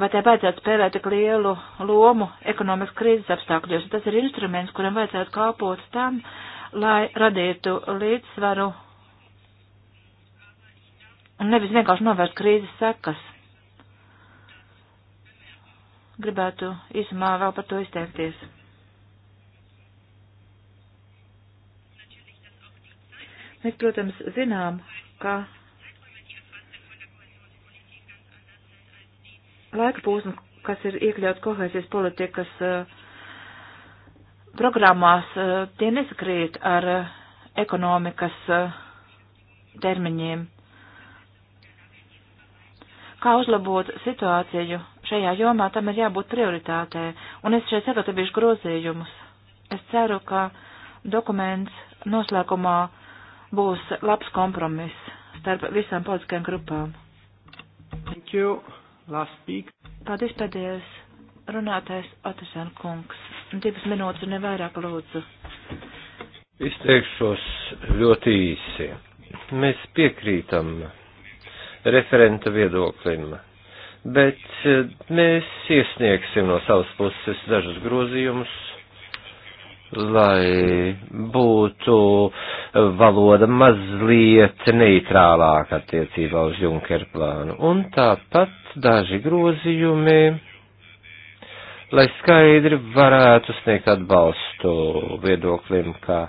vai tai vajadzētu spēlēt tik lielu lomu ekonomikas krīzes apstākļos. Tas ir instruments, kuram vajadzētu kāpot tam, lai radītu līdzsvaru un nevis vienkārši novērst krīzes sekas. Gribētu īsumā vēl par to izteikties. Mēs, protams, zinām, ka laika posms, kas ir iekļauts kohēzijas politikas eh, programmās, eh, tie nesakrīt ar eh, ekonomikas termiņiem. Kā uzlabot situāciju šajā jomā, tam ir jābūt prioritātē, un es šeit sagatavīšu grozījumus. Es ceru, ka dokuments noslēgumā būs labs kompromiss starp visām politiskajām grupām. Thank you. Last speak. Paldies pēdējais runātais Atasēna kungs. Divas minūtes un nevairāk lūdzu. Izteikšos ļoti īsi. Mēs piekrītam referenta viedoklim, bet mēs iesniegsim no savas puses dažus grozījumus lai būtu valoda mazliet neitrālāka attiecībā uz Junker plānu. Un tāpat daži grozījumi, lai skaidri varētu sniegt atbalstu viedoklim, ka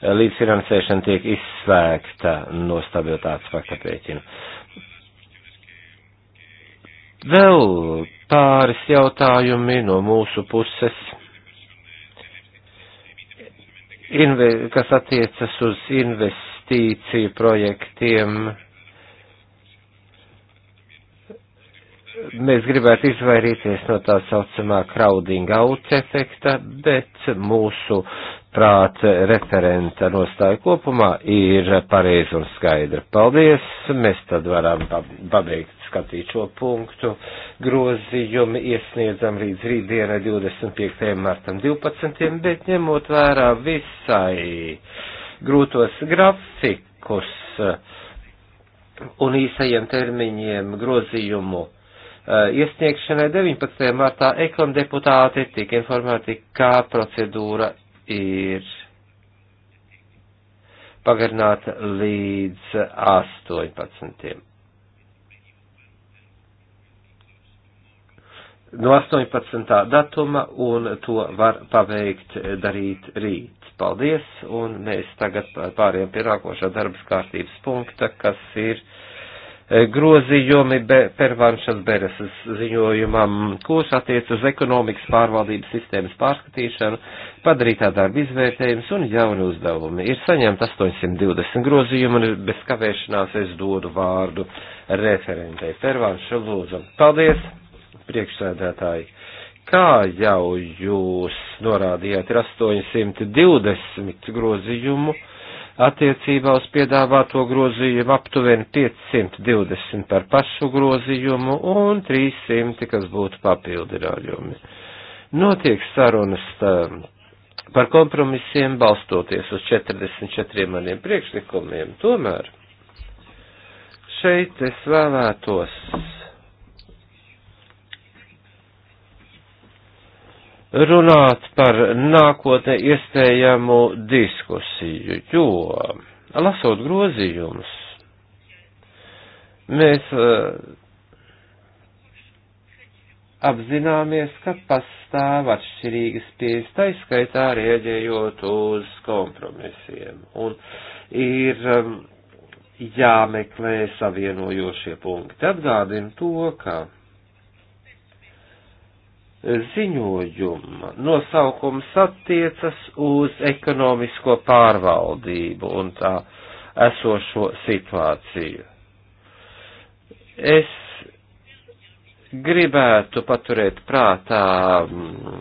līdzfinansēšana tiek izsvēgta no stabilitātes pakta pēķina. Vēl pāris jautājumi no mūsu puses kas attiecas uz investīciju projektiem. Mēs gribētu izvairīties no tā saucamā crowding out efekta, bet mūsu prāt referenta nostāja kopumā ir pareiza un skaidra. Paldies! Mēs tad varam pabeigt skatīt šo punktu grozījumi iesniedzam līdz rītdienai 25. martam 12. bet ņemot vērā visai grūtos grafikus un īsajiem termiņiem grozījumu eh, iesniegšanai 19. martā ekon deputāti tika informēti, kā procedūra ir pagarināta līdz 18. no 18. datuma, un to var paveikt darīt rīt. Paldies, un mēs tagad pāriem pie nākošā darbas kārtības punkta, kas ir e, grozījumi be, pervanšas bereses ziņojumam, kurš attiec uz ekonomikas pārvaldības sistēmas pārskatīšanu, padarītā darba izvērtējums un jauni uzdevumi. Ir saņemta 820 grozījumi un bez kavēšanās es dodu vārdu referentei. Pervanša lūdzu. Paldies! priekšsēdētāji. Kā jau jūs norādījāt, ir 820 grozījumu attiecībā uz piedāvāto grozījumu, aptuveni 520 par pašu grozījumu un 300, kas būtu papildinājumi. Notiek sarunas um, par kompromisiem balstoties uz 44 maniem priekšlikumiem. Tomēr šeit es vēlētos runāt par nākotnē iespējamu diskusiju, jo, lasot grozījumus, mēs eh, apzināmies, ka pastāv atšķirīgas pieejas, taiskaitā rieģējot uz kompromisiem, un ir um, jāmeklē savienojošie punkti. Atgādinu to, ka ziņojuma nosaukums attiecas uz ekonomisko pārvaldību un tā esošo situāciju. Es gribētu paturēt prātā mm,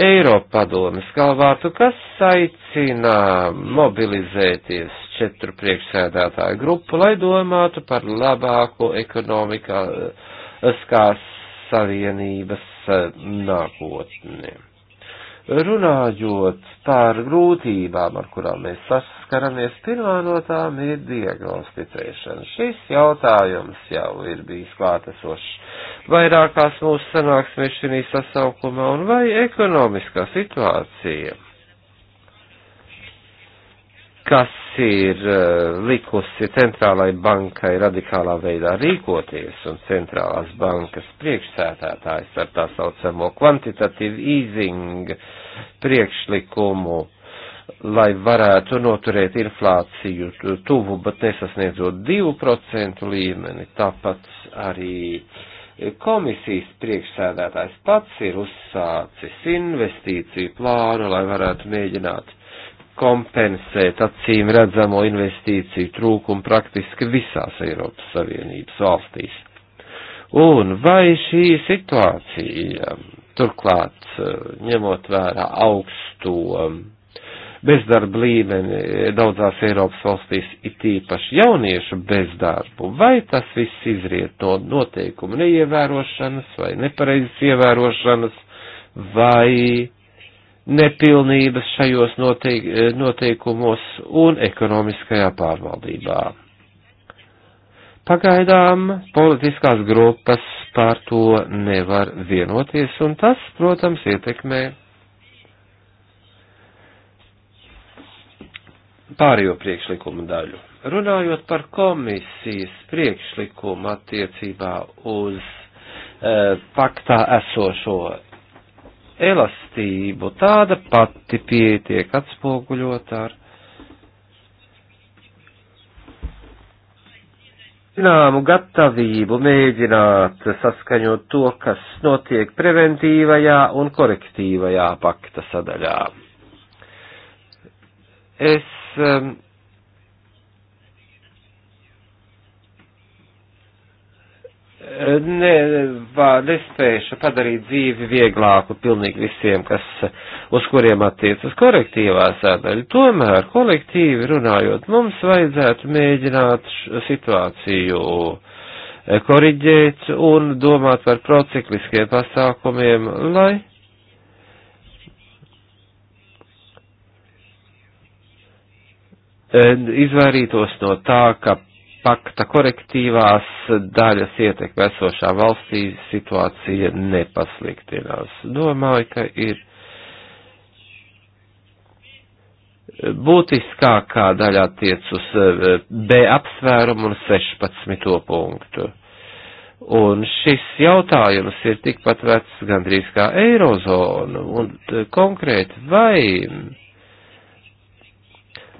Eiropadomes galvātu, kas aicina mobilizēties četru priekšsēdētāju grupu, lai domātu par labāko ekonomikā eh, skās savienības nākotni. Runājot par grūtībām, ar kurām mēs saskaramies, pirmā no tām ir diagnosticēšana. Šis jautājums jau ir bijis klātesošs vairākās mūsu sanāksmēs šī sasaukumā, un vai ekonomiskā situācija kas ir eh, likusi centrālai bankai radikālā veidā rīkoties, un centrālās bankas priekšsētētājs ar tā saucamo kvantitatīvu easing priekšlikumu, lai varētu noturēt inflāciju tuvu, bet nesasniedzot 2% līmeni, tāpat arī komisijas priekšsēdētājs pats ir uzsācis investīciju plānu, lai varētu mēģināt kompensēt acīm redzamo investīciju trūkumu praktiski visās Eiropas Savienības valstīs. Un vai šī situācija, turklāt eh, ņemot vērā augstu eh, bezdarba līmeni daudzās Eiropas valstīs, it īpaši jauniešu bezdarbu, vai tas viss izriet no noteikumu neievērošanas vai nepareizes ievērošanas, vai nepilnības šajos noteik noteikumos un ekonomiskajā pārvaldībā. Pagaidām politiskās grupas par to nevar vienoties, un tas, protams, ietekmē pārējo priekšlikumu daļu. Runājot par komisijas priekšlikumu attiecībā uz e, paktā esošo elastību. Tāda pati pieeja tiek atspoguļot ar zināmu gatavību mēģināt saskaņot to, kas notiek preventīvajā un korektīvajā pakta sadaļā. Es um, nevā, nespējuši padarīt dzīvi vieglāku pilnīgi visiem, kas, uz kuriem attiecas korektīvā sadaļa. Tomēr, kolektīvi runājot, mums vajadzētu mēģināt situāciju e, koriģēt un domāt par procikliskiem pasākumiem, lai e, izvairītos no tā, ka pakta korektīvās daļas ietekmē esošā valstī situācija nepasliktinās. Domāju, ka ir būtiskākā daļa attiec uz eh, B apsvērumu un 16. punktu. Un šis jautājums ir tikpat vecs gandrīz kā eirozona, un eh, konkrēti vai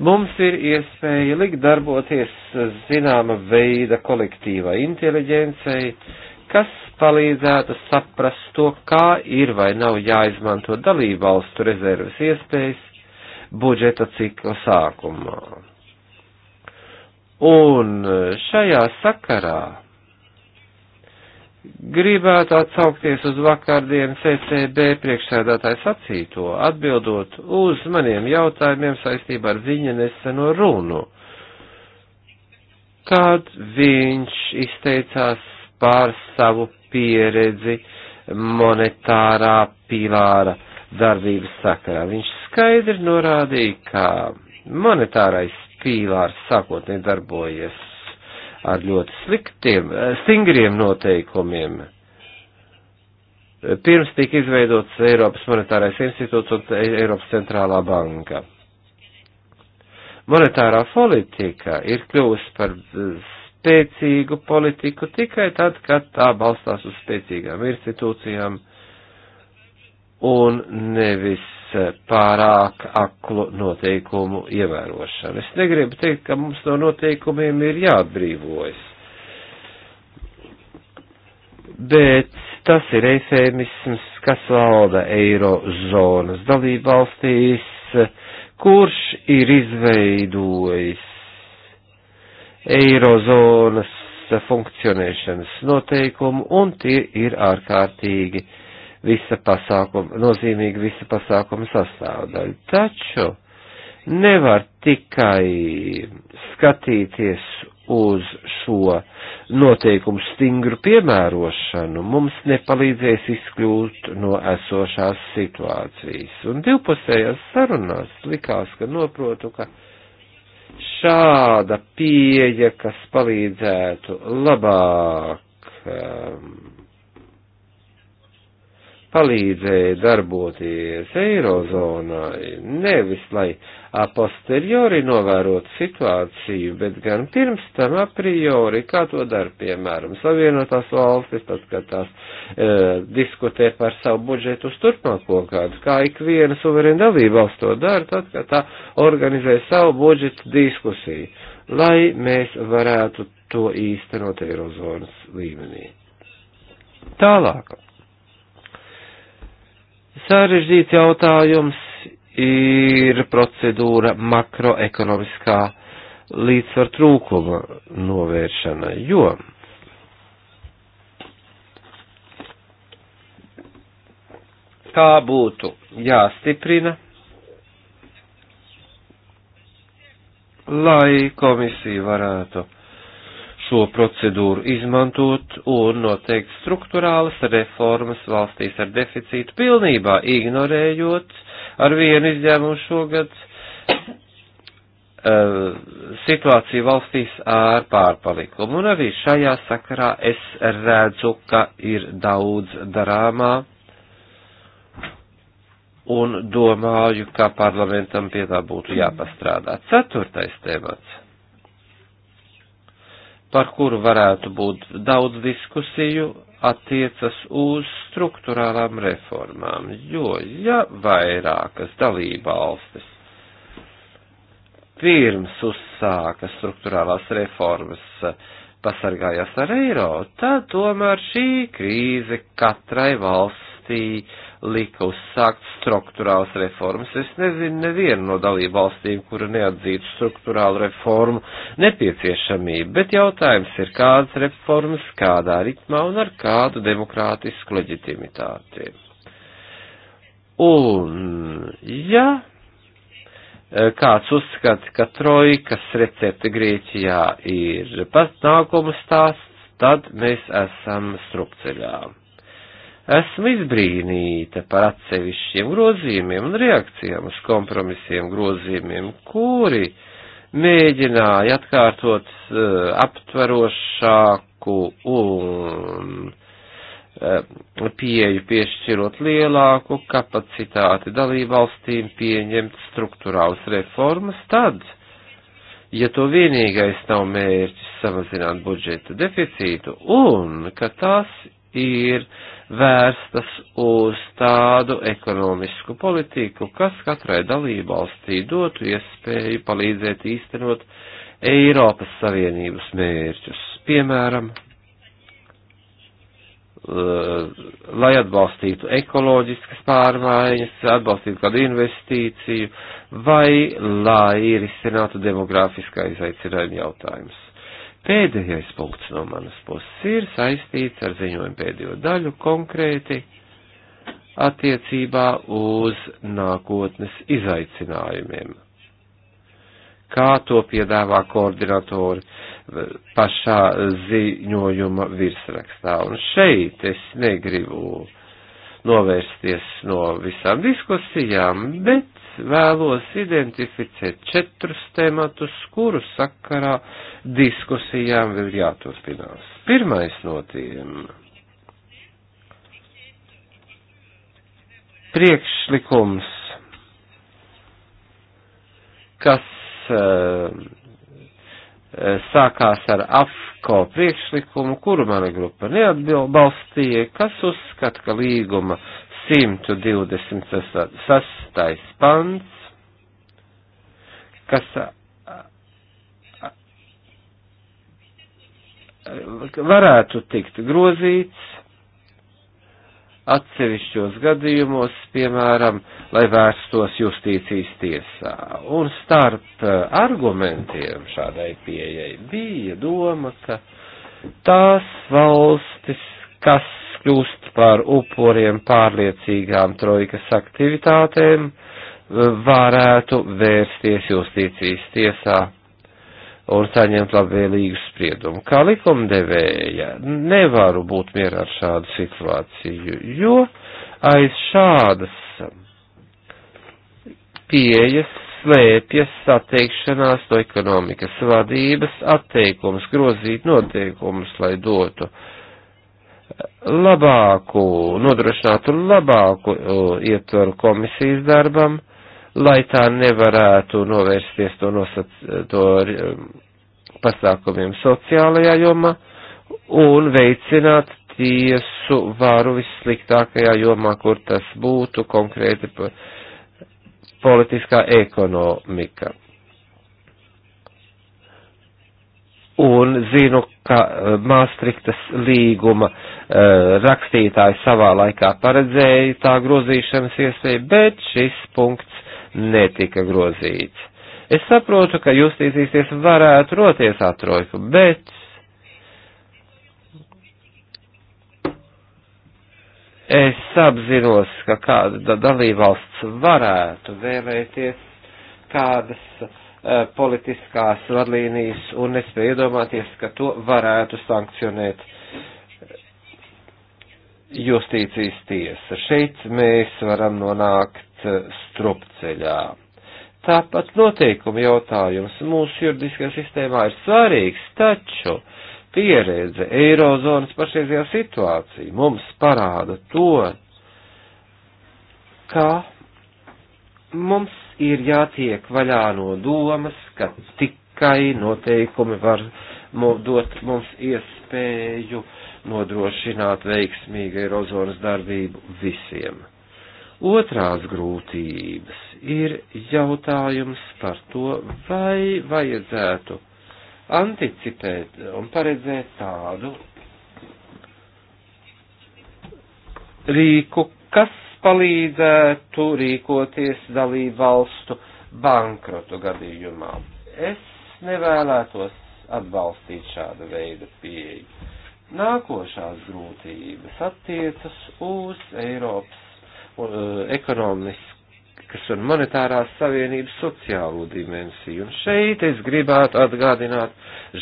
Mums ir iespēja likt darboties zināma veida kolektīvai inteliģencei, kas palīdzētu saprast to, kā ir vai nav jāizmanto dalībvalstu rezerves iespējas budžeta cikla sākumā. Un šajā sakarā Gribētu atsaukties uz vakardienas ECB priekšsēdātāju sacīto, atbildot uz maniem jautājumiem saistībā ar viņa neseno runu, kad viņš izteicās pār savu pieredzi monetārā pīlāra darbības sakarā. Viņš skaidri norādīja, ka monetārais pīlārs sākotnēji darbojies ar ļoti sliktiem, eh, stingriem noteikumiem. Pirms tika izveidots Eiropas monetārais institūts un Eiropas centrālā banka. Monetārā politika ir kļuvusi par eh, spēcīgu politiku tikai tad, kad tā balstās uz spēcīgām institūcijām, uh, un nevis pārāk aklu noteikumu ievērošanu. Es negribu teikt, ka mums no noteikumiem ir jāatbrīvojas, bet tas ir eifēmisms, kas valda eirozonas dalībvalstīs, kurš ir izveidojis eirozonas funkcionēšanas noteikumu, un tie ir ārkārtīgi visa pasākuma, nozīmīga visa pasākuma sastāvdaļa. Taču nevar tikai skatīties uz šo noteikumu stingru piemērošanu, mums nepalīdzēs izkļūt no esošās situācijas. Un divpusējās sarunās likās, ka noprotu, ka šāda pieeja, kas palīdzētu labāk um, palīdzēja darboties Eirozonai, nevis lai a posteriori novērotu situāciju, bet gan pirms tam a priori, kā to dara, piemēram, Savienotās valstis, tad, kad tās e, diskutē par savu budžetu uz turpmāko gadu, kā ik viena suverēna dalībvalsts to dara, tad, kad tā organizē savu budžetu diskusiju, lai mēs varētu to īstenot Eirozonas līmenī. Tālāk Sarežģīts jautājums ir procedūra makroekonomiskā līdzsvar trūkuma novēršana, jo tā būtu jāstiprina, lai komisija varētu šo procedūru izmantot un noteikt struktūrālas reformas valstīs ar deficītu pilnībā ignorējot ar vienu izņēmumu šogad eh, situāciju valstīs ar pārpalikumu. Un arī šajā sakarā es redzu, ka ir daudz darāmā un domāju, ka parlamentam pie tā būtu jāpastrādā. Ceturtais temats par kuru varētu būt daudz diskusiju, attiecas uz struktūrālām reformām, jo ja vairākas dalībvalstis pirms uzsāka struktūrālās reformas eh, pasargājās ar eiro, tad tomēr šī krīze katrai valstī uh, lika uzsākt struktūrāls reformas. Es nezinu nevienu no dalību valstīm, kura neatzītu struktūrālu reformu nepieciešamību, bet jautājums ir, kādas reformas, kādā ritmā un ar kādu demokrātisku leģitimitāti. Un, ja e, kāds uzskata, ka trojkas recepte Grieķijā ir pats nākumu stāsts, tad mēs esam strupceļā. Esmu izbrīnīta par atsevišķiem grozījumiem un reakcijām uz kompromisiem grozījumiem, kuri mēģināja atkārtot uh, eh, aptverošāku un eh, pieeju piešķirot lielāku kapacitāti dalībvalstīm pieņemt struktūrāls reformas, tad, ja to vienīgais nav mērķis samazināt budžeta deficītu un ka tās ir vērstas uz tādu ekonomisku politiku, kas katrai dalībvalstī dotu iespēju palīdzēt īstenot Eiropas Savienības mērķus. Piemēram, eh, lai atbalstītu ekoloģiskas pārmaiņas, atbalstītu kādu investīciju vai lai risinātu demografiskā izaicinājuma jautājumus. Pēdējais punkts no manas puses ir saistīts ar ziņojumu pēdējo daļu konkrēti attiecībā uz nākotnes izaicinājumiem. Kā to piedāvā koordinatori pašā ziņojuma virsrakstā. Un šeit es negribu novērsties no visām diskusijām, bet vēlos identificēt četrus tematus, kuru sakarā diskusijām vēl jāturpinās. Pirmais no tiem - priekšlikums, kas uh, sākās ar AFCO priekšlikumu, kuru mana grupa neatbalstīja, kas uzskata, ka līguma uh, 126. pants, kas varētu tikt grozīts atsevišķos gadījumos, piemēram, lai vērstos justīcijas tiesā. Un starp argumentiem šādai pieejai bija doma, ka tās valstis, kas kļūst par upuriem pārliecīgām trojkas aktivitātēm varētu vērsties justīcijas tiesā un saņemt labvēlīgu spriedumu. Kā likumdevēja nevaru būt mierā ar šādu situāciju, jo aiz šādas pieejas slēpjas atteikšanās no ekonomikas vadības, atteikums grozīt noteikumus, lai dotu uh, labāku, nodrošinātu labāku ietvaru komisijas darbam, lai tā nevarētu novērsties to, nosac, to e, pasākumiem sociālajā jomā un veicināt tiesu varu vissliktākajā jomā, kur tas būtu konkrēti politiskā ekonomika. un zinu, ka e, Māstriktas līguma Eh, rakstītāji savā laikā paredzēja tā grozīšanas iespēju, bet šis punkts netika grozīts. Es saprotu, ka justīcijas tiesa varētu roties atrojku, bet es apzinos, ka kāda dalībvalsts varētu vēlēties kādas uh, politiskās vadlīnijas un nespēju iedomāties, ka to varētu sankcionēt uh, justīcijas tiesa. Šeit mēs varam nonākt eh, strupceļā. Tāpat noteikuma jautājums mūsu juridiskajā sistēmā ir svarīgs, taču pieredze Eirozonas pašreizajā situācija mums parāda to, ka mums ir jātiek vaļā no domas, ka tikai noteikumi var dot mums iespēju uh, nodrošināt veiksmīgu Eirozonas darbību visiem. Otrās grūtības ir jautājums par to, vai vajadzētu anticipēt un paredzēt tādu rīku, kas palīdzētu rīkoties dalību valstu bankrotu gadījumā. Es nevēlētos atbalstīt šādu veidu pieeju. Nākošās grūtības attiecas uz Eiropas un, uh, e, ekonomiskas un monetārās savienības sociālo dimensiju. Un šeit es gribētu atgādināt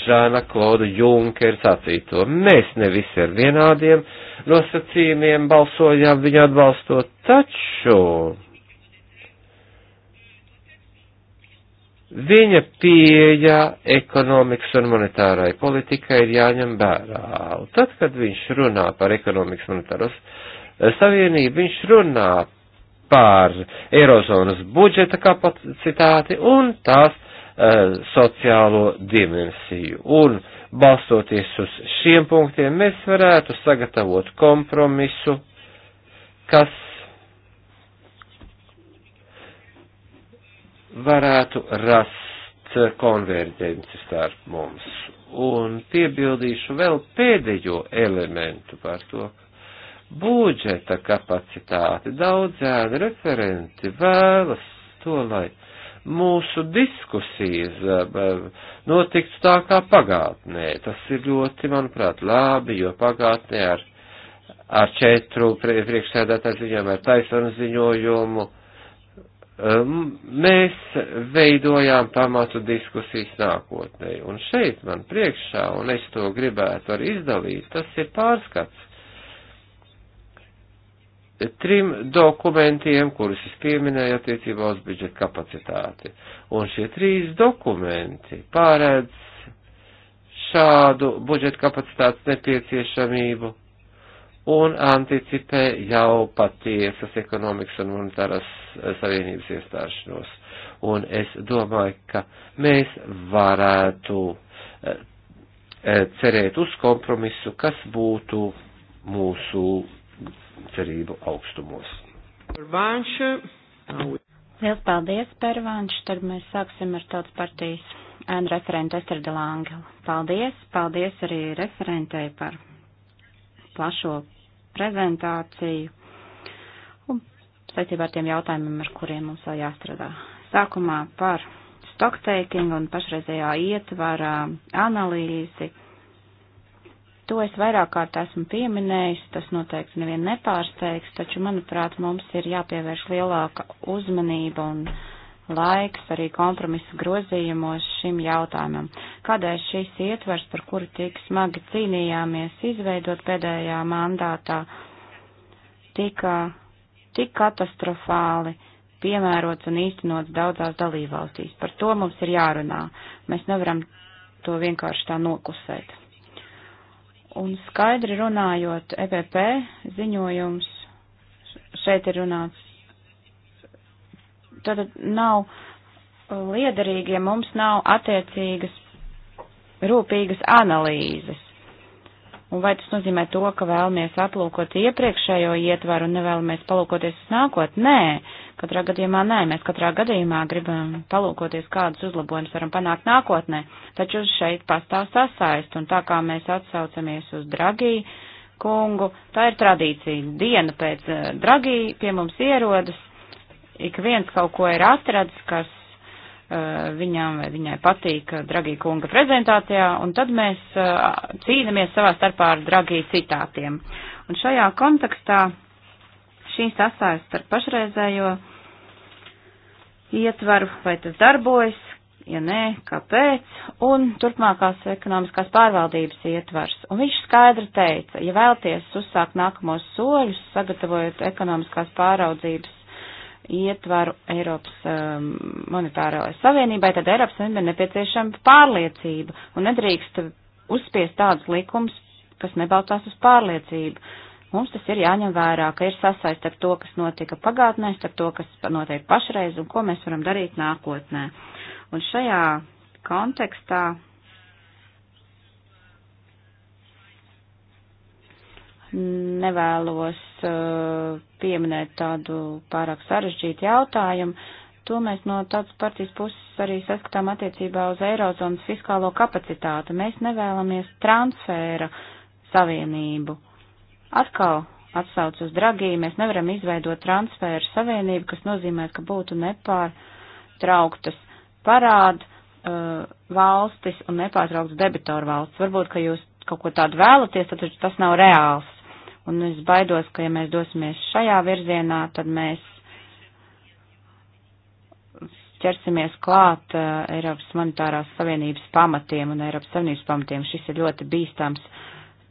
Žāna Klauda Junkera sacīto. Mēs nevis ar vienādiem nosacījumiem balsojām viņu atbalstot, taču Viņa pieeja ekonomikas un monetārai politikai ir jāņem vērā. Tad, kad viņš runā par ekonomikas monetāros eh, savienību, viņš runā par Eirozonas budžeta kapacitāti un tās uh, sociālo dimensiju. Un balstoties uz šiem punktiem, mēs varētu sagatavot kompromisu, kas varētu rast konverģenci starp mums. Un piebildīšu vēl pēdējo elementu par to budžeta kapacitāti. Daudz ēna referenti vēlas to, lai mūsu diskusijas notiktu tā kā pagātnē. Tas ir ļoti, manuprāt, labi, jo pagātnē ar, ar četru priekšsēdētāju ziņojumu, ar taisanu ziņojumu, Um, mēs veidojām pamatu diskusijas nākotnē. Un šeit man priekšā, un es to gribētu arī izdalīt, tas ir pārskats trim dokumentiem, kurus es pieminēju attiecībā uz budžeta kapacitāti. Un šie trīs dokumenti pārēdz šādu budžeta kapacitātes nepieciešamību un anticipē jau patiesas ekonomikas un monetāras eh, savienības iestāšanos. Un es domāju, ka mēs varētu eh, eh, cerēt uz kompromisu, kas būtu mūsu cerību augstumos. Liels paldies, Pervānš. Tad mēs sāksim ar tautas partijas ēnu referentu Esterdu Langelu. Paldies, paldies arī referentei par plašo prezentāciju un saistībā ar tiem jautājumiem, ar kuriem mums vēl jāstrādā. Sākumā par stocktaking un pašreizējā ietvara analīzi. To es vairāk kārt esmu pieminējis, tas noteikti nevienu nepārsteigs, taču, manuprāt, mums ir jāpievērš lielāka uzmanība un laiks arī kompromisu grozījumos šim jautājumam. Kādēļ šīs ietvers, par kuru tik smagi cīnījāmies izveidot pēdējā mandātā, tika tik katastrofāli piemērots un īstenots daudzās dalībvalstīs. Par to mums ir jārunā. Mēs nevaram to vienkārši tā noklusēt. Un skaidri runājot, EPP ziņojums šeit ir runāts tad nav liederīgi, ja mums nav attiecīgas rūpīgas analīzes. Un vai tas nozīmē to, ka vēlamies aplūkot iepriekšējo ietvaru un nevēlamies palūkoties uz nākotnē? Nē, katrā gadījumā nē, mēs katrā gadījumā gribam palūkoties, kādus uzlabojumus varam panākt nākotnē, taču šeit pastāv sasaist, un tā kā mēs atsaucamies uz Dragī kungu, tā ir tradīcija. Diena pēc eh, Dragī pie mums ierodas ik viens kaut ko ir atradis, kas uh, eh, viņām vai viņai patīk Dragī kunga prezentācijā, un tad mēs uh, eh, cīnamies savā starpā ar Dragī citātiem. Un šajā kontekstā šīs sasājas starp pašreizējo ietvaru, vai tas darbojas, ja nē, kāpēc, un turpmākās ekonomiskās pārvaldības ietvars. Un viņš skaidri teica, ja vēlties uzsākt nākamos soļus, sagatavojot ekonomiskās pāraudzības ietvaru Eiropas um, monetārajai savienībai, tad Eiropas savienībai nepieciešama pārliecība un nedrīkst uzspiest tādus likumus, kas nebalstās uz pārliecību. Mums tas ir jāņem vērā, ka ir sasaist ar to, kas notika pagātnē, ar to, kas notiek pašreiz un ko mēs varam darīt nākotnē. Un šajā kontekstā nevēlos uh, pieminēt tādu pārāk sarežģītu jautājumu. To mēs no tādas partijas puses arī saskatām attiecībā uz Eirozonas fiskālo kapacitāti. Mēs nevēlamies transfēra savienību. Atkal atsauc uz Dragī, mēs nevaram izveidot transfēra savienību, kas nozīmē, ka būtu nepārtrauktas parādu uh, valstis un nepārtrauktas debitoru valsts. Varbūt, ka jūs kaut ko tādu vēlaties, tad tas nav reāls Un es baidos, ka ja mēs dosimies šajā virzienā, tad mēs ķersimies klāt uh, Eiropas monetārās savienības pamatiem un Eiropas savienības pamatiem. Šis ir ļoti bīstams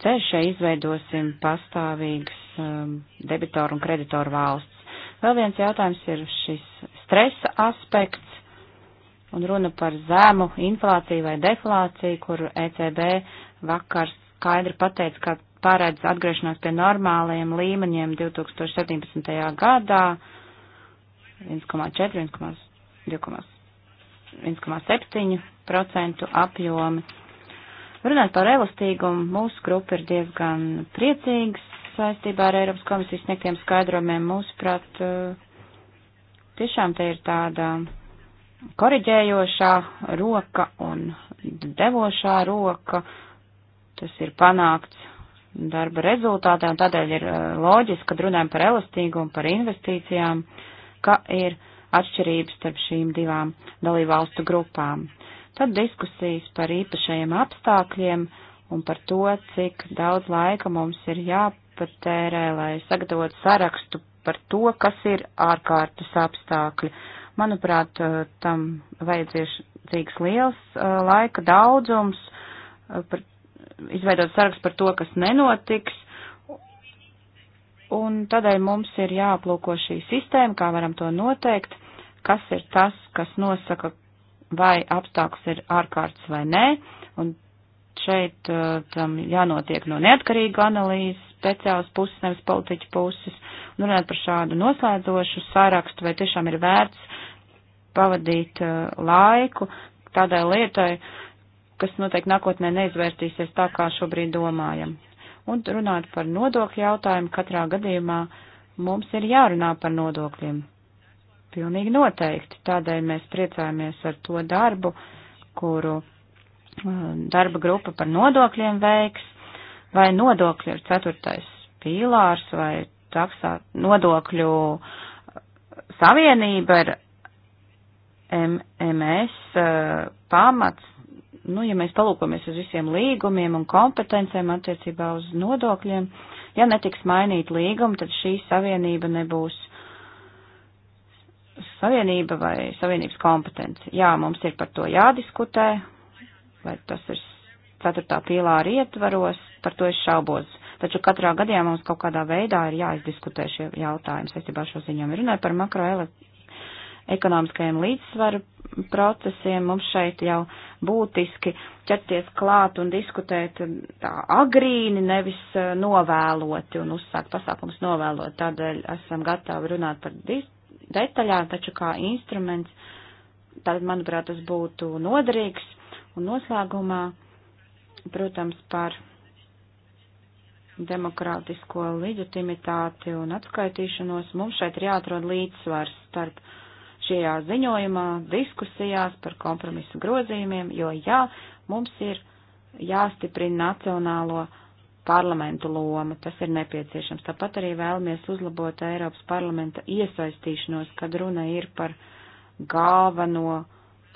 ceļš, ja izveidosim pastāvīgas um, debitoru un kreditoru valsts. Vēl viens jautājums ir šis stresa aspekts un runa par zēmu inflāciju vai deflāciju, kur ECB vakar skaidri pateica, ka paredz atgriešanos pie normāliem līmeņiem 2017. gadā 1,4, 1,7% apjomi. Runāt par elastīgumu, mūsu grupa ir diezgan priecīgs saistībā ar Eiropas komisijas sniegtiem skaidrojumiem. Mūsuprāt, eh, tiešām te ir tāda koriģējošā roka un devošā roka. Tas ir panākts darba rezultātā, un tādēļ ir eh, loģiski, kad runājam par elastīgumu, par investīcijām, ka ir atšķirības starp šīm divām dalībvalstu grupām. Tad diskusijas par īpašajiem apstākļiem un par to, cik daudz laika mums ir jāpatērē, lai sagatavotu sarakstu par to, kas ir ārkārtas apstākļi. Manuprāt, eh, tam vajadzīgs liels eh, laika daudzums, par izveidot sarakstu par to, kas nenotiks. Un tādēļ mums ir jāaplūko šī sistēma, kā varam to noteikt, kas ir tas, kas nosaka, vai apstākļus ir ārkārtas vai nē. Un šeit uh, tam jānotiek no neatkarīga analīzes speciālas puses, nevis politiķa puses. Un runāt par šādu noslēdzošu sarakstu, vai tiešām ir vērts pavadīt uh, laiku tādai lietai, uh, kas noteikti nākotnē neizvērtīsies tā, kā šobrīd domājam. Un runāt par nodokļu jautājumu katrā gadījumā mums ir jārunā par nodokļiem. Pilnīgi noteikti. Tādēļ mēs priecājamies ar to darbu, kuru uh, darba grupa par nodokļiem veiks, vai nodokļi ir ceturtais pīlārs, vai taksā nodokļu savienība ir MMS uh, pamats, nu, ja mēs palūkojamies uz visiem līgumiem un kompetencēm attiecībā uz nodokļiem, ja netiks mainīt līgumu, tad šī savienība nebūs savienība vai savienības kompetence. Jā, mums ir par to jādiskutē, vai tas ir ceturtā pīlāra ietvaros, par to es šaubos. Taču katrā gadījumā mums kaut kādā veidā ir jāizdiskutē šie jautājumi saistībā ar šo ziņām. Runāju par makroele ekonomiskajiem līdzsvaru procesiem. Mums šeit jau būtiski ķerties klāt un diskutēt um, tā agrīni, nevis uh, novēloti un uzsākt pasākums novēlot. Tādēļ esam gatavi runāt par detaļām, taču kā instruments, tad, manuprāt, tas būtu noderīgs. Un noslēgumā, protams, par demokrātisko leģitimitāti un atskaitīšanos mums šeit ir jāatrod līdzsvars starp uh, šajā ziņojumā, diskusijās par kompromisu grozījumiem, jo jā, mums ir jāstiprina nacionālo parlamentu loma, tas ir nepieciešams. Tāpat arī vēlamies uzlabot Eiropas parlamenta iesaistīšanos, kad runa ir par galveno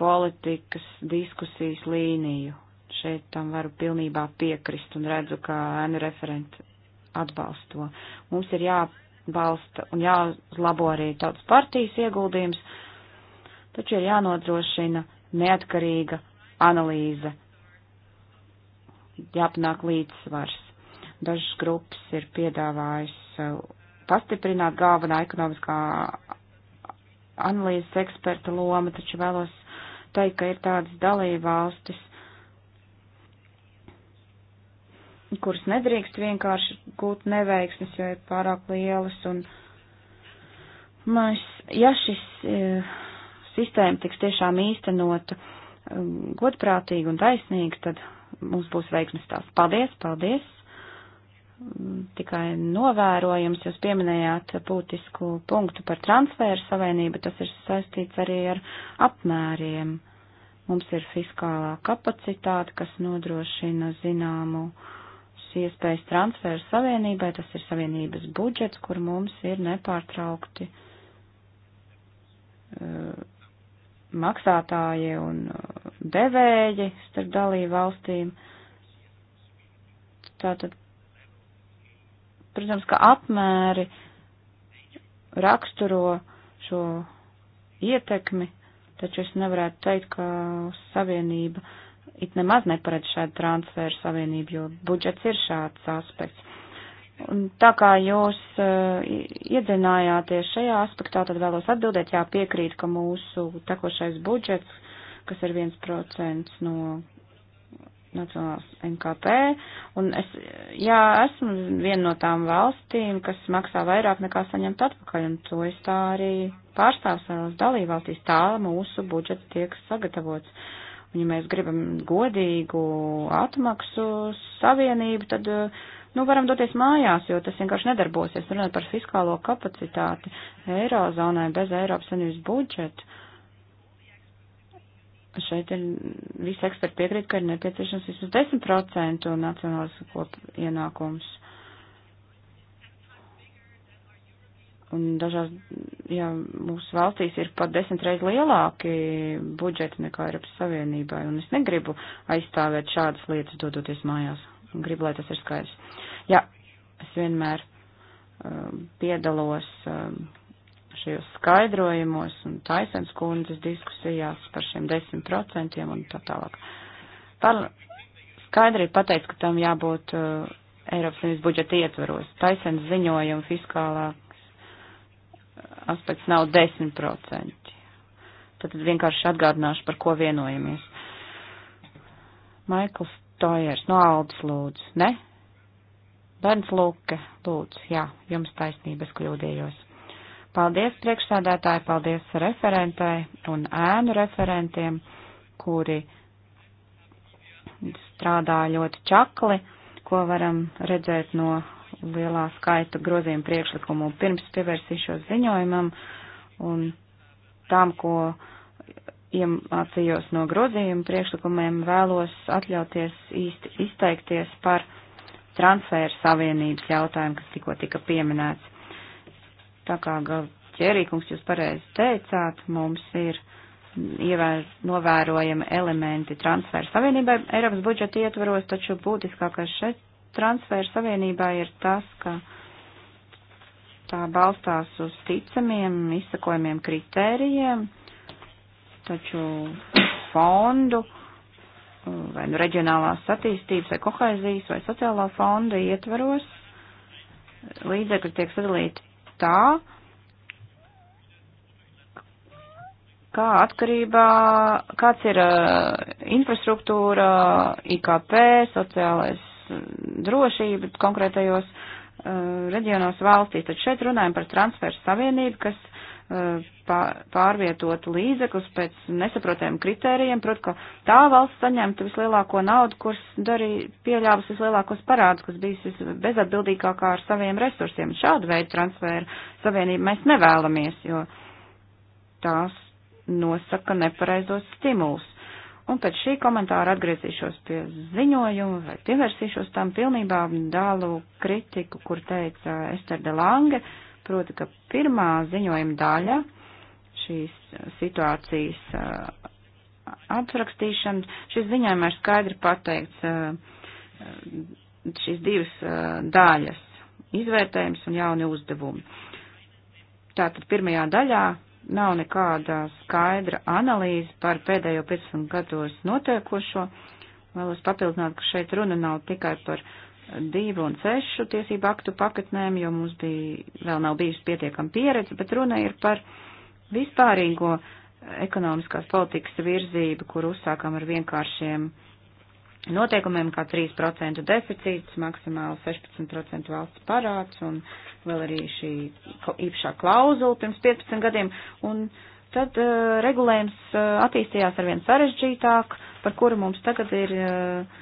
politikas diskusijas līniju. Šeit tam varu pilnībā piekrist un redzu, ka ēnu referenti atbalsto. Mums ir jā, jāatbalsta un jāuzlabo arī tautas partijas ieguldījums, taču ir jānodrošina neatkarīga analīze, jāpanāk līdzsvars. Dažas grupas ir piedāvājis pastiprināt galvenā ekonomiskā analīzes eksperta loma, taču vēlos teikt, ka ir tādas dalībvalstis, kuras nedrīkst vienkārši gūt neveiksmes, jo ir pārāk lielas. Un mēs, ja šis e, sistēma tiks tiešām īstenota um, godprātīgi un taisnīgi, tad mums būs veiksmes tās. Paldies, paldies! Mm, tikai novērojums, jūs pieminējāt būtisku punktu par transferu savienību, tas ir saistīts arī ar apmēriem. Mums ir fiskālā kapacitāte, kas nodrošina zināmu uh, iespējas transferu savienībai, tas ir savienības budžets, kur mums ir nepārtraukti uh, maksātāji un uh, devēji starp dalību valstīm. Tātad, protams, ka apmēri raksturo šo ietekmi, taču es nevarētu teikt, ka savienība uh, it nemaz neparedz šādu transferu savienību, jo budžets ir šāds aspekts. Un tā kā jūs uh, iedzinājāties šajā aspektā, tad vēlos atbildēt, jā, piekrīt, ka mūsu tekošais budžets, kas ir 1% no Nacionālās NKP, un es, jā, esmu viena no tām valstīm, kas maksā vairāk nekā saņemt atpakaļ, un to es tā arī pārstāvu savās dalībvalstīs, tā mūsu budžets tiek sagatavots. Uh, Un, ja mēs gribam godīgu atmaksu savienību, tad, eh, nu, varam doties mājās, jo tas vienkārši nedarbosies. Runāt par fiskālo kapacitāti Eirozonai bez Eiropas Savienības budžeta. Šeit ir visi eksperti piekrīt, ka ir nepieciešams vismaz 10% nacionālas ienākums. Uh, Un dažās, jā, mūsu valstīs ir pat desmit reizes lielāki budžeti nekā Eiropas Savienībai, un es negribu aizstāvēt šādas lietas, dodoties mājās. Gribu, lai tas ir skaidrs. Jā, es vienmēr um, piedalos um, šajos skaidrojumos un taisens kundzes diskusijās par šiem desmit procentiem un tā tālāk. Par skaidri ir pateikts, ka tam jābūt uh, Eiropas Savienības budžeta ietvaros. Taisens ziņojuma fiskālā aspekts nav 10%. Tad vienkārši atgādināšu, par ko vienojamies. Maikls Tojers no Aldis lūdzu, ne? Bērns Lūke, lūdzu, jā, jums taisnības kļūdījos. Paldies priekšsādātāji, paldies referentai un ēnu referentiem, kuri strādā ļoti čakli, ko varam redzēt no lielā skaita grozījumu priekšlikumu. Pirms pievērsīšos ziņojumam un tām, ko iemācījos no grozījumu priekšlikumiem, vēlos atļauties īsti izteikties par transfēra savienības jautājumu, kas tikko tika pieminēts. Tā kā Ķērīkungs jūs pareizi teicāt, mums ir ievēr, novērojami elementi transfēra savienībai Eiropas budžeta ietvaros, taču būtiskākais šeit transfēra savienībā ir tas, ka tā balstās uz ticamiem, izsakojumiem kritērijiem, taču fondu vai nu reģionālās attīstības vai kohēzijas vai sociālā fonda ietvaros līdzekļi tiek sadalīti tā, kā atkarībā, kāds ir uh, infrastruktūra, IKP, sociālais drošību konkrētajos uh, reģionos valstī. Tad šeit runājam par transferu savienību, kas uh, pārvietot līdzekļus pēc nesaprotamiem kritērijiem. Protams, ka tā valsts saņemtu vislielāko naudu, kuras darīja pieļāvus vislielākos parādus, kas bijis visbezatbildīgākā ar saviem resursiem. Šādu veidu transferu savienību mēs nevēlamies, jo tās nosaka nepareizos stimulus. Un pēc šī komentāra atgriezīšos pie ziņojuma, vai pievērsīšos tam pilnībā dālu kritiku, kur teica Ester de Lange, proti, ka pirmā ziņojuma daļa šīs situācijas uh, aprakstīšana, šis ziņojumā ir skaidri pateikts uh, šīs divas uh, daļas - izvērtējums un jauni uzdevumi. Tātad pirmajā daļā nav nekāda skaidra analīze par pēdējo 15 gados notiekošo. Vēlos papildināt, ka šeit runa nav tikai par divu un sešu tiesību aktu paketnēm, jo mums bija, vēl nav bijusi pietiekama pieredze, bet runa ir par vispārīgo ekonomiskās politikas virzību, kur uzsākam ar vienkāršiem uh, noteikumiem, kā 3% deficīts, maksimāli 16% valsts parāds un vēl arī šī īpašā klauzula pirms 15 gadiem. Un tad uh, regulējums uh, attīstījās arvien sarežģītāk, par kuru mums tagad ir uh,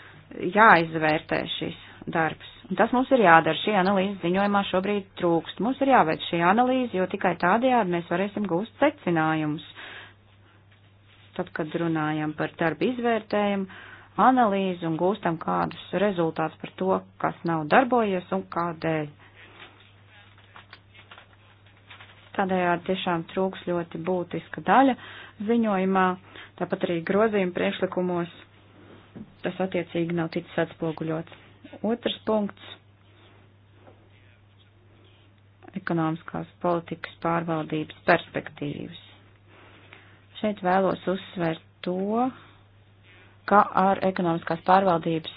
jāizvērtē šis darbs. Un tas mums ir jādara. Šī analīze ziņojumā šobrīd trūkst. Mums ir jāveic šī analīze, jo tikai tādējādi mēs varēsim gūst secinājumus. Tad, kad runājam par darbu izvērtējumu, analīzi un gūstam kādus rezultātus par to, kas nav darbojies un kādēļ. Tādējādi tiešām trūks ļoti būtiska daļa ziņojumā, tāpat arī grozījuma priekšlikumos tas attiecīgi nav ticis atspoguļots. Otrs punkts - ekonomiskās politikas pārvaldības perspektīvas. Šeit vēlos uzsvērt to, ka ar ekonomiskās pārvaldības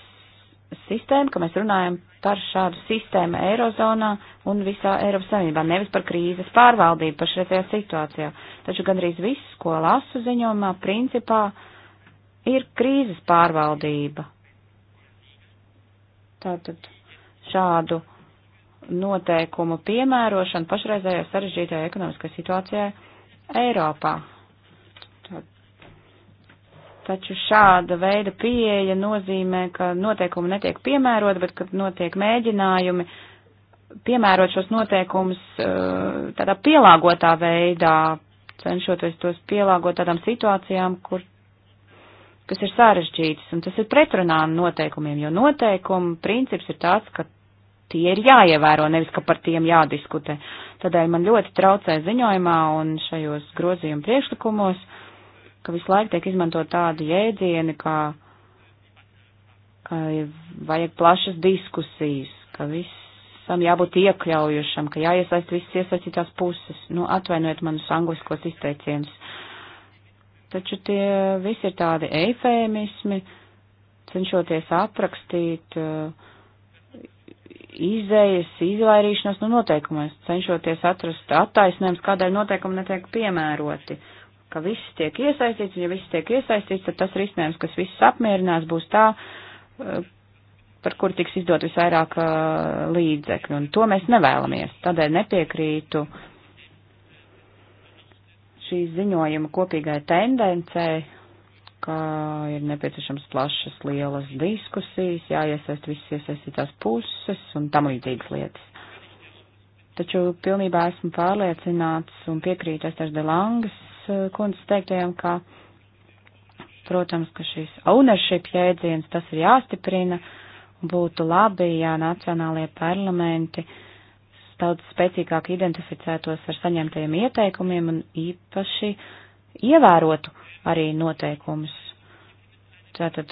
sistēmu, ka mēs runājam par šādu sistēmu Eirozonā un visā Eiropas Savienībā, nevis par krīzes pārvaldību pašreizajā situācijā. Taču gandrīz viss, ko lasu ziņojumā, principā ir krīzes pārvaldība. Tātad šādu noteikumu piemērošanu pašreizējā sarežģītajā ekonomiskajā situācijā Eiropā. Taču šāda veida pieeja nozīmē, ka noteikumi netiek piemērot, bet ka notiek mēģinājumi piemērot šos noteikumus eh, tādā pielāgotā veidā, cenšoties tos pielāgot tādām situācijām, kur, kas ir sarežģītas, un tas ir pretrunā noteikumiem, jo noteikuma princips ir tāds, ka tie ir jāievēro, nevis ka par tiem jādiskutē. Tādēļ man ļoti traucē ziņojumā un šajos grozījuma priekšlikumos uh, ka visu laiku tiek izmantot tādi jēdzieni, kā, ka vajag plašas diskusijas, ka visam jābūt iekļaujušam, ka jāiesaist visas iesaistītās puses. Nu, atvainojiet manus angliskos izteicienus. Taču tie visi ir tādi eifēmismi, cenšoties aprakstīt uh, izējas, izvairīšanās no noteikumiem, cenšoties atrast attaisnējums, kādēļ noteikumi netiek piemēroti. Uh, ka viss tiek iesaistīts, un ja viss tiek iesaistīts, tad tas risinājums, kas visus apmierinās, būs tā, eh, par kur tiks izdot visvairāk eh, līdzekļu, un to mēs nevēlamies. Tādēļ nepiekrītu šīs ziņojuma kopīgai tendencei, ka ir nepieciešams plašas, lielas diskusijas, jāiesaist visas iesaistītās puses un tam līdzīgas lietas. Taču pilnībā esmu pārliecināts un piekrītu Esters de Langas Eh, kundzes teiktajam, ka, protams, ka šis ownership jēdziens tas ir jāstiprina, būtu labi, ja nacionālajie parlamenti daudz spēcīgāk identificētos ar saņemtajiem ieteikumiem un īpaši ievērotu arī noteikumus. Tātad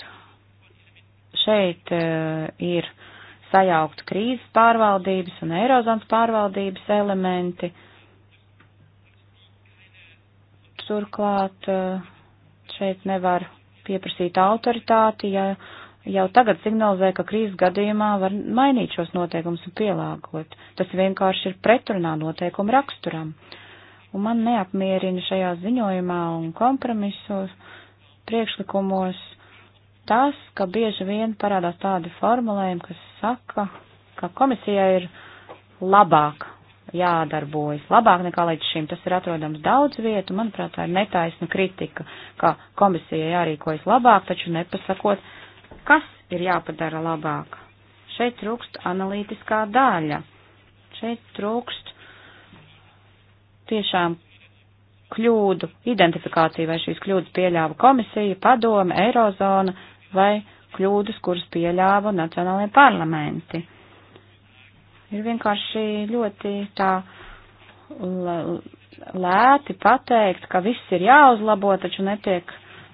šeit uh, ir sajaukt krīzes pārvaldības un eirozonas pārvaldības elementi. Uh, Turklāt eh, šeit nevar pieprasīt autoritāti, ja jau tagad signalizē, ka krīzes gadījumā var mainīt šos noteikumus un pielāgot. Tas vienkārši ir pretrunā noteikumu raksturam. Un man neapmierina šajā ziņojumā un kompromisos priekšlikumos tas, ka bieži vien parādās tādi formulējumi, kas saka, ka komisijai ir labāk jādarbojas labāk nekā līdz šim. Tas ir atrodams daudz vietu, manuprāt, tā ir netaisna kritika, ka komisija jārīkojas labāk, taču nepasakot, kas ir jāpadara labāk. Šeit trūkst analītiskā daļa. Šeit trūkst tiešām kļūdu identifikācija, vai šīs kļūdas pieļāva komisija, padome, eirozona vai kļūdas, kuras pieļāva nacionālajie parlamenti. Ir vienkārši ļoti tā lēti pateikt, ka viss ir jāuzlabo, taču netiek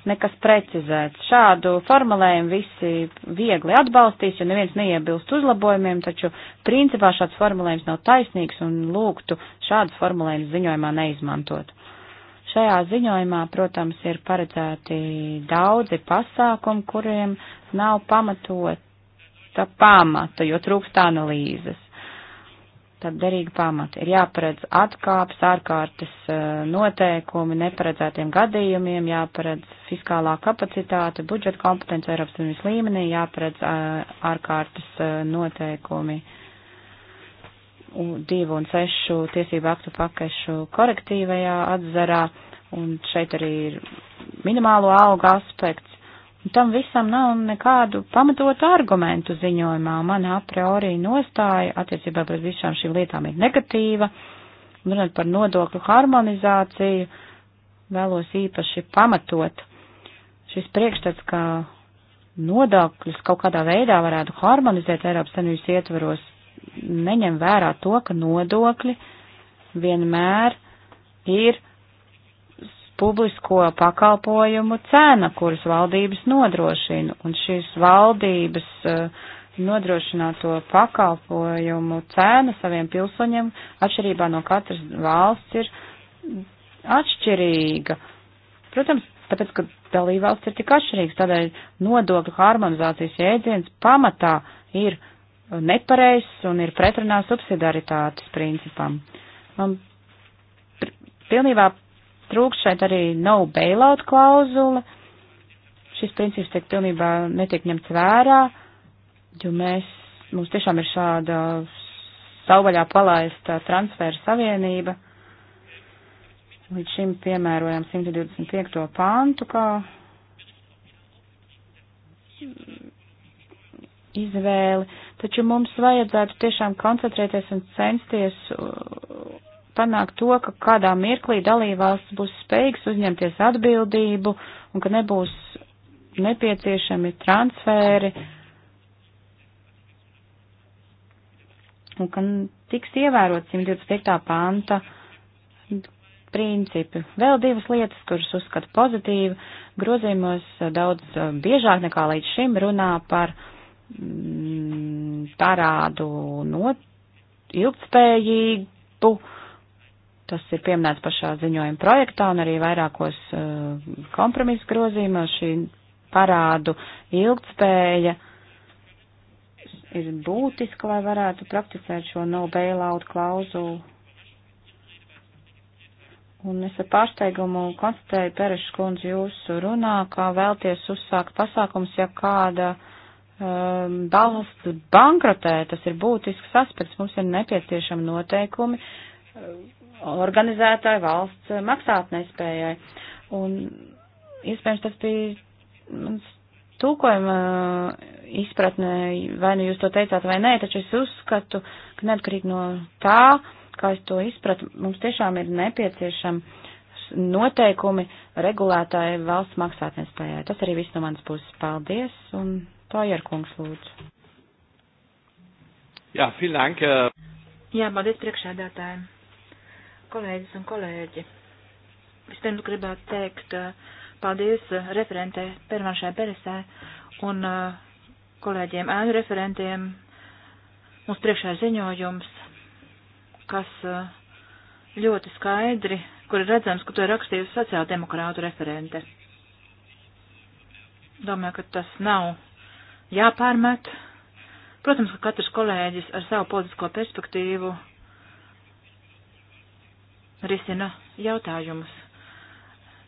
nekas precizēts. Šādu formulējumu visi viegli atbalstīs, jo neviens neiebilst uzlabojumiem, taču principā šāds formulējums nav taisnīgs un lūgtu šādas formulējumus ziņojumā neizmantot. Šajā ziņojumā, protams, ir paredzēti daudzi pasākumi, kuriem nav pamatota pamata, jo trūkst analīzes tad derīga pamata. Ir jāparedz atkāpes, ārkārtas eh, noteikumi neparedzētiem gadījumiem, jāparedz fiskālā kapacitāte, budžeta kompetence Eiropas Savienības līmenī, jāparedz eh, ārkārtas eh, noteikumi divu un sešu tiesību aktu pakešu korektīvajā atzarā, un šeit arī ir minimālo algu aspekts, Tam visam nav nekādu pamatotu argumentu ziņojumā. Mana a priori nostāja attiecībā pret visām šīm lietām ir negatīva. Runāt par nodokļu harmonizāciju vēlos īpaši pamatot. Šis priekšstats, ka nodokļus kaut kādā veidā varētu harmonizēt Eiropas Savienības ietvaros, neņem vērā to, ka nodokļi vienmēr ir publisko pakalpojumu cena, kuras valdības nodrošina, un šīs valdības eh, nodrošināto pakalpojumu cena saviem pilsoņiem atšķirībā no katras valsts ir atšķirīga. Protams, tāpēc, ka dalībvalsts ir tik atšķirīgs, tādēļ nodokļu harmonizācijas jēdziens pamatā ir nepareizs un ir pretrunā subsidaritātes principam. Man pilnībā trūkst šeit arī no bailout klauzula. Šis princips tiek pilnībā netiek ņemts vērā, jo mēs, mums tiešām ir šāda savvaļā palaista transfēra savienība. Līdz šim piemērojam 125. pāntu, kā izvēli, taču mums vajadzētu tiešām koncentrēties un censties panākt to, ka kādā mirklī dalībvalsts būs spējīgs uzņemties atbildību un ka nebūs nepieciešami transfēri un ka tiks ievērot 125. panta principi. Vēl divas lietas, kuras uzskatu pozitīvi, grozījumos eh, daudz eh, biežāk nekā līdz šim runā par mm, parādu no ilgspējību Tas ir pieminēts pašā ziņojuma projektā un arī vairākos uh, kompromisu grozījumā šī parādu ilgtspēja ir būtiska, lai varētu prakticēt šo no bailout klauzulu. Un es ar pārsteigumu konstatēju, Pereša kundze, jūsu runā, kā vēlties uzsākt pasākums, ja kāda um, valsts bankrotē, tas ir būtisks aspekts, mums ir nepieciešami noteikumi, um, organizētāji valsts maksāt nespējai. Un iespējams tas bija mans tūkojuma uh, izpratnē, vai nu jūs to teicāt vai nē, taču es uzskatu, ka neatkarīgi no tā, kā es to izpratu, mums tiešām ir nepieciešama noteikumi regulētāji valsts maksātnespējai. Tas arī viss no manas puses. Paldies, un to ir kungs lūdzu. Jā, filank. Jā, paldies priekšēdētājiem kolēģis un kolēģi. Vispirms nu gribētu teikt paldies uh, referentē Permanšai Beresē un uh, kolēģiem ēnu referentiem. Mums priekšā ir ziņojums, kas uh, ļoti skaidri, kur ir redzams, ka to ir rakstījusi sociāldemokrātu referente. Domāju, ka tas nav jāpārmet. Protams, ka katrs kolēģis ar savu politisko perspektīvu risina jautājumus.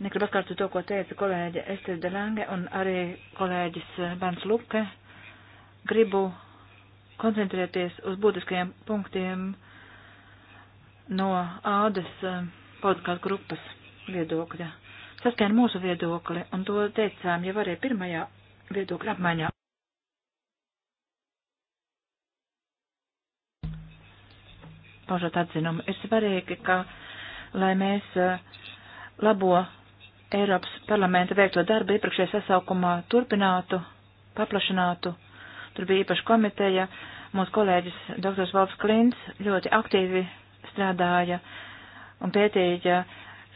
Negribu atkārtot to, ko teica kolēģe Estes Delange un arī kolēģis eh, Bens Luke. Gribu koncentrēties uz būtiskajiem punktiem no ādas eh, politiskās grupas viedokļa. Saskaņā mūsu viedokli, un to teicām jau arī pirmajā viedokļa apmaiņā. Paužot atzinumu, ir svarīgi, ka lai mēs eh, labo Eiropas parlamenta veikto darbu iepriekšējā sasaukumā turpinātu, paplašinātu. Tur bija īpaša komiteja. Mūsu kolēģis dr. Valds Klints ļoti aktīvi strādāja un pētīja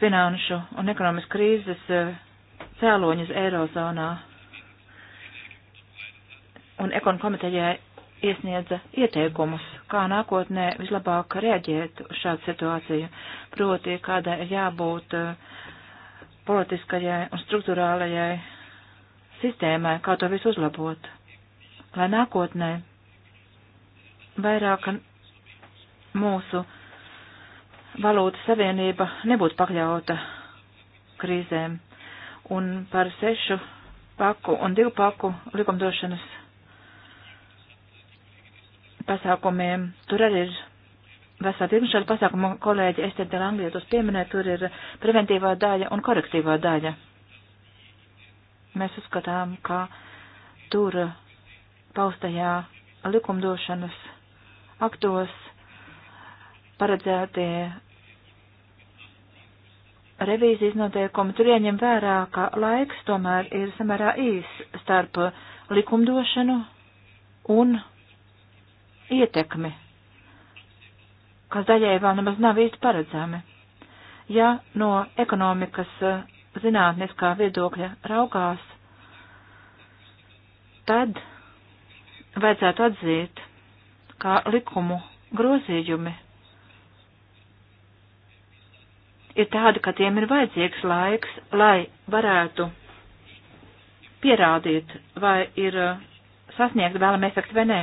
finanšu un ekonomiskas krīzes eh, cēloņus Eirozonā. Un ekonomikas komitejai iesniedza ieteikumus, kā nākotnē vislabāk reaģēt uz šādu situāciju, proti, kādai ir jābūt eh, politiskajai un struktūrālajai sistēmai, kā to visu uzlabot, lai nākotnē vairāk mūsu valūta savienība nebūtu pakļauta krīzēm. Un par sešu paku un divu paku likumdošanas pasākumiem. Tur arī ir vesā pirms šāda pasākuma kolēģi Estete Langlie tos pieminē, tur ir preventīvā daļa un korektīvā daļa. Mēs uzskatām, ka tur paustajā likumdošanas aktos paredzētie revīzijas noteikumi tur ieņem vērā, ka laiks tomēr ir samērā īs starp likumdošanu un ietekmi, kas daļai vēl nemaz nav īsti paredzami. Ja no ekonomikas eh, zinātniskā viedokļa raugās, tad vajadzētu atzīt, kā likumu grozījumi ir tādi, ka tiem ir vajadzīgs laiks, lai varētu pierādīt, vai ir eh, sasniegt vēlam efektu vai nē.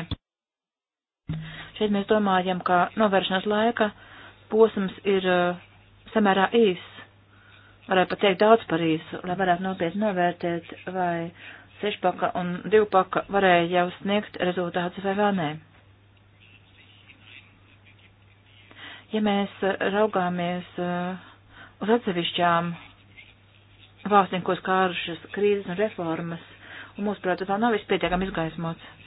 Šeit mēs domājam, ka novēršanas laika posms ir e, samērā īs. Varētu pat teikt daudz par īsu, lai varētu nopietni novērtēt, vai sešpaka un divpaka varēja jau sniegt rezultātus vai vēl nē. Ja mēs e, raugāmies e, uz atsevišķām valstīm, ko skārušas krīzes un reformas, un mūsuprāt, tas vēl nav vispietiekami izgaismots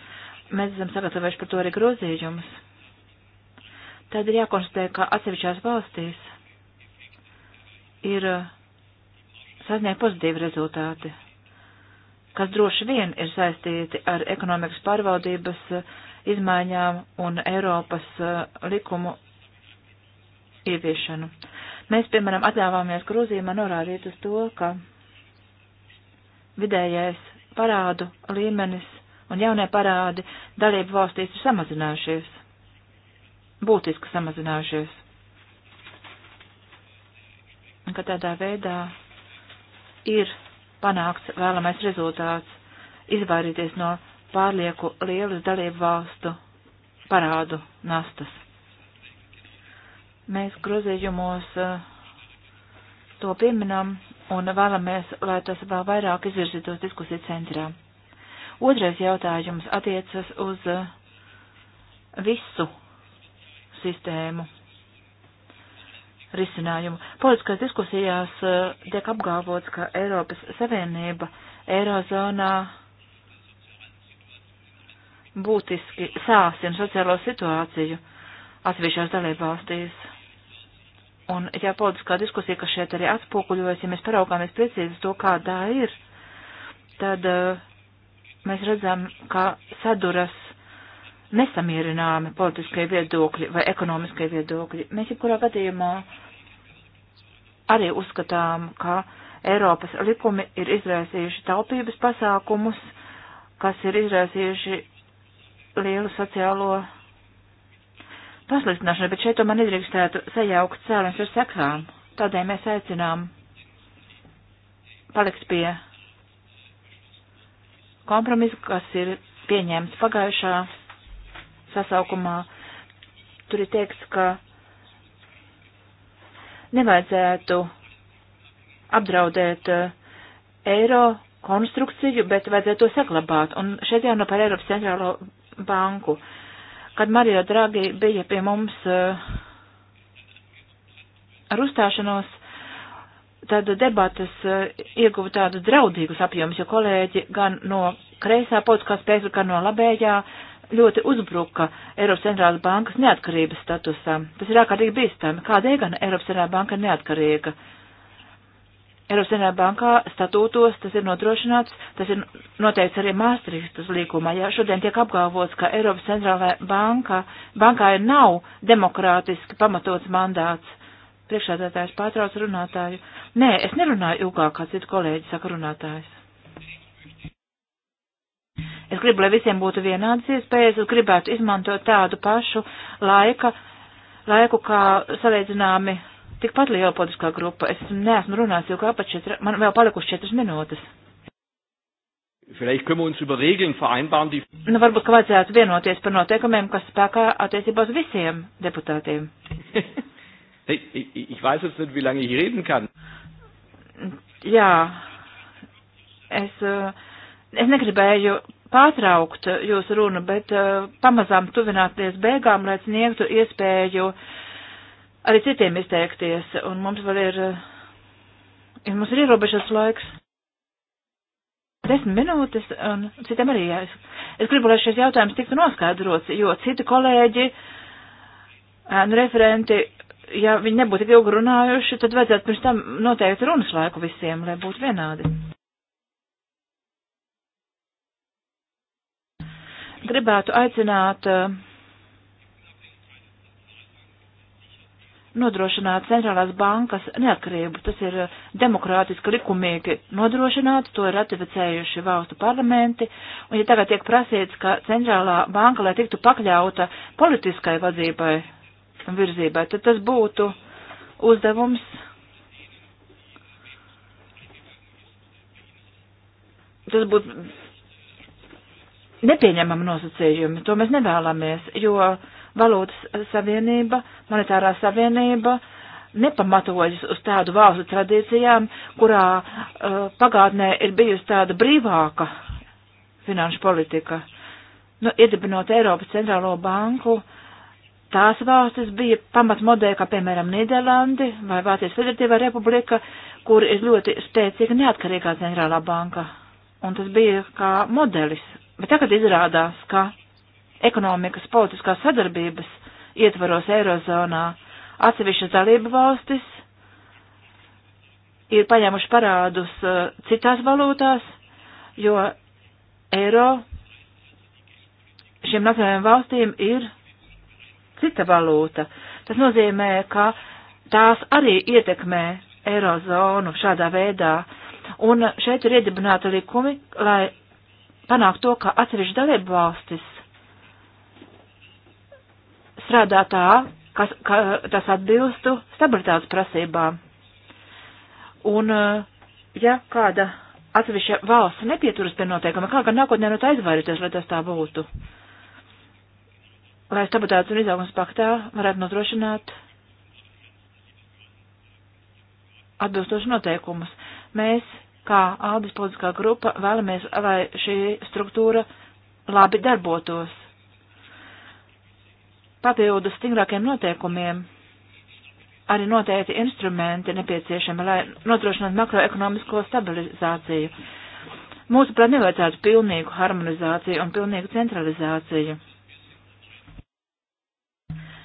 Mēs esam sagatavojuši par to arī grozījumus. Tad ir jākonstatē, ka atsevišķās valstīs ir uh, sasniegt pozitīvi rezultāti, kas droši vien ir saistīti ar ekonomikas pārvaldības uh, izmaiņām un Eiropas uh, likumu ieviešanu. Mēs, piemēram, atļāvāmies grozījumā norādīt uz to, ka vidējais parādu līmenis un jaunie parādi dalību valstīs ir samazinājušies, būtiski samazinājušies. Un ka tādā veidā ir panākts vēlamais rezultāts izvairīties no pārlieku lielas dalību valstu parādu nastas. Mēs grozījumos eh, to pieminam un vēlamies, lai tas vēl vairāk izvirzītos diskusiju centrā. Otrais jautājums attiecas uz eh, visu sistēmu risinājumu. Politiskās diskusijās eh, tiek apgalvots, ka Eiropas Savienība Eirozonā būtiski sāsina sociālo situāciju atsevišķās dalībvalstīs. Un, ja politiskā diskusija, kas šeit arī atspoguļojas, ja mēs paraugāmies precīzi to, kā tā ir, tad uh, mēs redzam, ka saduras nesamierināmi politiskie viedokļi vai ekonomiskie viedokļi. Mēs jebkurā gadījumā arī uzskatām, ka Eiropas likumi ir izraisījuši taupības pasākumus, kas ir izraisījuši lielu sociālo pasliktināšanu, bet šeit tomēr nedrīkstētu sajaukt cēlens ar sekām. Tādēļ mēs aicinām palikt pie kompromisu, kas ir pieņēmts pagājušā sasaukumā. Tur ir teikts, ka nevajadzētu apdraudēt eh, eiro konstrukciju, bet vajadzētu to saglabāt. Un šeit jau no par Eiropas centrālo banku. Kad Mario Draghi bija pie mums eh, ar uzstāšanos, tad debatas eh, ieguva tādus draudīgus apjomus, jo kolēģi gan no kreisā politiskā spēka, gan no labējā ļoti uzbruka Eiropas centrālās bankas neatkarības statusam. Tas ir ārkārtīgi bīstami. Kādēļ gan Eiropas centrālā banka ir neatkarīga? Eiropas centrālā bankā statūtos tas ir nodrošināts, tas ir noteikts arī Māstrihtas līkumā. Ja šodien tiek apgalvots, ka Eiropas centrālā banka, bankā nav demokrātiski pamatots mandāts, Priekšādātājs pārtrauc runātāju. Nē, es nerunāju ilgāk, kā citu kolēģi saka runātājs. Es gribu, lai visiem būtu vienādas iespējas, es gribētu izmantot tādu pašu laika, laiku kā salīdzināmi tikpat liela politiskā grupa. Es neesmu runājis jau kā pat četri, man vēl palikuši četras minūtes. Vielleicht können wir uns über Regeln vereinbaren, die. Nu, varbūt, ka vajadzētu vienoties par noteikumiem, kas spēkā attiecībā uz visiem deputātiem. Ich, ich weiß jetzt nicht, wie lange ich reden kann. Jā, es, äh, es negribēju pārtraukt jūsu runu, bet äh, pamazām tuvināties beigām, lai sniegtu iespēju arī citiem izteikties. Un mums vēl ir, äh, ja mums ir ierobežots laiks. Desmit minūtes, un citiem arī jāies. Es gribu, lai šis jautājums tiktu noskaidrots, jo citi kolēģi, nu, referenti ja viņi nebūtu tik ilgi runājuši, tad vajadzētu pirms tam noteikt runas laiku visiem, lai būtu vienādi. Gribētu aicināt eh, nodrošināt centrālās bankas neatkarību. Tas ir eh, demokrātiski likumīgi nodrošināts, to ir ratificējuši valstu parlamenti, un ja tagad tiek prasīts, ka centrālā banka, lai tiktu pakļauta politiskai vadzībai, virzībā, tad tas būtu uzdevums tas būtu nepieņemami nosacījumi, to mēs nevēlamies, jo valūtas savienība, monetārā savienība nepamatojas uz tādu valstu tradīcijām, kurā uh, pagātnē ir bijusi tāda brīvāka finanšu politika. Nu, iedibinot Eiropas centrālo banku, uh, tās valstis bija pamatmodeļi, kā piemēram Nīderlandi vai Vācijas Federatīvā republika, kur ir ļoti spēcīga neatkarīgā ģenerālā banka. Un tas bija kā modelis. Bet tagad izrādās, ka ekonomikas politiskās sadarbības ietvaros Eirozonā atsevišķas dalība valstis ir paņēmuši parādus uh, citās valūtās, jo eiro šiem nacionālajiem valstīm ir cita valūta. Tas nozīmē, ka tās arī ietekmē eirozonu šādā veidā. Un šeit ir iedibināti likumi, lai panāktu to, ka atsevišķi dalību valstis strādā tā, kas, ka tas atbilstu stabilitātes prasībām. Un, ja kāda atsevišķa valsts nepieturas pie noteikuma, kā gan nākotnē no tā izvairīties, lai tas tā būtu? Uh, lai stabilitātes un izaugsmas paktā varētu nodrošināt atbilstoši noteikumus. Mēs, kā Aldis politiskā grupa, vēlamies, lai šī struktūra labi darbotos. Papildus stingrākiem noteikumiem arī noteikti instrumenti nepieciešami, lai nodrošinātu makroekonomisko stabilizāciju. Mūsuprāt, nevajadzētu pilnīgu harmonizāciju un pilnīgu centralizāciju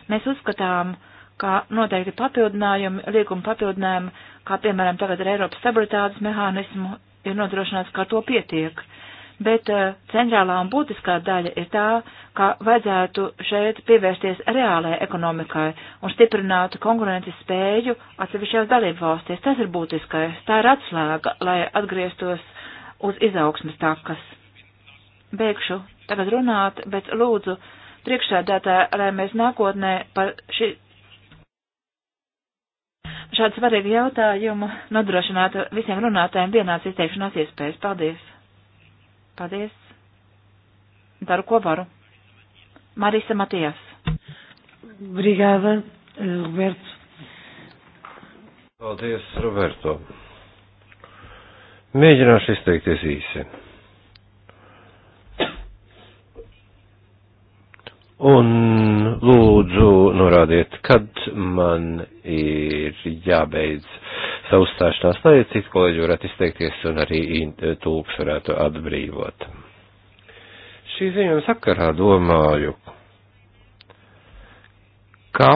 Mēs uzskatām, ka noteikti papildinājumi, līguma papildinājumi, kā piemēram tagad ar Eiropas stabilitātes mehānismu, ir nodrošināts, ka to pietiek. Bet uh, centrālā un būtiskā daļa ir tā, ka vajadzētu šeit pievērsties reālajai ekonomikai un stiprināt konkurences spēju atsevišķās dalību valstīs. Tas ir būtiskais, tā ir atslēga, lai atgrieztos uz izaugsmas takas. Beigšu tagad runāt, bet lūdzu priekšsēdētāja, lai mēs nākotnē par šī, šādu svarīgu jautājumu nodrošinātu visiem runātājiem vienāds izteikšanās iespējas. Paldies! Paldies! Daru, ko varu. Marisa Matijas. Brigāda, Roberts. Paldies, Roberto. Mēģināšu izteikties īsi. Un lūdzu norādiet, kad man ir jābeidz savu stāšanās, lai citi kolēģi varētu izteikties un arī tulks varētu atbrīvot. Šī ziņojuma sakarā domāju, ka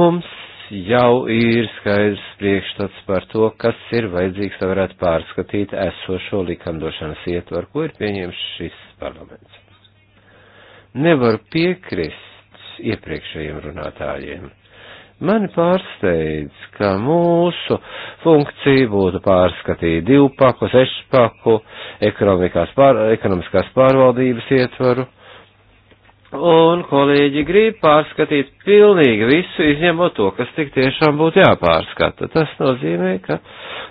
mums jau ir skaidrs priekšstats par to, kas ir vajadzīgs, lai varētu pārskatīt esošo likumdošanas ietvaru, ko ir pieņēmis šis parlaments. Nevaru piekrist iepriekšējiem runātājiem. Mani pārsteidz, ka mūsu funkcija būtu pārskatīt divpaku, sešpaku, ekonomiskās, pār, ekonomiskās pārvaldības ietvaru Un kolēģi grib pārskatīt pilnīgi visu, izņemot to, kas tik tiešām būtu jāpārskata. Tas nozīmē, ka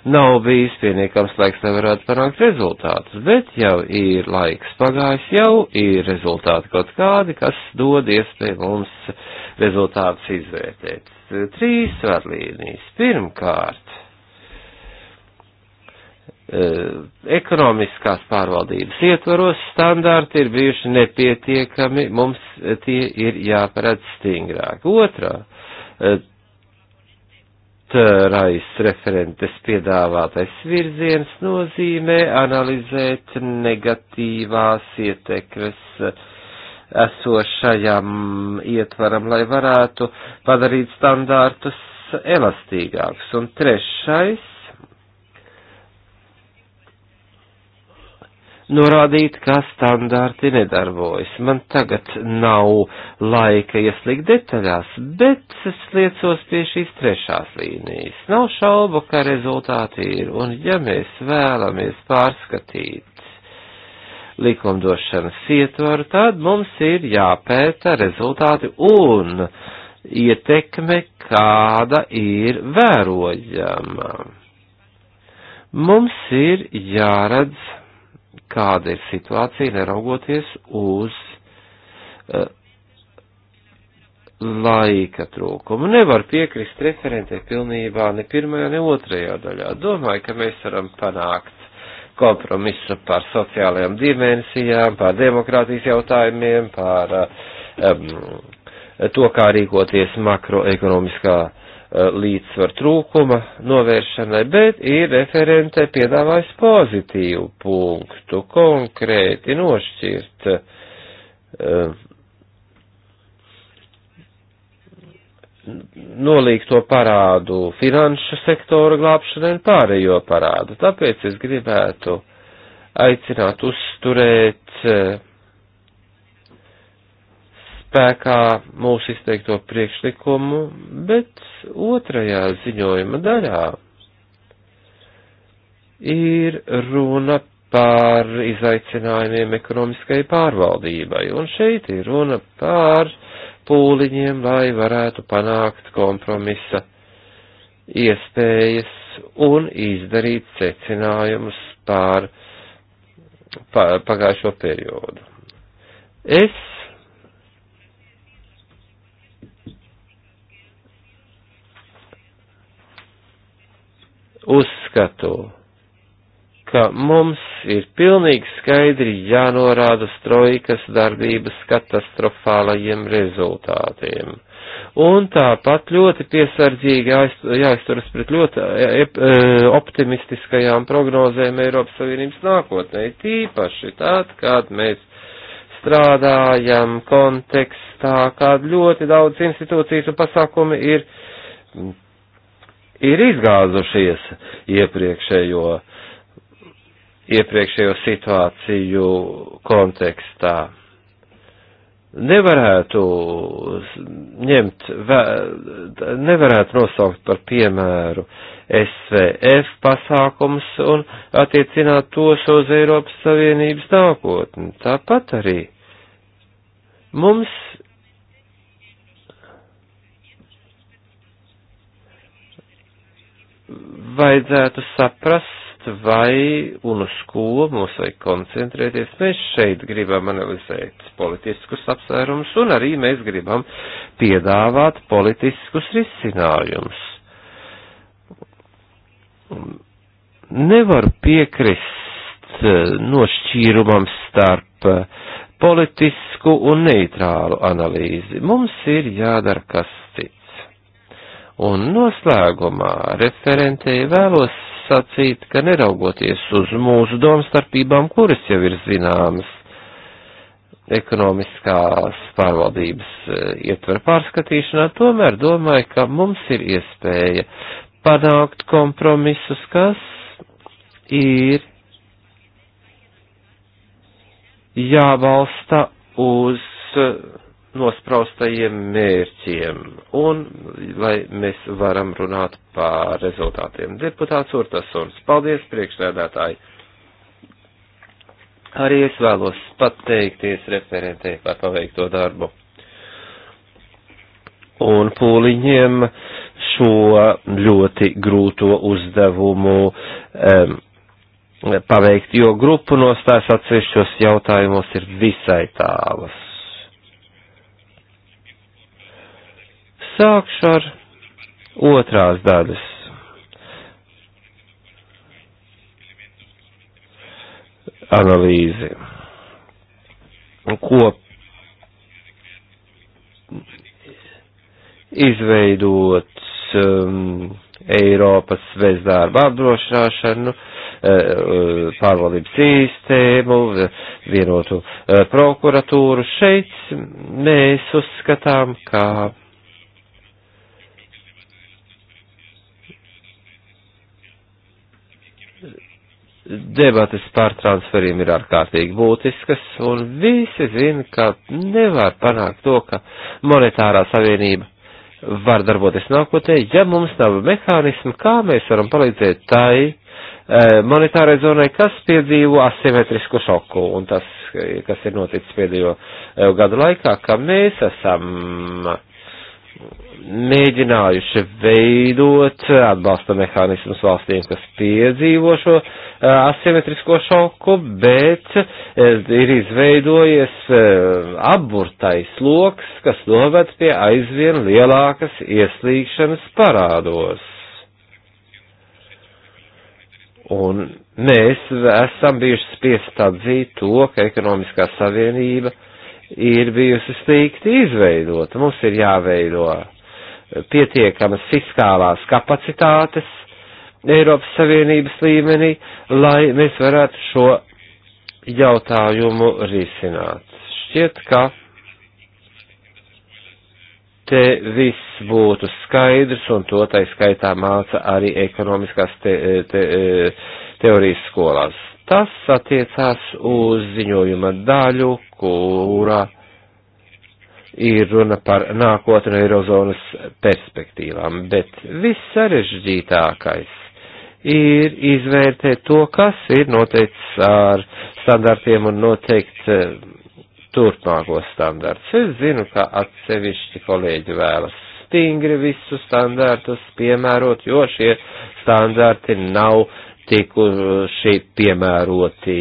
nav bijis pienākams laiks, lai varētu panākt rezultātus, bet jau ir laiks pagājis, jau ir rezultāti kaut kādi, kas dod iespēju mums rezultātus izvērtēt. Trīs svarlīnijas. Pirmkārt, Eh, ekonomiskās pārvaldības ietvaros standarti ir bijuši nepietiekami, mums tie ir jāparedz stingrāk. Otrā, eh, rais referentes piedāvātais virziens nozīmē analizēt negatīvās ietekmes eh, esošajam ietvaram, lai varētu padarīt standārtus elastīgāks. Un trešais, norādīt, kā standārti nedarbojas. Man tagad nav laika ieslīgt detaļās, bet es liecos pie šīs trešās līnijas. Nav šaubu, ka rezultāti ir, un ja mēs vēlamies pārskatīt likumdošanas ietvaru, tad mums ir jāpēta rezultāti un ietekme, kāda ir vērojama. Mums ir jāredz kāda ir situācija, neraugoties uz uh, laika trūkumu. Nevar piekrist referentē pilnībā ne pirmajā, ne otrajā daļā. Domāju, ka mēs varam panākt kompromisu par sociālajām dimensijām, par demokrātijas jautājumiem, par um, to, kā rīkoties makroekonomiskā uh, Eh, līdzsvar trūkuma novēršanai, bet ir referente piedāvājis pozitīvu punktu, konkrēti nošķirt eh, nolīgto parādu finanšu sektoru glābšanai un pārējo parādu. Tāpēc es gribētu aicināt uzturēt eh, spēkā mūsu izteikto priekšlikumu, bet otrajā ziņojuma daļā ir runa par izaicinājumiem ekonomiskai pārvaldībai, un šeit ir runa par pūliņiem, lai varētu panākt kompromisa iespējas un izdarīt secinājumus pār pa, pagājušo periodu. Es uzskatu, ka mums ir pilnīgi skaidri jānorāda strojkas darbības katastrofālajiem rezultātiem. Un tāpat ļoti piesardzīgi jāizturas pret ļoti e, e, e, optimistiskajām prognozēm Eiropas Savienības nākotnē, tīpaši tad, kad mēs strādājam kontekstā, kad ļoti daudz institūcijas un pasākumi ir ir izgāzušies iepriekšējo, iepriekšējo situāciju kontekstā. Nevarētu ņemt, vē, nevarētu nosaukt par piemēru SVF pasākums un attiecināt tos uz Eiropas Savienības nākotni. Tāpat arī mums vajadzētu saprast, vai un uz ko mums vajag koncentrēties. Mēs šeit gribam analizēt politiskus apsvērumus, un arī mēs gribam piedāvāt politiskus risinājumus. Nevar piekrist eh, nošķīrumam starp eh, politisku un neitrālu analīzi. Mums ir jādara kas Un noslēgumā referentei vēlos sacīt, ka neraugoties uz mūsu domstarpībām, kuras jau ir zināmas ekonomiskās pārvaldības e, ietver pārskatīšanā, tomēr domāju, ka mums ir iespēja panākt kompromisus, kas ir jābalsta uz nospraustajiem mērķiem un lai mēs varam runāt par rezultātiem. Deputāts Urtasons, paldies priekšsēdētāji! Arī es vēlos pateikties referentei par paveikto darbu un pūliņiem šo ļoti grūto uzdevumu um, paveikt, jo grupu nostājas atsevišķos jautājumos ir visai tālas Sākšu ar otrās daļas. Analīzi. Ko izveidot um, Eiropas bezdarba apdrošināšanu, uh, uh, pārvaldības sistēmu, vienotu uh, prokuratūru. Šeit mēs uzskatām, ka debates par transferiem ir ārkārtīgi būtiskas, un visi zina, ka nevar panākt to, ka monetārā savienība var darboties nākotnē, ja mums nav mehānismu, kā mēs varam palīdzēt tai eh, monetārai zonai, kas piedzīvo asimetrisku šoku, un tas, eh, kas ir noticis pēdējo eh, gadu laikā, ka mēs esam uh, mēģinājuši veidot atbalsta mehānismus valstīm, kas piedzīvo šo eh, asimetrisko šoku, bet eh, ir izveidojies eh, apburtais loks, kas noved pie aizvien lielākas ieslīgšanas parādos. Un mēs esam bijuši spiest atzīt to, ka ekonomiskā savienība uh, ir bijusi slikti izveidota. Mums ir jāveido pietiekamas fiskālās kapacitātes Eiropas Savienības līmenī, lai mēs varētu šo jautājumu risināt. Šķiet, ka te viss būtu skaidrs, un to tai skaitā māca arī ekonomiskās te, te, teorijas skolās. Tas attiecās uz ziņojuma daļu, kura ir runa par nākotni Eirozonas perspektīvām, bet viss sarežģītākais ir izvērtēt to, kas ir noteikts ar standartiem un noteikt eh, turpmākos standarts. Es zinu, ka atsevišķi kolēģi vēlas stingri visus standartus piemērot, jo šie standarti nav uh, tikuši piemēroti.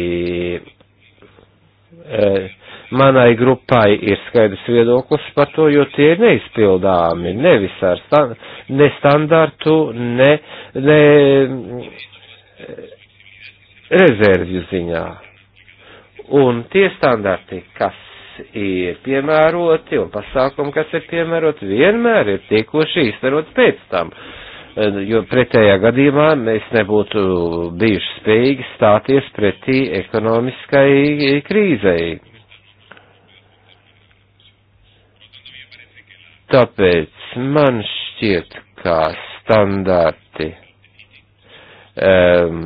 E, manai grupai ir skaidrs viedoklis par to, jo tie ir neizpildāmi, nevis ar stan ne standartu, ne, ne rezervju ziņā. Un tie standarti, kas ir piemēroti un pasākumi, kas ir piemēroti, vienmēr ir tiekoši īstenot pēc tam. Uh, Eh, jo pretējā gadījumā mēs nebūtu bijuši spējīgi stāties pretī ekonomiskai krīzei. Tāpēc man šķiet, kā standarti, um,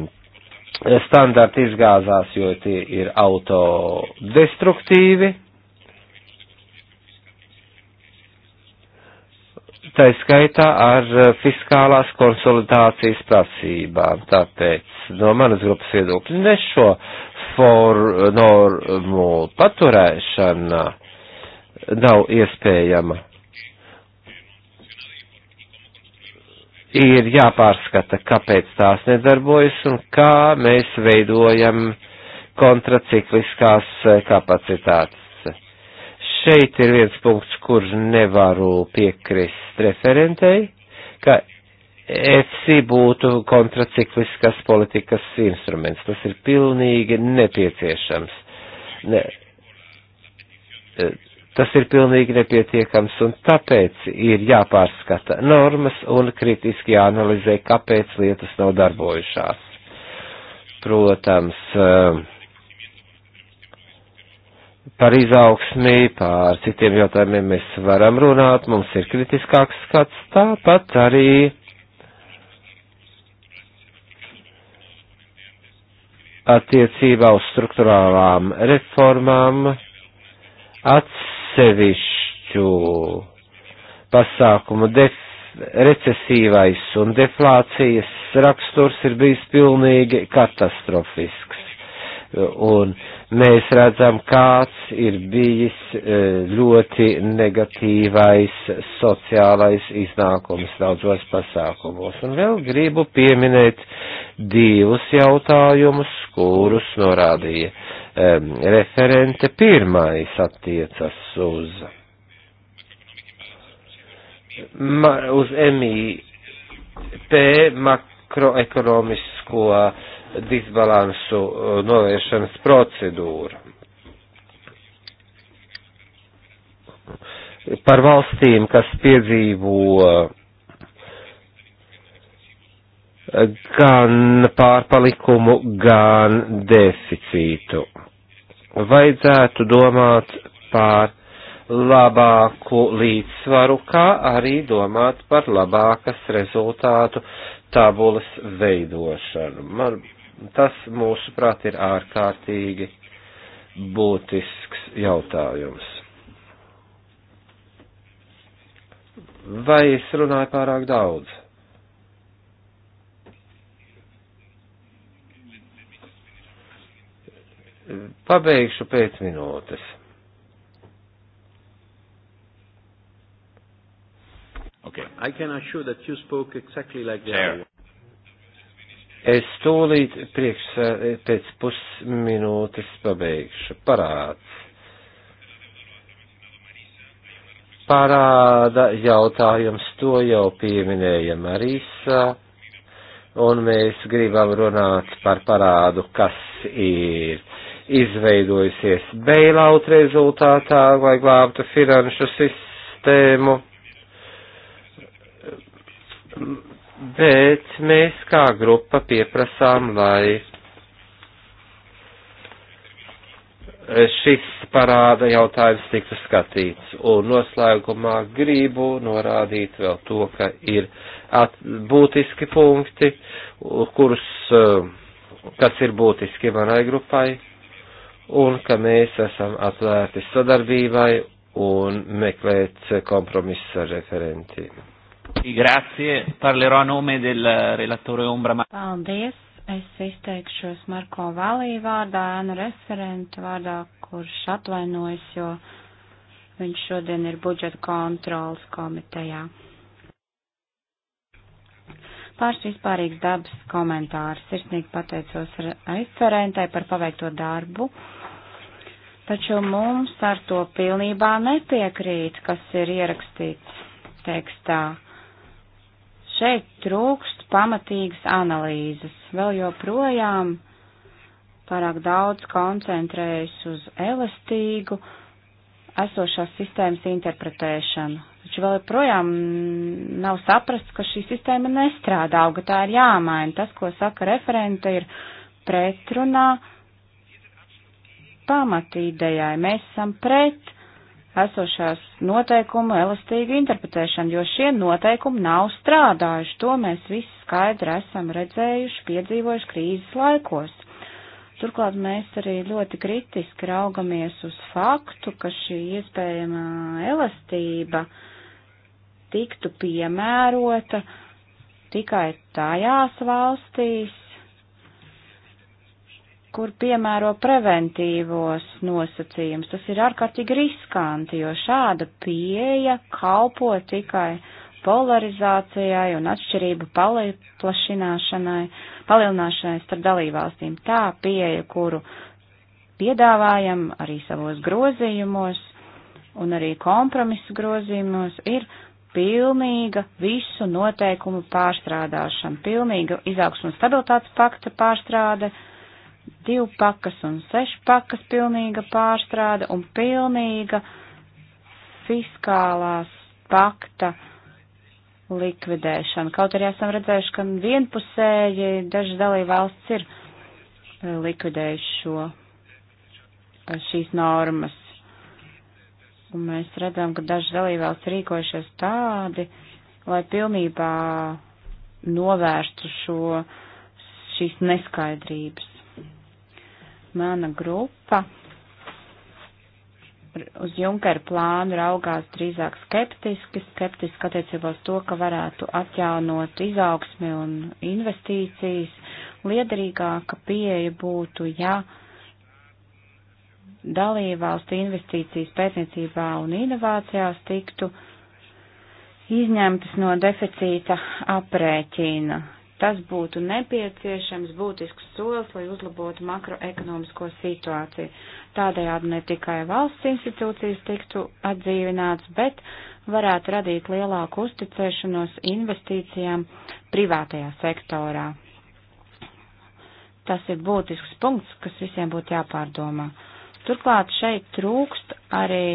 standarti izgāzās, jo tie ir autodestruktīvi tā skaitā ar eh, fiskālās konsolidācijas prasībām. Tāpēc no manas grupas viedokļa ne šo formu paturēšana nav iespējama. Ir jāpārskata, kāpēc tās nedarbojas un kā mēs veidojam kontracikliskās eh, kapacitātes šeit ir viens punkts, kur nevaru piekrist referentei, ka EFSI būtu kontracikliskas politikas instruments. Tas ir pilnīgi nepieciešams. Ne. E, tas ir pilnīgi nepietiekams un tāpēc ir jāpārskata normas un kritiski jāanalizē, kāpēc lietas nav darbojušās. Protams, uh, par izaugsmī, par citiem jautājumiem mēs varam runāt, mums ir kritiskāks skats, tāpat arī attiecībā uz struktūrālām reformām atsevišķu pasākumu def recesīvais un deflācijas raksturs ir bijis pilnīgi katastrofisks. Un mēs redzam, kāds ir bijis e, ļoti negatīvais sociālais iznākums daudzos pasākumos. Un vēl gribu pieminēt divus jautājumus, kurus norādīja um, referente. Pirmais attiecas uz, ma, uz MIP makroekonomisko uh, disbalansu uh, novēršanas procedūra. Par valstīm, kas piedzīvo uh, gan pārpalikumu, gan deficītu, vajadzētu domāt par labāku līdzsvaru, kā arī domāt par labākas rezultātu tabulas veidošanu. Man Tas, mūsuprāt, ir ārkārtīgi būtisks jautājums. Vai es runāju pārāk daudz? Pabeigšu pēc minūtes. Okay. I can assure that you spoke exactly like the other one. Es tūlīt priekš, eh, pēc pusminūtes pabeigšu. Parāds. Parāda jautājums, to jau pieminēja Marīsā, un mēs gribam runāt par parādu, kas ir izveidojusies beilaut rezultātā, lai glābtu finanšu sistēmu bet mēs kā grupa pieprasām, lai šis parāda jautājums tiktu skatīts. Un noslēgumā gribu norādīt vēl to, ka ir at, būtiski punkti, kurus, eh, kas ir būtiski manai grupai, un ka mēs esam atvērti sadarbībai un meklēt kompromisu ar referentiem. Grazie, parlerò a nome del relatore Ombra. Paldies, es izteikšos Marko Valī vārdā, Anu referentu vārdā, kurš atvainojas, jo viņš šodien ir budžeta kontrolas komitejā. Pāris vispārīgs dabas komentārs. Sirsnīgi pateicos referentai par paveikto darbu, taču mums ar to pilnībā nepiekrīt, kas ir ierakstīts tekstā. Šeit trūkst pamatīgas analīzes. Vēl joprojām pārāk daudz koncentrējas uz elastīgu esošās sistēmas interpretēšanu. Taču vēl joprojām nav saprasts, ka šī sistēma nestrādā, ka tā ir jāmaina. Tas, ko saka referente, ir pretrunā pamatīdējai. Mēs esam pret esošās noteikumu elastīgu interpretēšanu, jo šie noteikumi nav strādājuši. To mēs visi skaidri esam redzējuši, piedzīvojuši krīzes laikos. Turklāt mēs arī ļoti kritiski raugamies uz faktu, ka šī iespējama elastība tiktu piemērota tikai tajās valstīs, kur piemēro preventīvos nosacījumus. Tas ir ārkārtīgi riskanti, jo šāda pieeja kalpo tikai polarizācijai un atšķirību paplašināšanai, palielināšanai starp dalībvalstīm. Tā pieeja, kuru piedāvājam arī savos grozījumos un arī kompromisu grozījumos, ir pilnīga visu noteikumu pārstrādāšana, pilnīga izaugsmu un stabilitātes pakta pārstrāde, uh, divu pakas un sešu pakas pilnīga pārstrāde un pilnīga fiskālās pakta likvidēšana. Kaut arī esam redzējuši, ka vienpusēji dažas dalībvalsts ir e, likvidējuši šo, e, šīs normas. Un mēs redzam, ka dažas dalībvalsts rīkojušies tādi, lai pilnībā novērstu šo, šīs neskaidrības mana grupa uz Junkera plānu raugās drīzāk skeptiski, skeptiski attiecībā uz to, ka varētu atjaunot izaugsmi un investīcijas. Liederīgāka pieeja būtu, ja dalībvalstu investīcijas pētniecībā un inovācijās tiktu izņemtas no deficīta aprēķina. Tas būtu nepieciešams būtisks solis, lai uzlabotu makroekonomisko situāciju. Tādējādi ne tikai valsts institūcijas tiktu atdzīvināts, bet varētu radīt lielāku uzticēšanos investīcijām privātajā sektorā. Tas ir būtisks punkts, kas visiem būtu jāpārdomā. Turklāt šeit trūkst arī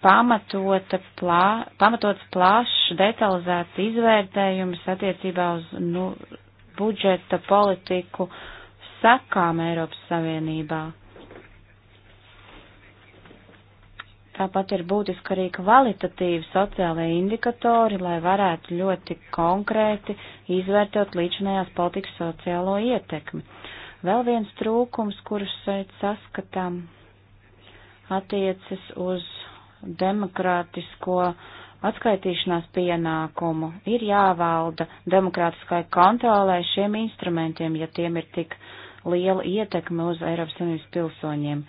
pamatota plā, pamatots plašs, detalizēts izvērtējums attiecībā uz nu, budžeta politiku sekām Eiropas Savienībā. Tāpat ir būtiski arī kvalitatīvi sociālai indikatori, lai varētu ļoti konkrēti izvērtot līdzinājās politikas sociālo ietekmi. Vēl viens trūkums, kurus šeit saskatām, attiecas uz demokrātisko atskaitīšanās pienākumu. Ir jāvalda demokrātiskai kontrolē šiem instrumentiem, ja tiem ir tik liela ietekme uz Eiropas Savienības pilsoņiem.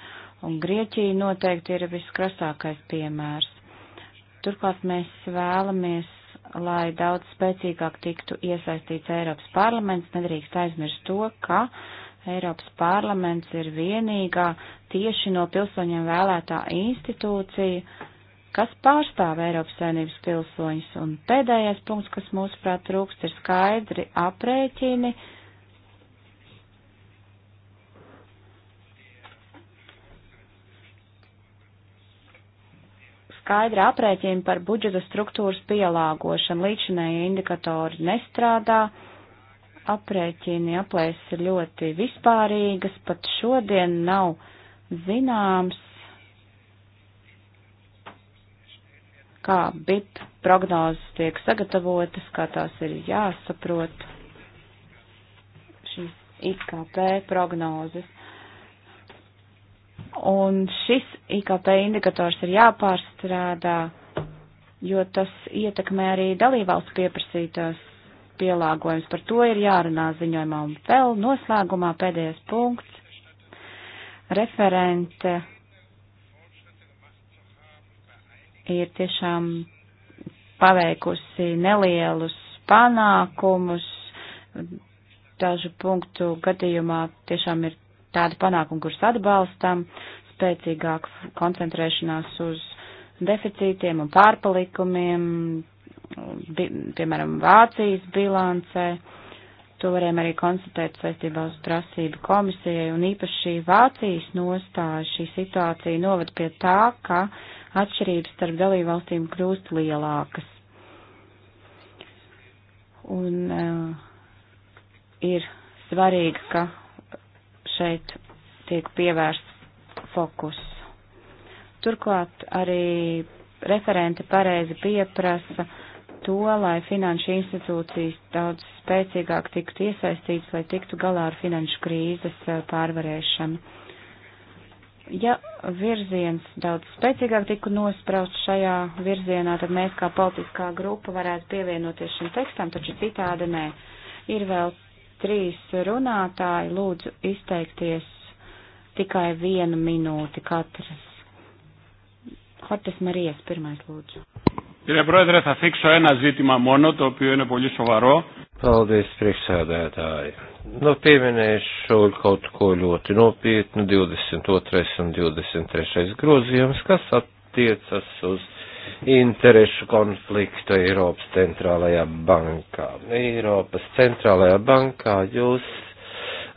Un Grieķija noteikti ir viskrasākais piemērs. Turklāt mēs vēlamies, lai daudz spēcīgāk tiktu iesaistīts Eiropas parlaments, nedrīkst aizmirst to, ka Eiropas parlaments ir vienīgā tieši no pilsoņiem vēlētā institūcija, kas pārstāv Eiropas saimnības pilsoņus. Un pēdējais punkts, kas mūsuprāt trūkst, ir skaidri aprēķini. Skaidri aprēķini par budžeta struktūras pielāgošanu. Līdzinēja indikatori nestrādā aprēķini aplēs ir ļoti vispārīgas, pat šodien nav zināms, kā BIP prognozes tiek sagatavotas, kā tās ir jāsaprot, šīs IKP prognozes. Un šis IKP indikators ir jāpārstrādā, jo tas ietekmē arī dalībvalsts pieprasītās pielāgojums. Par to ir jārunā ziņojumā. Un vēl noslēgumā pēdējais punkts. Referente ir tiešām paveikusi nelielus panākumus. Dažu punktu gadījumā tiešām ir tādi panākumi, kurus atbalstam, spēcīgāk koncentrēšanās uz deficītiem un pārpalikumiem, piemēram, Vācijas bilancē. To varējām arī konstatēt saistībā uz prasību komisijai, un īpaši šī Vācijas nostāja, šī situācija novad pie tā, ka atšķirības starp dalībvalstīm kļūst lielākas. Un uh, ir svarīgi, ka šeit tiek pievērsts fokus. Turklāt arī referenti pareizi pieprasa to, lai finanšu institūcijas daudz spēcīgāk tiktu iesaistītas, lai tiktu galā ar finanšu krīzes eh, pārvarēšanu. Ja virziens daudz spēcīgāk tika nosprausts šajā virzienā, tad mēs kā politiskā grupa varētu pievienoties šim tekstam, taču citādi nē. Ir vēl trīs runātāji, lūdzu izteikties tikai vienu minūti katrs. Hortes Marijas pirmais lūdzu. Κύριε Πρόεδρε, θα θίξω ένα ζήτημα μόνο, το οποίο είναι πολύ σοβαρό. Paldies, priekšsēdētāji. Nu, pieminēšu kaut ko ļoti nopietnu 22. un 23. grozījums, kas attiecas uz interešu konfliktu Eiropas centrālajā bankā. Eiropas centrālajā bankā jūs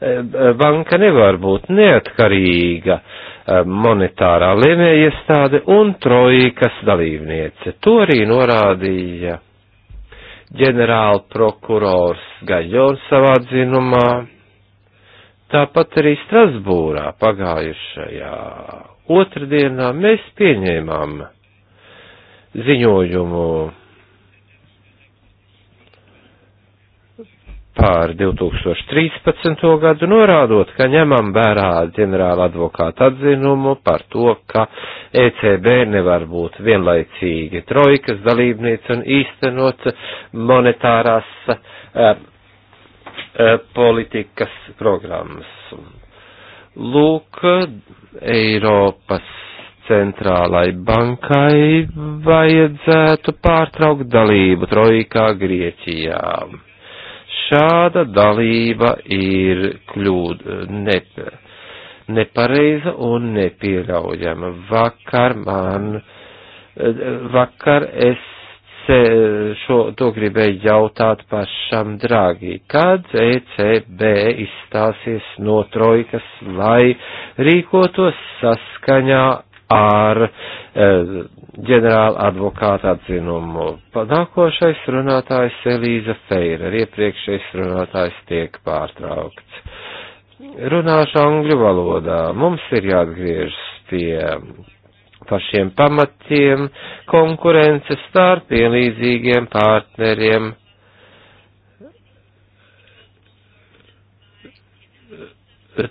E, e, banka nevar būt neatkarīga e, monetārā lēmēja iestāde un trojkas dalībniece. To arī norādīja ģenerāla prokurors Gaļons savā dzinumā, tāpat arī Strasbūrā pagājušajā otrdienā mēs pieņēmām ziņojumu pār 2013. gadu, norādot, ka ņemam vērā ģenerāla advokāta atzinumu par to, ka ECB nevar būt vienlaicīgi trojkas dalībniece un īstenot monetārās uh, uh, politikas programmas. Lūk, Eiropas centrālai bankai vajadzētu pārtraukt dalību trojkā Grieķijā šāda dalība ir kļūd, ne, nepareiza un nepieļaujama. Vakar man, vakar es ce, šo, to gribēju jautāt pašam drāgī, kad ECB izstāsies no trojkas, lai rīkotos saskaņā ar e, ģenerāla advokāta atzinumu. Nākošais runātājs Elīza Feira, iepriekšējais runātājs tiek pārtraukts. Runāšu angļu valodā. Mums ir jāatgriežas pie pašiem pamatiem, konkurences starp pielīdzīgiem partneriem.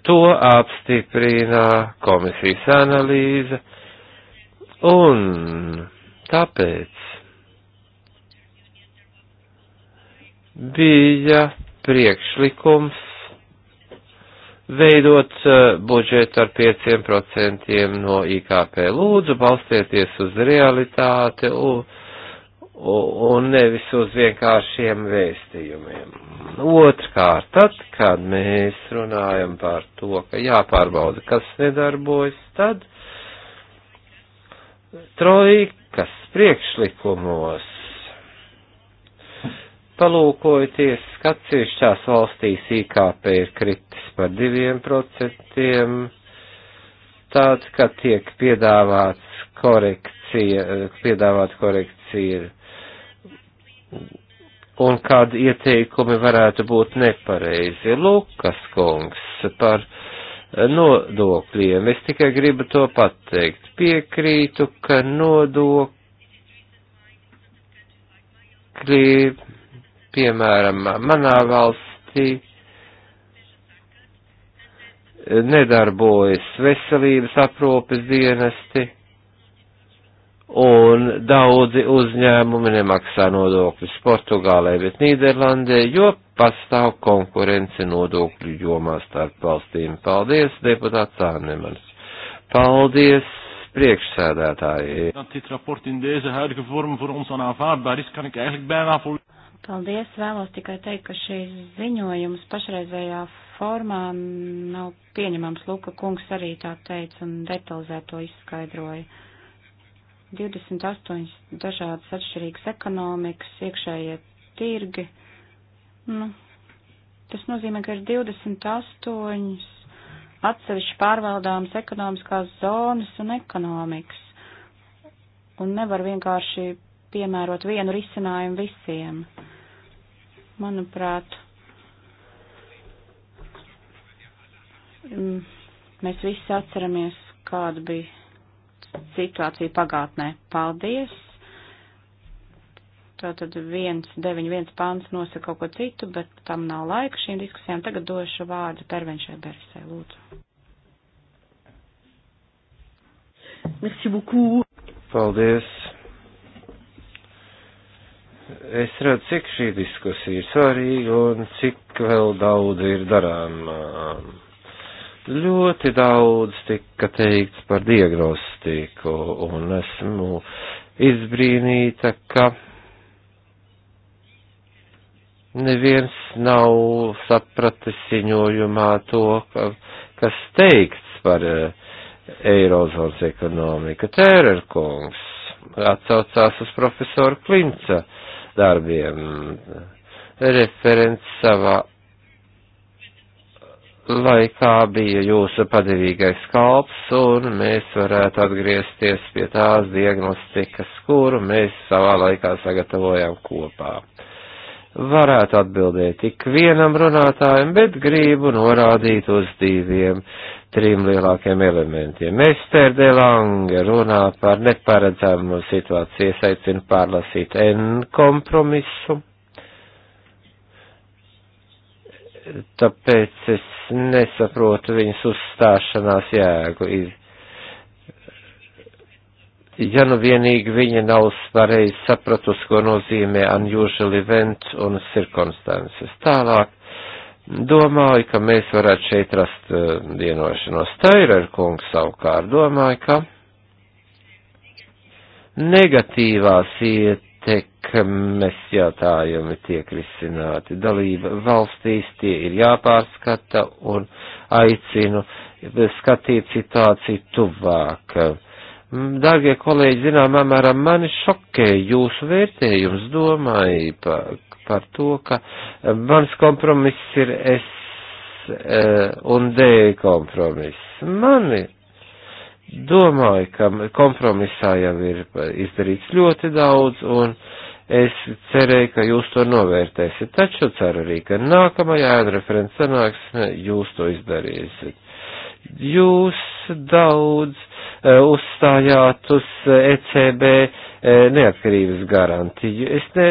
To apstiprina komisijas analīze Un tāpēc bija priekšlikums veidot uh, budžetu ar 5% no IKP. Lūdzu, balstieties uz realitāti un, un nevis uz vienkāršiem vēstījumiem. Otrkārt, tad, kad mēs runājam par to, ka jāpārbauda, kas nedarbojas, tad trojkas priekšlikumos palūkojoties, ka atsevišķās valstīs IKP ir kritis par diviem procentiem, tad, kad tiek piedāvāts korekcija, piedāvāt korekcija un kādi ieteikumi varētu būt nepareizi. Lukas kungs par nodokļiem. Es tikai gribu to pateikt. Piekrītu, ka nodokļi, piemēram, manā valstī nedarbojas veselības aprūpes dienesti un daudzi uzņēmumi nemaksā nodokļus Portugālē, bet Nīderlandē, jo pastāv konkurence nodokļu jomā starp valstīm. Paldies, deputāts Ārnemans. Paldies, priekšsēdētāji. Paldies, vēlos tikai teikt, ka šīs ziņojums pašreizējā formā nav pieņemams. Luka kungs arī tā teica un detalizēto izskaidroja. 28 dažādas atšķirīgas ekonomikas, iekšējie tirgi. Nu, tas nozīmē, ka ir 28 atsevišķi pārvaldāmas ekonomiskās zonas un ekonomikas. Un nevar vienkārši piemērot vienu risinājumu visiem. Manuprāt, mm, mēs visi atceramies, kāda bija situāciju pagātnē. Paldies! Tātad viens, deviņi, viens pāns nosaka kaut ko citu, bet tam nav laika šīm diskusijām. Tagad došu vārdu Pervenšai Berisai, lūdzu. Merci beaucoup. Paldies. Es redzu, cik šī diskusija ir svarīga un cik vēl daudz ir darāmā. Ļoti daudz tika teikts par diagnozu politiku, un esmu izbrīnīta, ka neviens nav sapratis ziņojumā to, ka, kas teikts par eh, Eirozonas ekonomiku. Tērerkungs atsaucās uz profesoru Klimca darbiem. Referents savā laikā bija jūsu padevīgais kalps, un mēs varētu atgriezties pie tās diagnostikas, kuru mēs savā laikā sagatavojām kopā. Varētu atbildēt ik vienam runātājam, bet gribu norādīt uz diviem, trim lielākiem elementiem. Mester de Lange runā par neparedzamu situāciju, es aicinu pārlasīt N kompromisu tāpēc es nesaprotu viņas uzstāšanās jēgu. Ja nu vienīgi viņa nav pareizi sapratusi, ko nozīmē unusual event un circumstances. Tālāk domāju, ka mēs varētu šeit rast eh, vienošanos. Tairer kungs savukārt domāju, ka negatīvās iet ietekmes jautājumi tiek risināti. Dalība valstīs tie ir jāpārskata un aicinu skatīt situāciju tuvāk. Mm, Dārgie kolēģi, zināmā mērā mani šokē jūsu vērtējums, domāju par, par to, ka mans kompromiss ir S e, un D kompromiss. Mani domāju, ka kompromisā jau ir izdarīts ļoti daudz, un Es cerēju, ka jūs to novērtēsiet, taču ceru arī, ka nākamajā referents sanāksmē jūs to izdarīsiet. Jūs daudz uh, uzstājāt uz ECB eh, e uh, eh, neatkarības garantiju. Es ne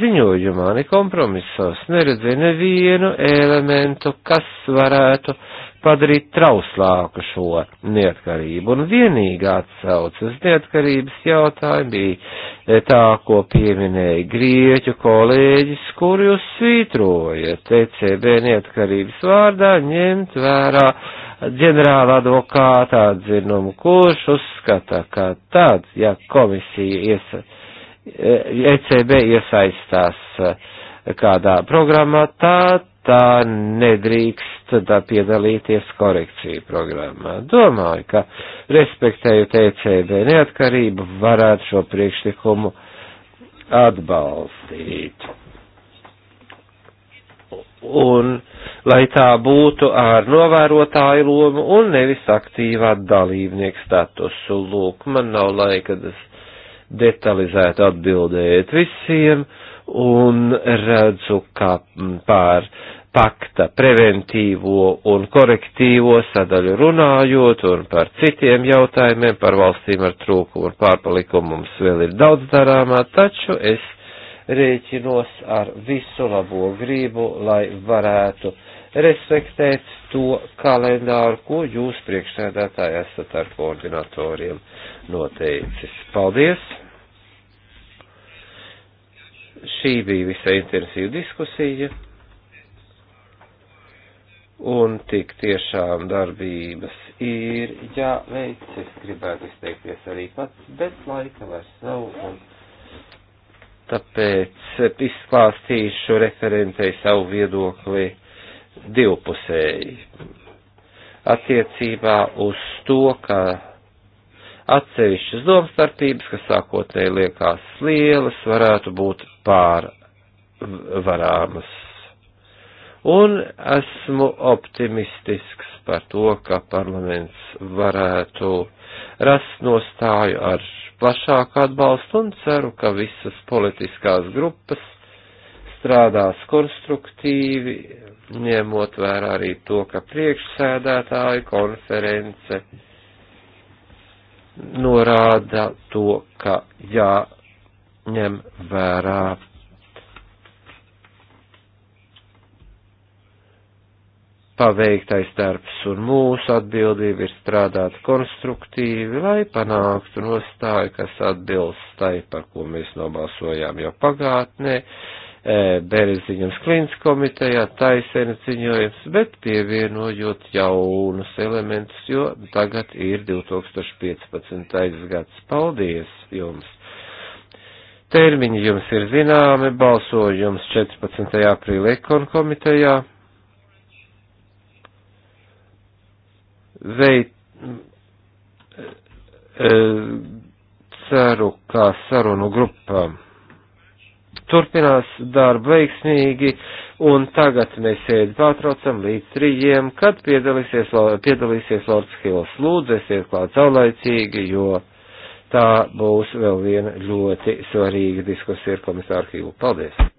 ziņojumā, ne kompromisos neredzēju nevienu elementu, kas varētu uh, padarīt trauslāku šo neatkarību. Un vienīgā atsaucas neatkarības jautājumi bija tā, ko pieminēja grieķu kolēģis, kur jūs svītroja TCB neatkarības vārdā ņemt vērā ģenerāla advokāta atzinumu, kurš uzskata, ka tad, ja komisija iesa, ECB e iesaistās e, kādā programmā, tad tā nedrīkst tā piedalīties korekciju programmā. Domāju, ka respektējot ECB neatkarību, varētu šo priekšlikumu atbalstīt. Un lai tā būtu ar novērotāju lomu un nevis aktīvā dalībnieka statusu. Lūk, man nav laika detalizēt atbildēt visiem. Uh, un redzu, ka pār pakta preventīvo un korektīvo sadaļu runājot un par citiem jautājumiem, par valstīm ar trūkumu un pārpalikumu mums vēl ir daudz darāmā, taču es rēķinos ar visu labo gribu, lai varētu respektēt to kalendāru, ko jūs priekšsēdētāji esat ar koordinatoriem noteicis. Paldies! Šī bija visai intensīva diskusija, un tik tiešām darbības ir jāveic. Es gribētu izteikties arī pats, bet laika vairs nav, un tāpēc izklāstīšu referentei savu viedokli divpusēji attiecībā uz to, ka atsevišķas domstarpības, kas sākotnēji liekas lielas, varētu būt pārvarāmas. Un esmu optimistisks par to, ka parlaments varētu rast nostāju ar plašāku atbalstu un ceru, ka visas politiskās grupas strādās konstruktīvi, ņemot vērā arī to, ka priekšsēdētāju konference norāda to, ka jā, ņem vērā paveiktais darbs, un mūsu atbildība ir strādāt konstruktīvi, lai panāktu nostāju, kas atbilst tai, par ko mēs nobalsojām jau pagātnē, e, Bereziņams Klins komitejā, taisena ciņojums, bet pievienojot jaunus elementus, jo tagad ir 2015. gads. Paldies jums! Termiņi jums ir zināmi, balsojums 14. aprīļa ekon komitejā. Veit, e, e, ceru, kā sarunu grupā turpinās darbu veiksmīgi, un tagad mēs sēdi pārtraucam līdz trījiem, kad piedalīsies, piedalīsies Lords Hils. Lūdzu, esiet klāt saulaicīgi, jo tā būs vēl viena ļoti svarīga diskusija ar komisāru Hīlu. Paldies!